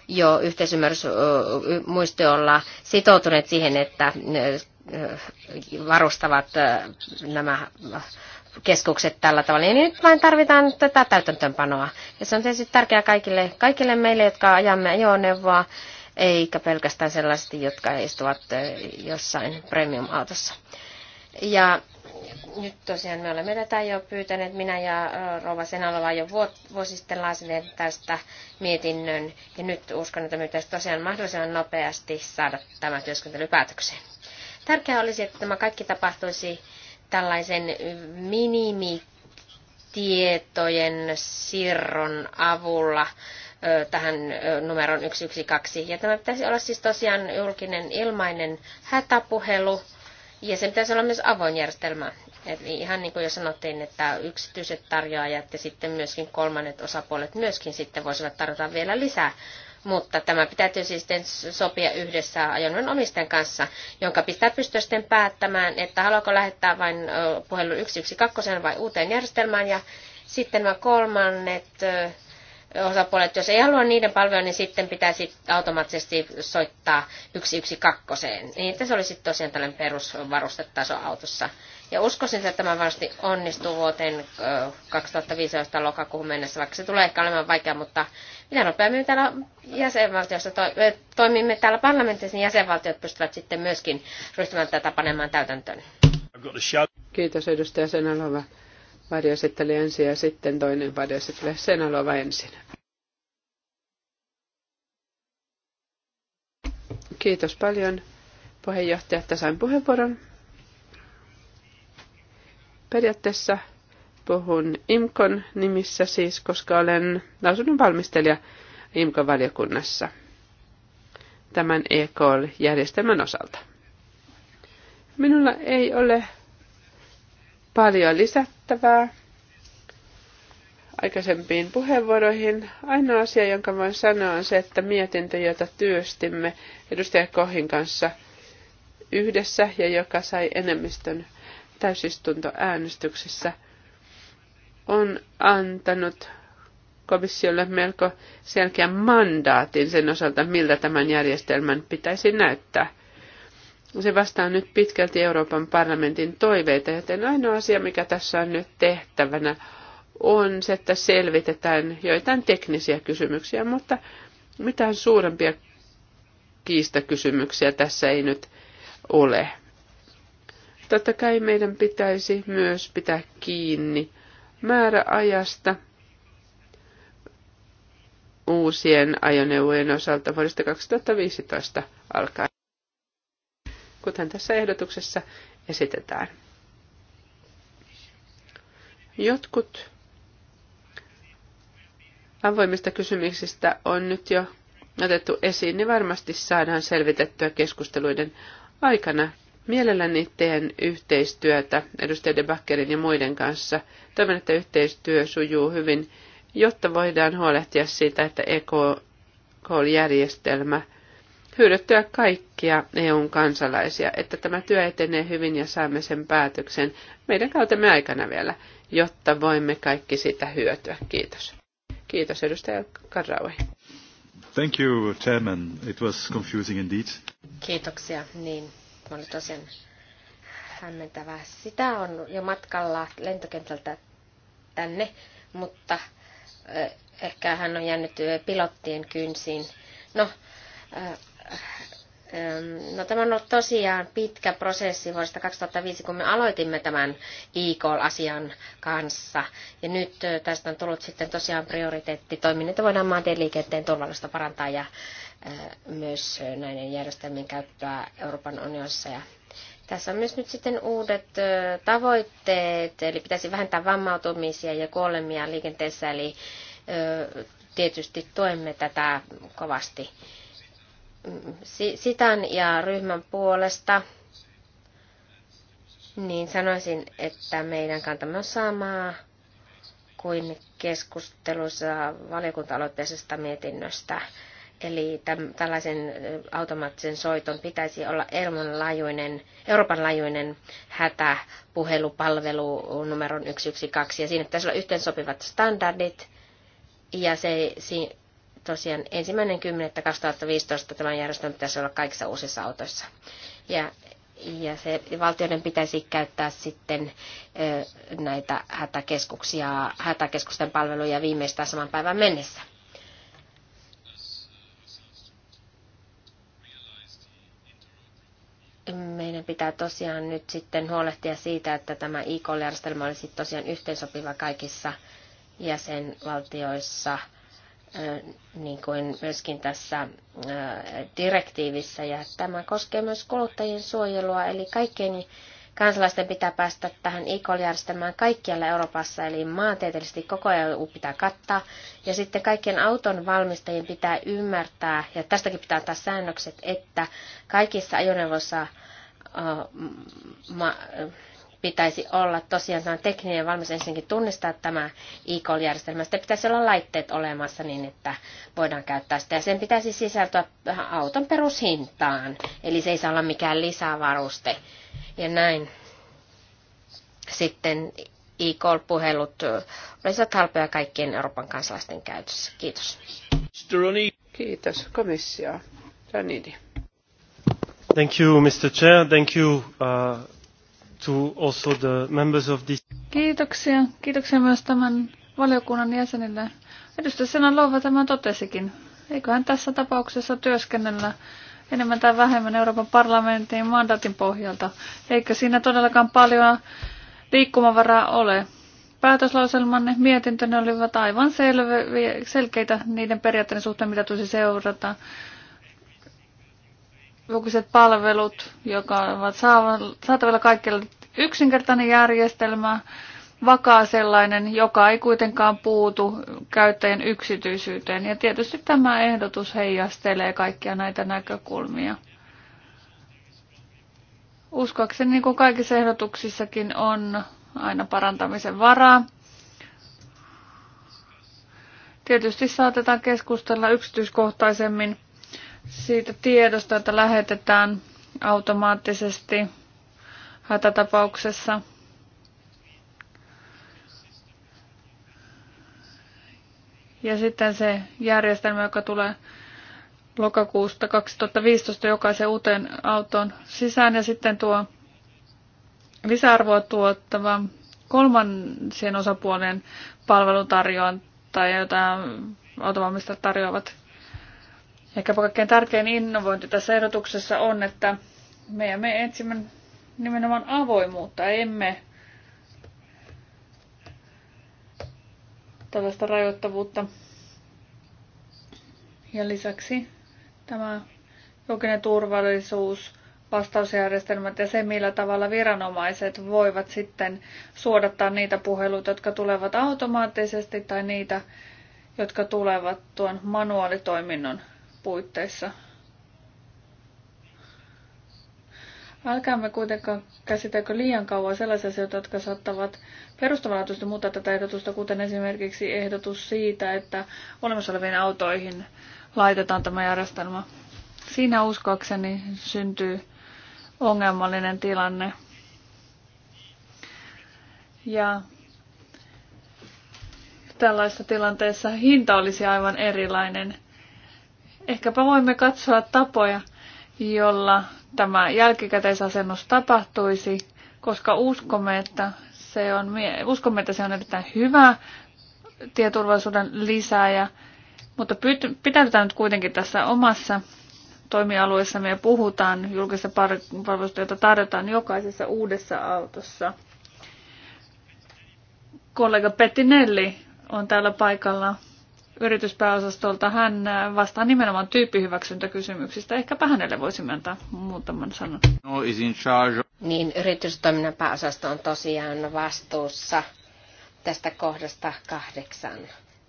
D: jo yhteisymmärrysmuistiolla sitoutuneet siihen, että varustavat nämä keskukset tällä tavalla. Ja nyt vain tarvitaan tätä täytäntöönpanoa. Ja se on tietysti tärkeää kaikille, kaikille meille, jotka ajamme ajoneuvoa. neuvoa eikä pelkästään sellaiset, jotka istuvat jossain premium-autossa. Ja nyt tosiaan me olemme tätä jo pyytäneet, minä ja Rova Senalova jo vuosi sitten laasineet tästä mietinnön, ja nyt uskon, että me pitäisi tosiaan mahdollisimman nopeasti saada tämä työskentely päätökseen. Tärkeää olisi, että tämä kaikki tapahtuisi tällaisen minimitietojen sirron avulla tähän numeron 112. Ja tämä pitäisi olla siis tosiaan julkinen ilmainen hätäpuhelu. Ja se pitäisi olla myös avoin järjestelmä. Et ihan niin kuin jo sanottiin, että yksityiset tarjoajat ja sitten myöskin kolmannet osapuolet myöskin sitten voisivat tarjota vielä lisää. Mutta tämä pitäytyy siis sitten sopia yhdessä ajoneuvon omisten kanssa, jonka pitää pystyä sitten päättämään, että haluaako lähettää vain puhelun 112 vai uuteen järjestelmään. Ja sitten nämä kolmannet osapuolet, jos ei halua niiden palvelua, niin sitten pitäisi automaattisesti soittaa 112. Niin, että se olisi tosiaan tällainen perusvarustetaso autossa. Ja uskoisin, että tämä varmasti onnistuu vuoteen 2015 lokakuun mennessä, vaikka se tulee ehkä olemaan vaikea, mutta mitä nopeammin täällä jäsenvaltiossa toimimme täällä parlamentissa, niin jäsenvaltiot pystyvät sitten myöskin ryhtymään tätä panemaan täytäntöön.
E: Kiitos edustaja Senelova varjoesittelijä ensin ja sitten toinen varjoesittelijä. Sen aloiva ensin. Kiitos paljon puheenjohtaja, että sain puheenvuoron. Periaatteessa puhun IMKON nimissä siis, koska olen lausunnon valmistelija IMKON valiokunnassa tämän EKOL-järjestelmän osalta. Minulla ei ole paljon lisättävää aikaisempiin puheenvuoroihin. Ainoa asia, jonka voin sanoa, on se, että mietintö, jota työstimme edustaja Kohin kanssa yhdessä ja joka sai enemmistön täysistuntoäänestyksessä, on antanut komissiolle melko selkeän mandaatin sen osalta, miltä tämän järjestelmän pitäisi näyttää. Se vastaa nyt pitkälti Euroopan parlamentin toiveita, joten ainoa asia, mikä tässä on nyt tehtävänä, on se, että selvitetään joitain teknisiä kysymyksiä, mutta mitään suurempia kiistakysymyksiä tässä ei nyt ole. Totta kai meidän pitäisi myös pitää kiinni määräajasta uusien ajoneuvojen osalta vuodesta 2015 alkaen kuten tässä ehdotuksessa esitetään. Jotkut avoimista kysymyksistä on nyt jo otettu esiin, niin varmasti saadaan selvitettyä keskusteluiden aikana. Mielelläni teen yhteistyötä edustaja De ja muiden kanssa. Toivon, että yhteistyö sujuu hyvin, jotta voidaan huolehtia siitä, että EK-järjestelmä – pyydettyä kaikkia EUn kansalaisia, että tämä työ etenee hyvin ja saamme sen päätöksen meidän kautemme aikana vielä, jotta voimme kaikki sitä hyötyä. Kiitos. Kiitos edustaja Karraui.
C: Thank you, Chairman. It was confusing indeed.
D: Kiitoksia. Niin, oli tosiaan hämmentävää. Sitä on jo matkalla lentokentältä tänne, mutta ehkä hän on jäänyt pilottien kynsiin. No, No tämä on ollut tosiaan pitkä prosessi vuodesta 2005, kun me aloitimme tämän IK-asian kanssa. Ja nyt tästä on tullut sitten tosiaan prioriteetti toiminnita voidaan liikenteen turvallisuutta parantaa ja myös näiden järjestelmien käyttöä Euroopan unionissa. Ja tässä on myös nyt sitten uudet tavoitteet, eli pitäisi vähentää vammautumisia ja kuolemia liikenteessä, eli tietysti tuemme tätä kovasti. Sitan ja ryhmän puolesta, niin sanoisin, että meidän kantamme on samaa kuin keskustelussa valiokunta-aloitteisesta mietinnöstä. Eli tämän, tällaisen automaattisen soiton pitäisi olla Euroopan laajuinen, Euroopan laajuinen hätäpuhelupalvelu numeron 112, ja siinä pitäisi olla yhteensopivat standardit, ja se, tosiaan ensimmäinen 10.2015 tämän järjestelmän pitäisi olla kaikissa uusissa autoissa. Ja, ja se, valtioiden pitäisi käyttää sitten ö, näitä hätäkeskuksia, hätäkeskusten palveluja viimeistään saman päivän mennessä. Meidän pitää tosiaan nyt sitten huolehtia siitä, että tämä IK-järjestelmä olisi tosiaan yhteensopiva kaikissa jäsenvaltioissa – niin kuin myöskin tässä direktiivissä. Ja tämä koskee myös kuluttajien suojelua, eli kaikkien kansalaisten pitää päästä tähän e-call-järjestelmään kaikkialla Euroopassa, eli maantieteellisesti koko EU pitää kattaa. Ja sitten kaikkien auton valmistajien pitää ymmärtää, ja tästäkin pitää antaa säännökset, että kaikissa ajoneuvoissa pitäisi olla tosiaan tämä tekninen valmis ensinnäkin tunnistaa tämä e-call-järjestelmä. Sitten pitäisi olla laitteet olemassa niin, että voidaan käyttää sitä. Ja sen pitäisi sisältyä auton perushintaan. Eli se ei saa olla mikään lisävaruste. Ja näin sitten e-call-puhelut olisivat halpoja kaikkien Euroopan kansalaisten käytössä. Kiitos. Kiitos. Komissio.
A: Thank you, Mr. Chair. Thank you, uh, to also the members of this.
B: Kiitoksia. Kiitoksia myös tämän valiokunnan jäsenille. Edustaja Senalova tämä totesikin. Eiköhän tässä tapauksessa työskennellä enemmän tai vähemmän Euroopan parlamentin mandaatin pohjalta, eikö siinä todellakaan paljon liikkumavaraa ole. Päätöslauselmanne, mietintönne olivat aivan selkeitä niiden periaatteiden suhteen, mitä tulisi seurata julkiset palvelut, joka ovat saatavilla kaikille yksinkertainen järjestelmä, vakaa sellainen, joka ei kuitenkaan puutu käyttäjän yksityisyyteen. Ja tietysti tämä ehdotus heijastelee kaikkia näitä näkökulmia. Uskoakseni niin kuin kaikissa ehdotuksissakin on aina parantamisen varaa. Tietysti saatetaan keskustella yksityiskohtaisemmin siitä tiedosta, että lähetetään automaattisesti hätätapauksessa. Ja sitten se järjestelmä, joka tulee lokakuusta 2015 jokaisen uuteen auton sisään ja sitten tuo lisäarvoa tuottava kolmansien osapuolen palveluntarjoantaja, jota autovalmistajat tarjoavat Ehkä kaikkein tärkein innovointi tässä ehdotuksessa on, että me ja me etsimme nimenomaan avoimuutta, emme tällaista rajoittavuutta. Ja lisäksi tämä julkinen turvallisuus, vastausjärjestelmät ja se, millä tavalla viranomaiset voivat sitten suodattaa niitä puheluita, jotka tulevat automaattisesti tai niitä, jotka tulevat tuon manuaalitoiminnon puitteissa. Älkäämme kuitenkaan käsitelkö liian kauan sellaisia asioita, jotka saattavat perustavanlaatuisesti muuttaa tätä ehdotusta, kuten esimerkiksi ehdotus siitä, että olemassa oleviin autoihin laitetaan tämä järjestelmä. Siinä uskoakseni syntyy ongelmallinen tilanne. Ja tällaisessa tilanteessa hinta olisi aivan erilainen – Ehkäpä voimme katsoa tapoja, jolla tämä jälkikäteisasennus tapahtuisi, koska uskomme, että se on, uskomme, että se on erittäin hyvä tieturvallisuuden lisääjä, mutta pitäytetään nyt kuitenkin tässä omassa toimialueessa me puhutaan julkista palvelusta, jota tarjotaan jokaisessa uudessa autossa. Kollega Nelli on täällä paikalla yrityspääosastolta. Hän äh, vastaa nimenomaan tyyppihyväksyntäkysymyksistä. Ehkäpä hänelle voisi antaa muutaman sanan.
C: No, is in charge.
B: Niin, yritystoiminnan pääosasto on tosiaan vastuussa
D: tästä kohdasta kahdeksan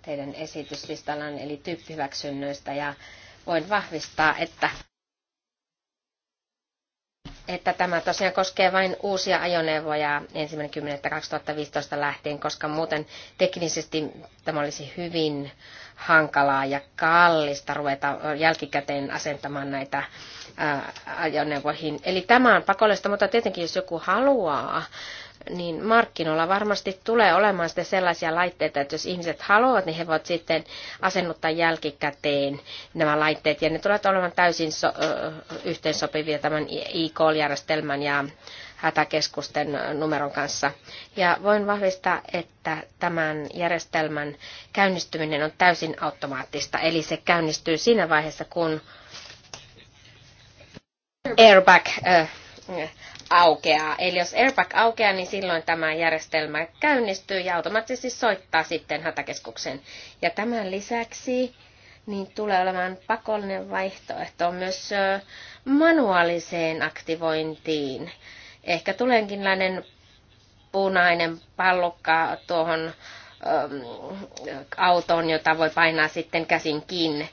D: teidän esityslistallanne, eli tyyppihyväksynnöistä, ja voin vahvistaa, että että tämä tosiaan koskee vain uusia ajoneuvoja 1.10.2015 lähtien, koska muuten teknisesti tämä olisi hyvin hankalaa ja kallista ruveta jälkikäteen asentamaan näitä ajoneuvoihin. Eli tämä on pakollista, mutta tietenkin jos joku haluaa niin markkinoilla varmasti tulee olemaan sitten sellaisia laitteita, että jos ihmiset haluavat, niin he voivat sitten asennuttaa jälkikäteen nämä laitteet, ja ne tulevat olemaan täysin so- yhteensopivia tämän e-call-järjestelmän ja hätäkeskusten numeron kanssa. Ja voin vahvistaa, että tämän järjestelmän käynnistyminen on täysin automaattista, eli se käynnistyy siinä vaiheessa, kun airbag äh, aukeaa. Eli jos airbag aukeaa, niin silloin tämä järjestelmä käynnistyy ja automaattisesti soittaa sitten hätäkeskuksen. Ja tämän lisäksi niin tulee olemaan pakollinen vaihtoehto myös manuaaliseen aktivointiin. Ehkä tuleekinlainen punainen pallukka tuohon autoon, jota voi painaa sitten käsinkin.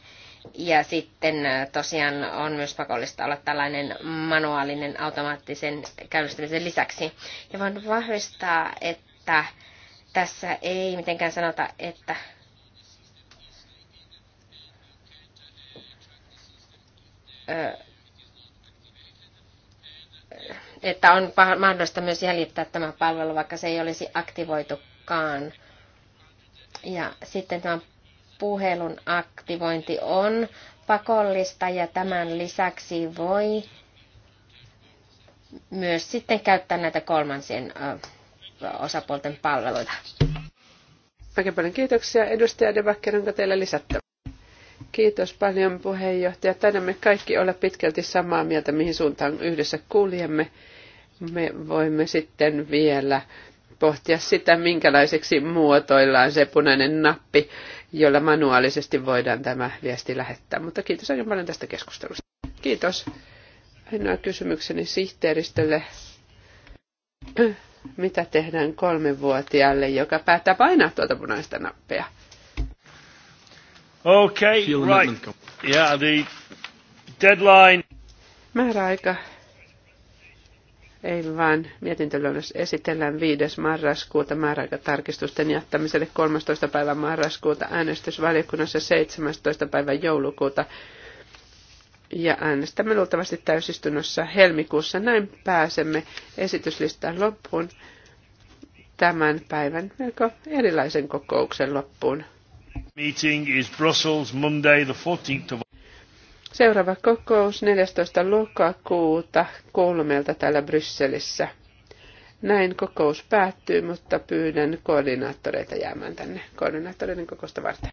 D: Ja sitten äh, tosiaan on myös pakollista olla tällainen manuaalinen automaattisen käynnistämisen lisäksi. Ja voin vahvistaa, että tässä ei mitenkään sanota, että että on mahdollista myös jäljittää tämä palvelu, vaikka se ei olisi aktivoitukaan. Ja sitten tämä puhelun aktivointi on pakollista ja tämän lisäksi voi myös sitten käyttää näitä kolmansien osapuolten palveluita. Oikein paljon kiitoksia. Edustaja Debakker, onko teillä lisättävä?
E: Kiitos paljon puheenjohtaja. Taidamme kaikki olla pitkälti samaa mieltä, mihin suuntaan yhdessä kuljemme. Me voimme sitten vielä pohtia sitä, minkälaiseksi muotoillaan se punainen nappi, jolla manuaalisesti voidaan tämä viesti lähettää. Mutta kiitos oikein paljon tästä keskustelusta. Kiitos. Ainoa kysymykseni sihteeristölle. Mitä tehdään kolmenvuotiaalle, joka päättää painaa tuota punaista nappia?
A: Okay, right. Yeah, the deadline.
E: Määräaika ei vaan mietintöluonnos esitellään 5. marraskuuta määräaikatarkistusten jättämiselle 13. päivä marraskuuta äänestysvaliokunnassa 17. päivä joulukuuta ja äänestämme luultavasti täysistunnossa helmikuussa. Näin pääsemme esityslistan loppuun tämän päivän melko
A: erilaisen kokouksen loppuun. Meeting is Brussels, Monday, the 14th of
E: Seuraava kokous 14. lokakuuta kolmelta täällä Brysselissä. Näin kokous päättyy, mutta pyydän koordinaattoreita jäämään tänne koordinaattoreiden kokousta varten.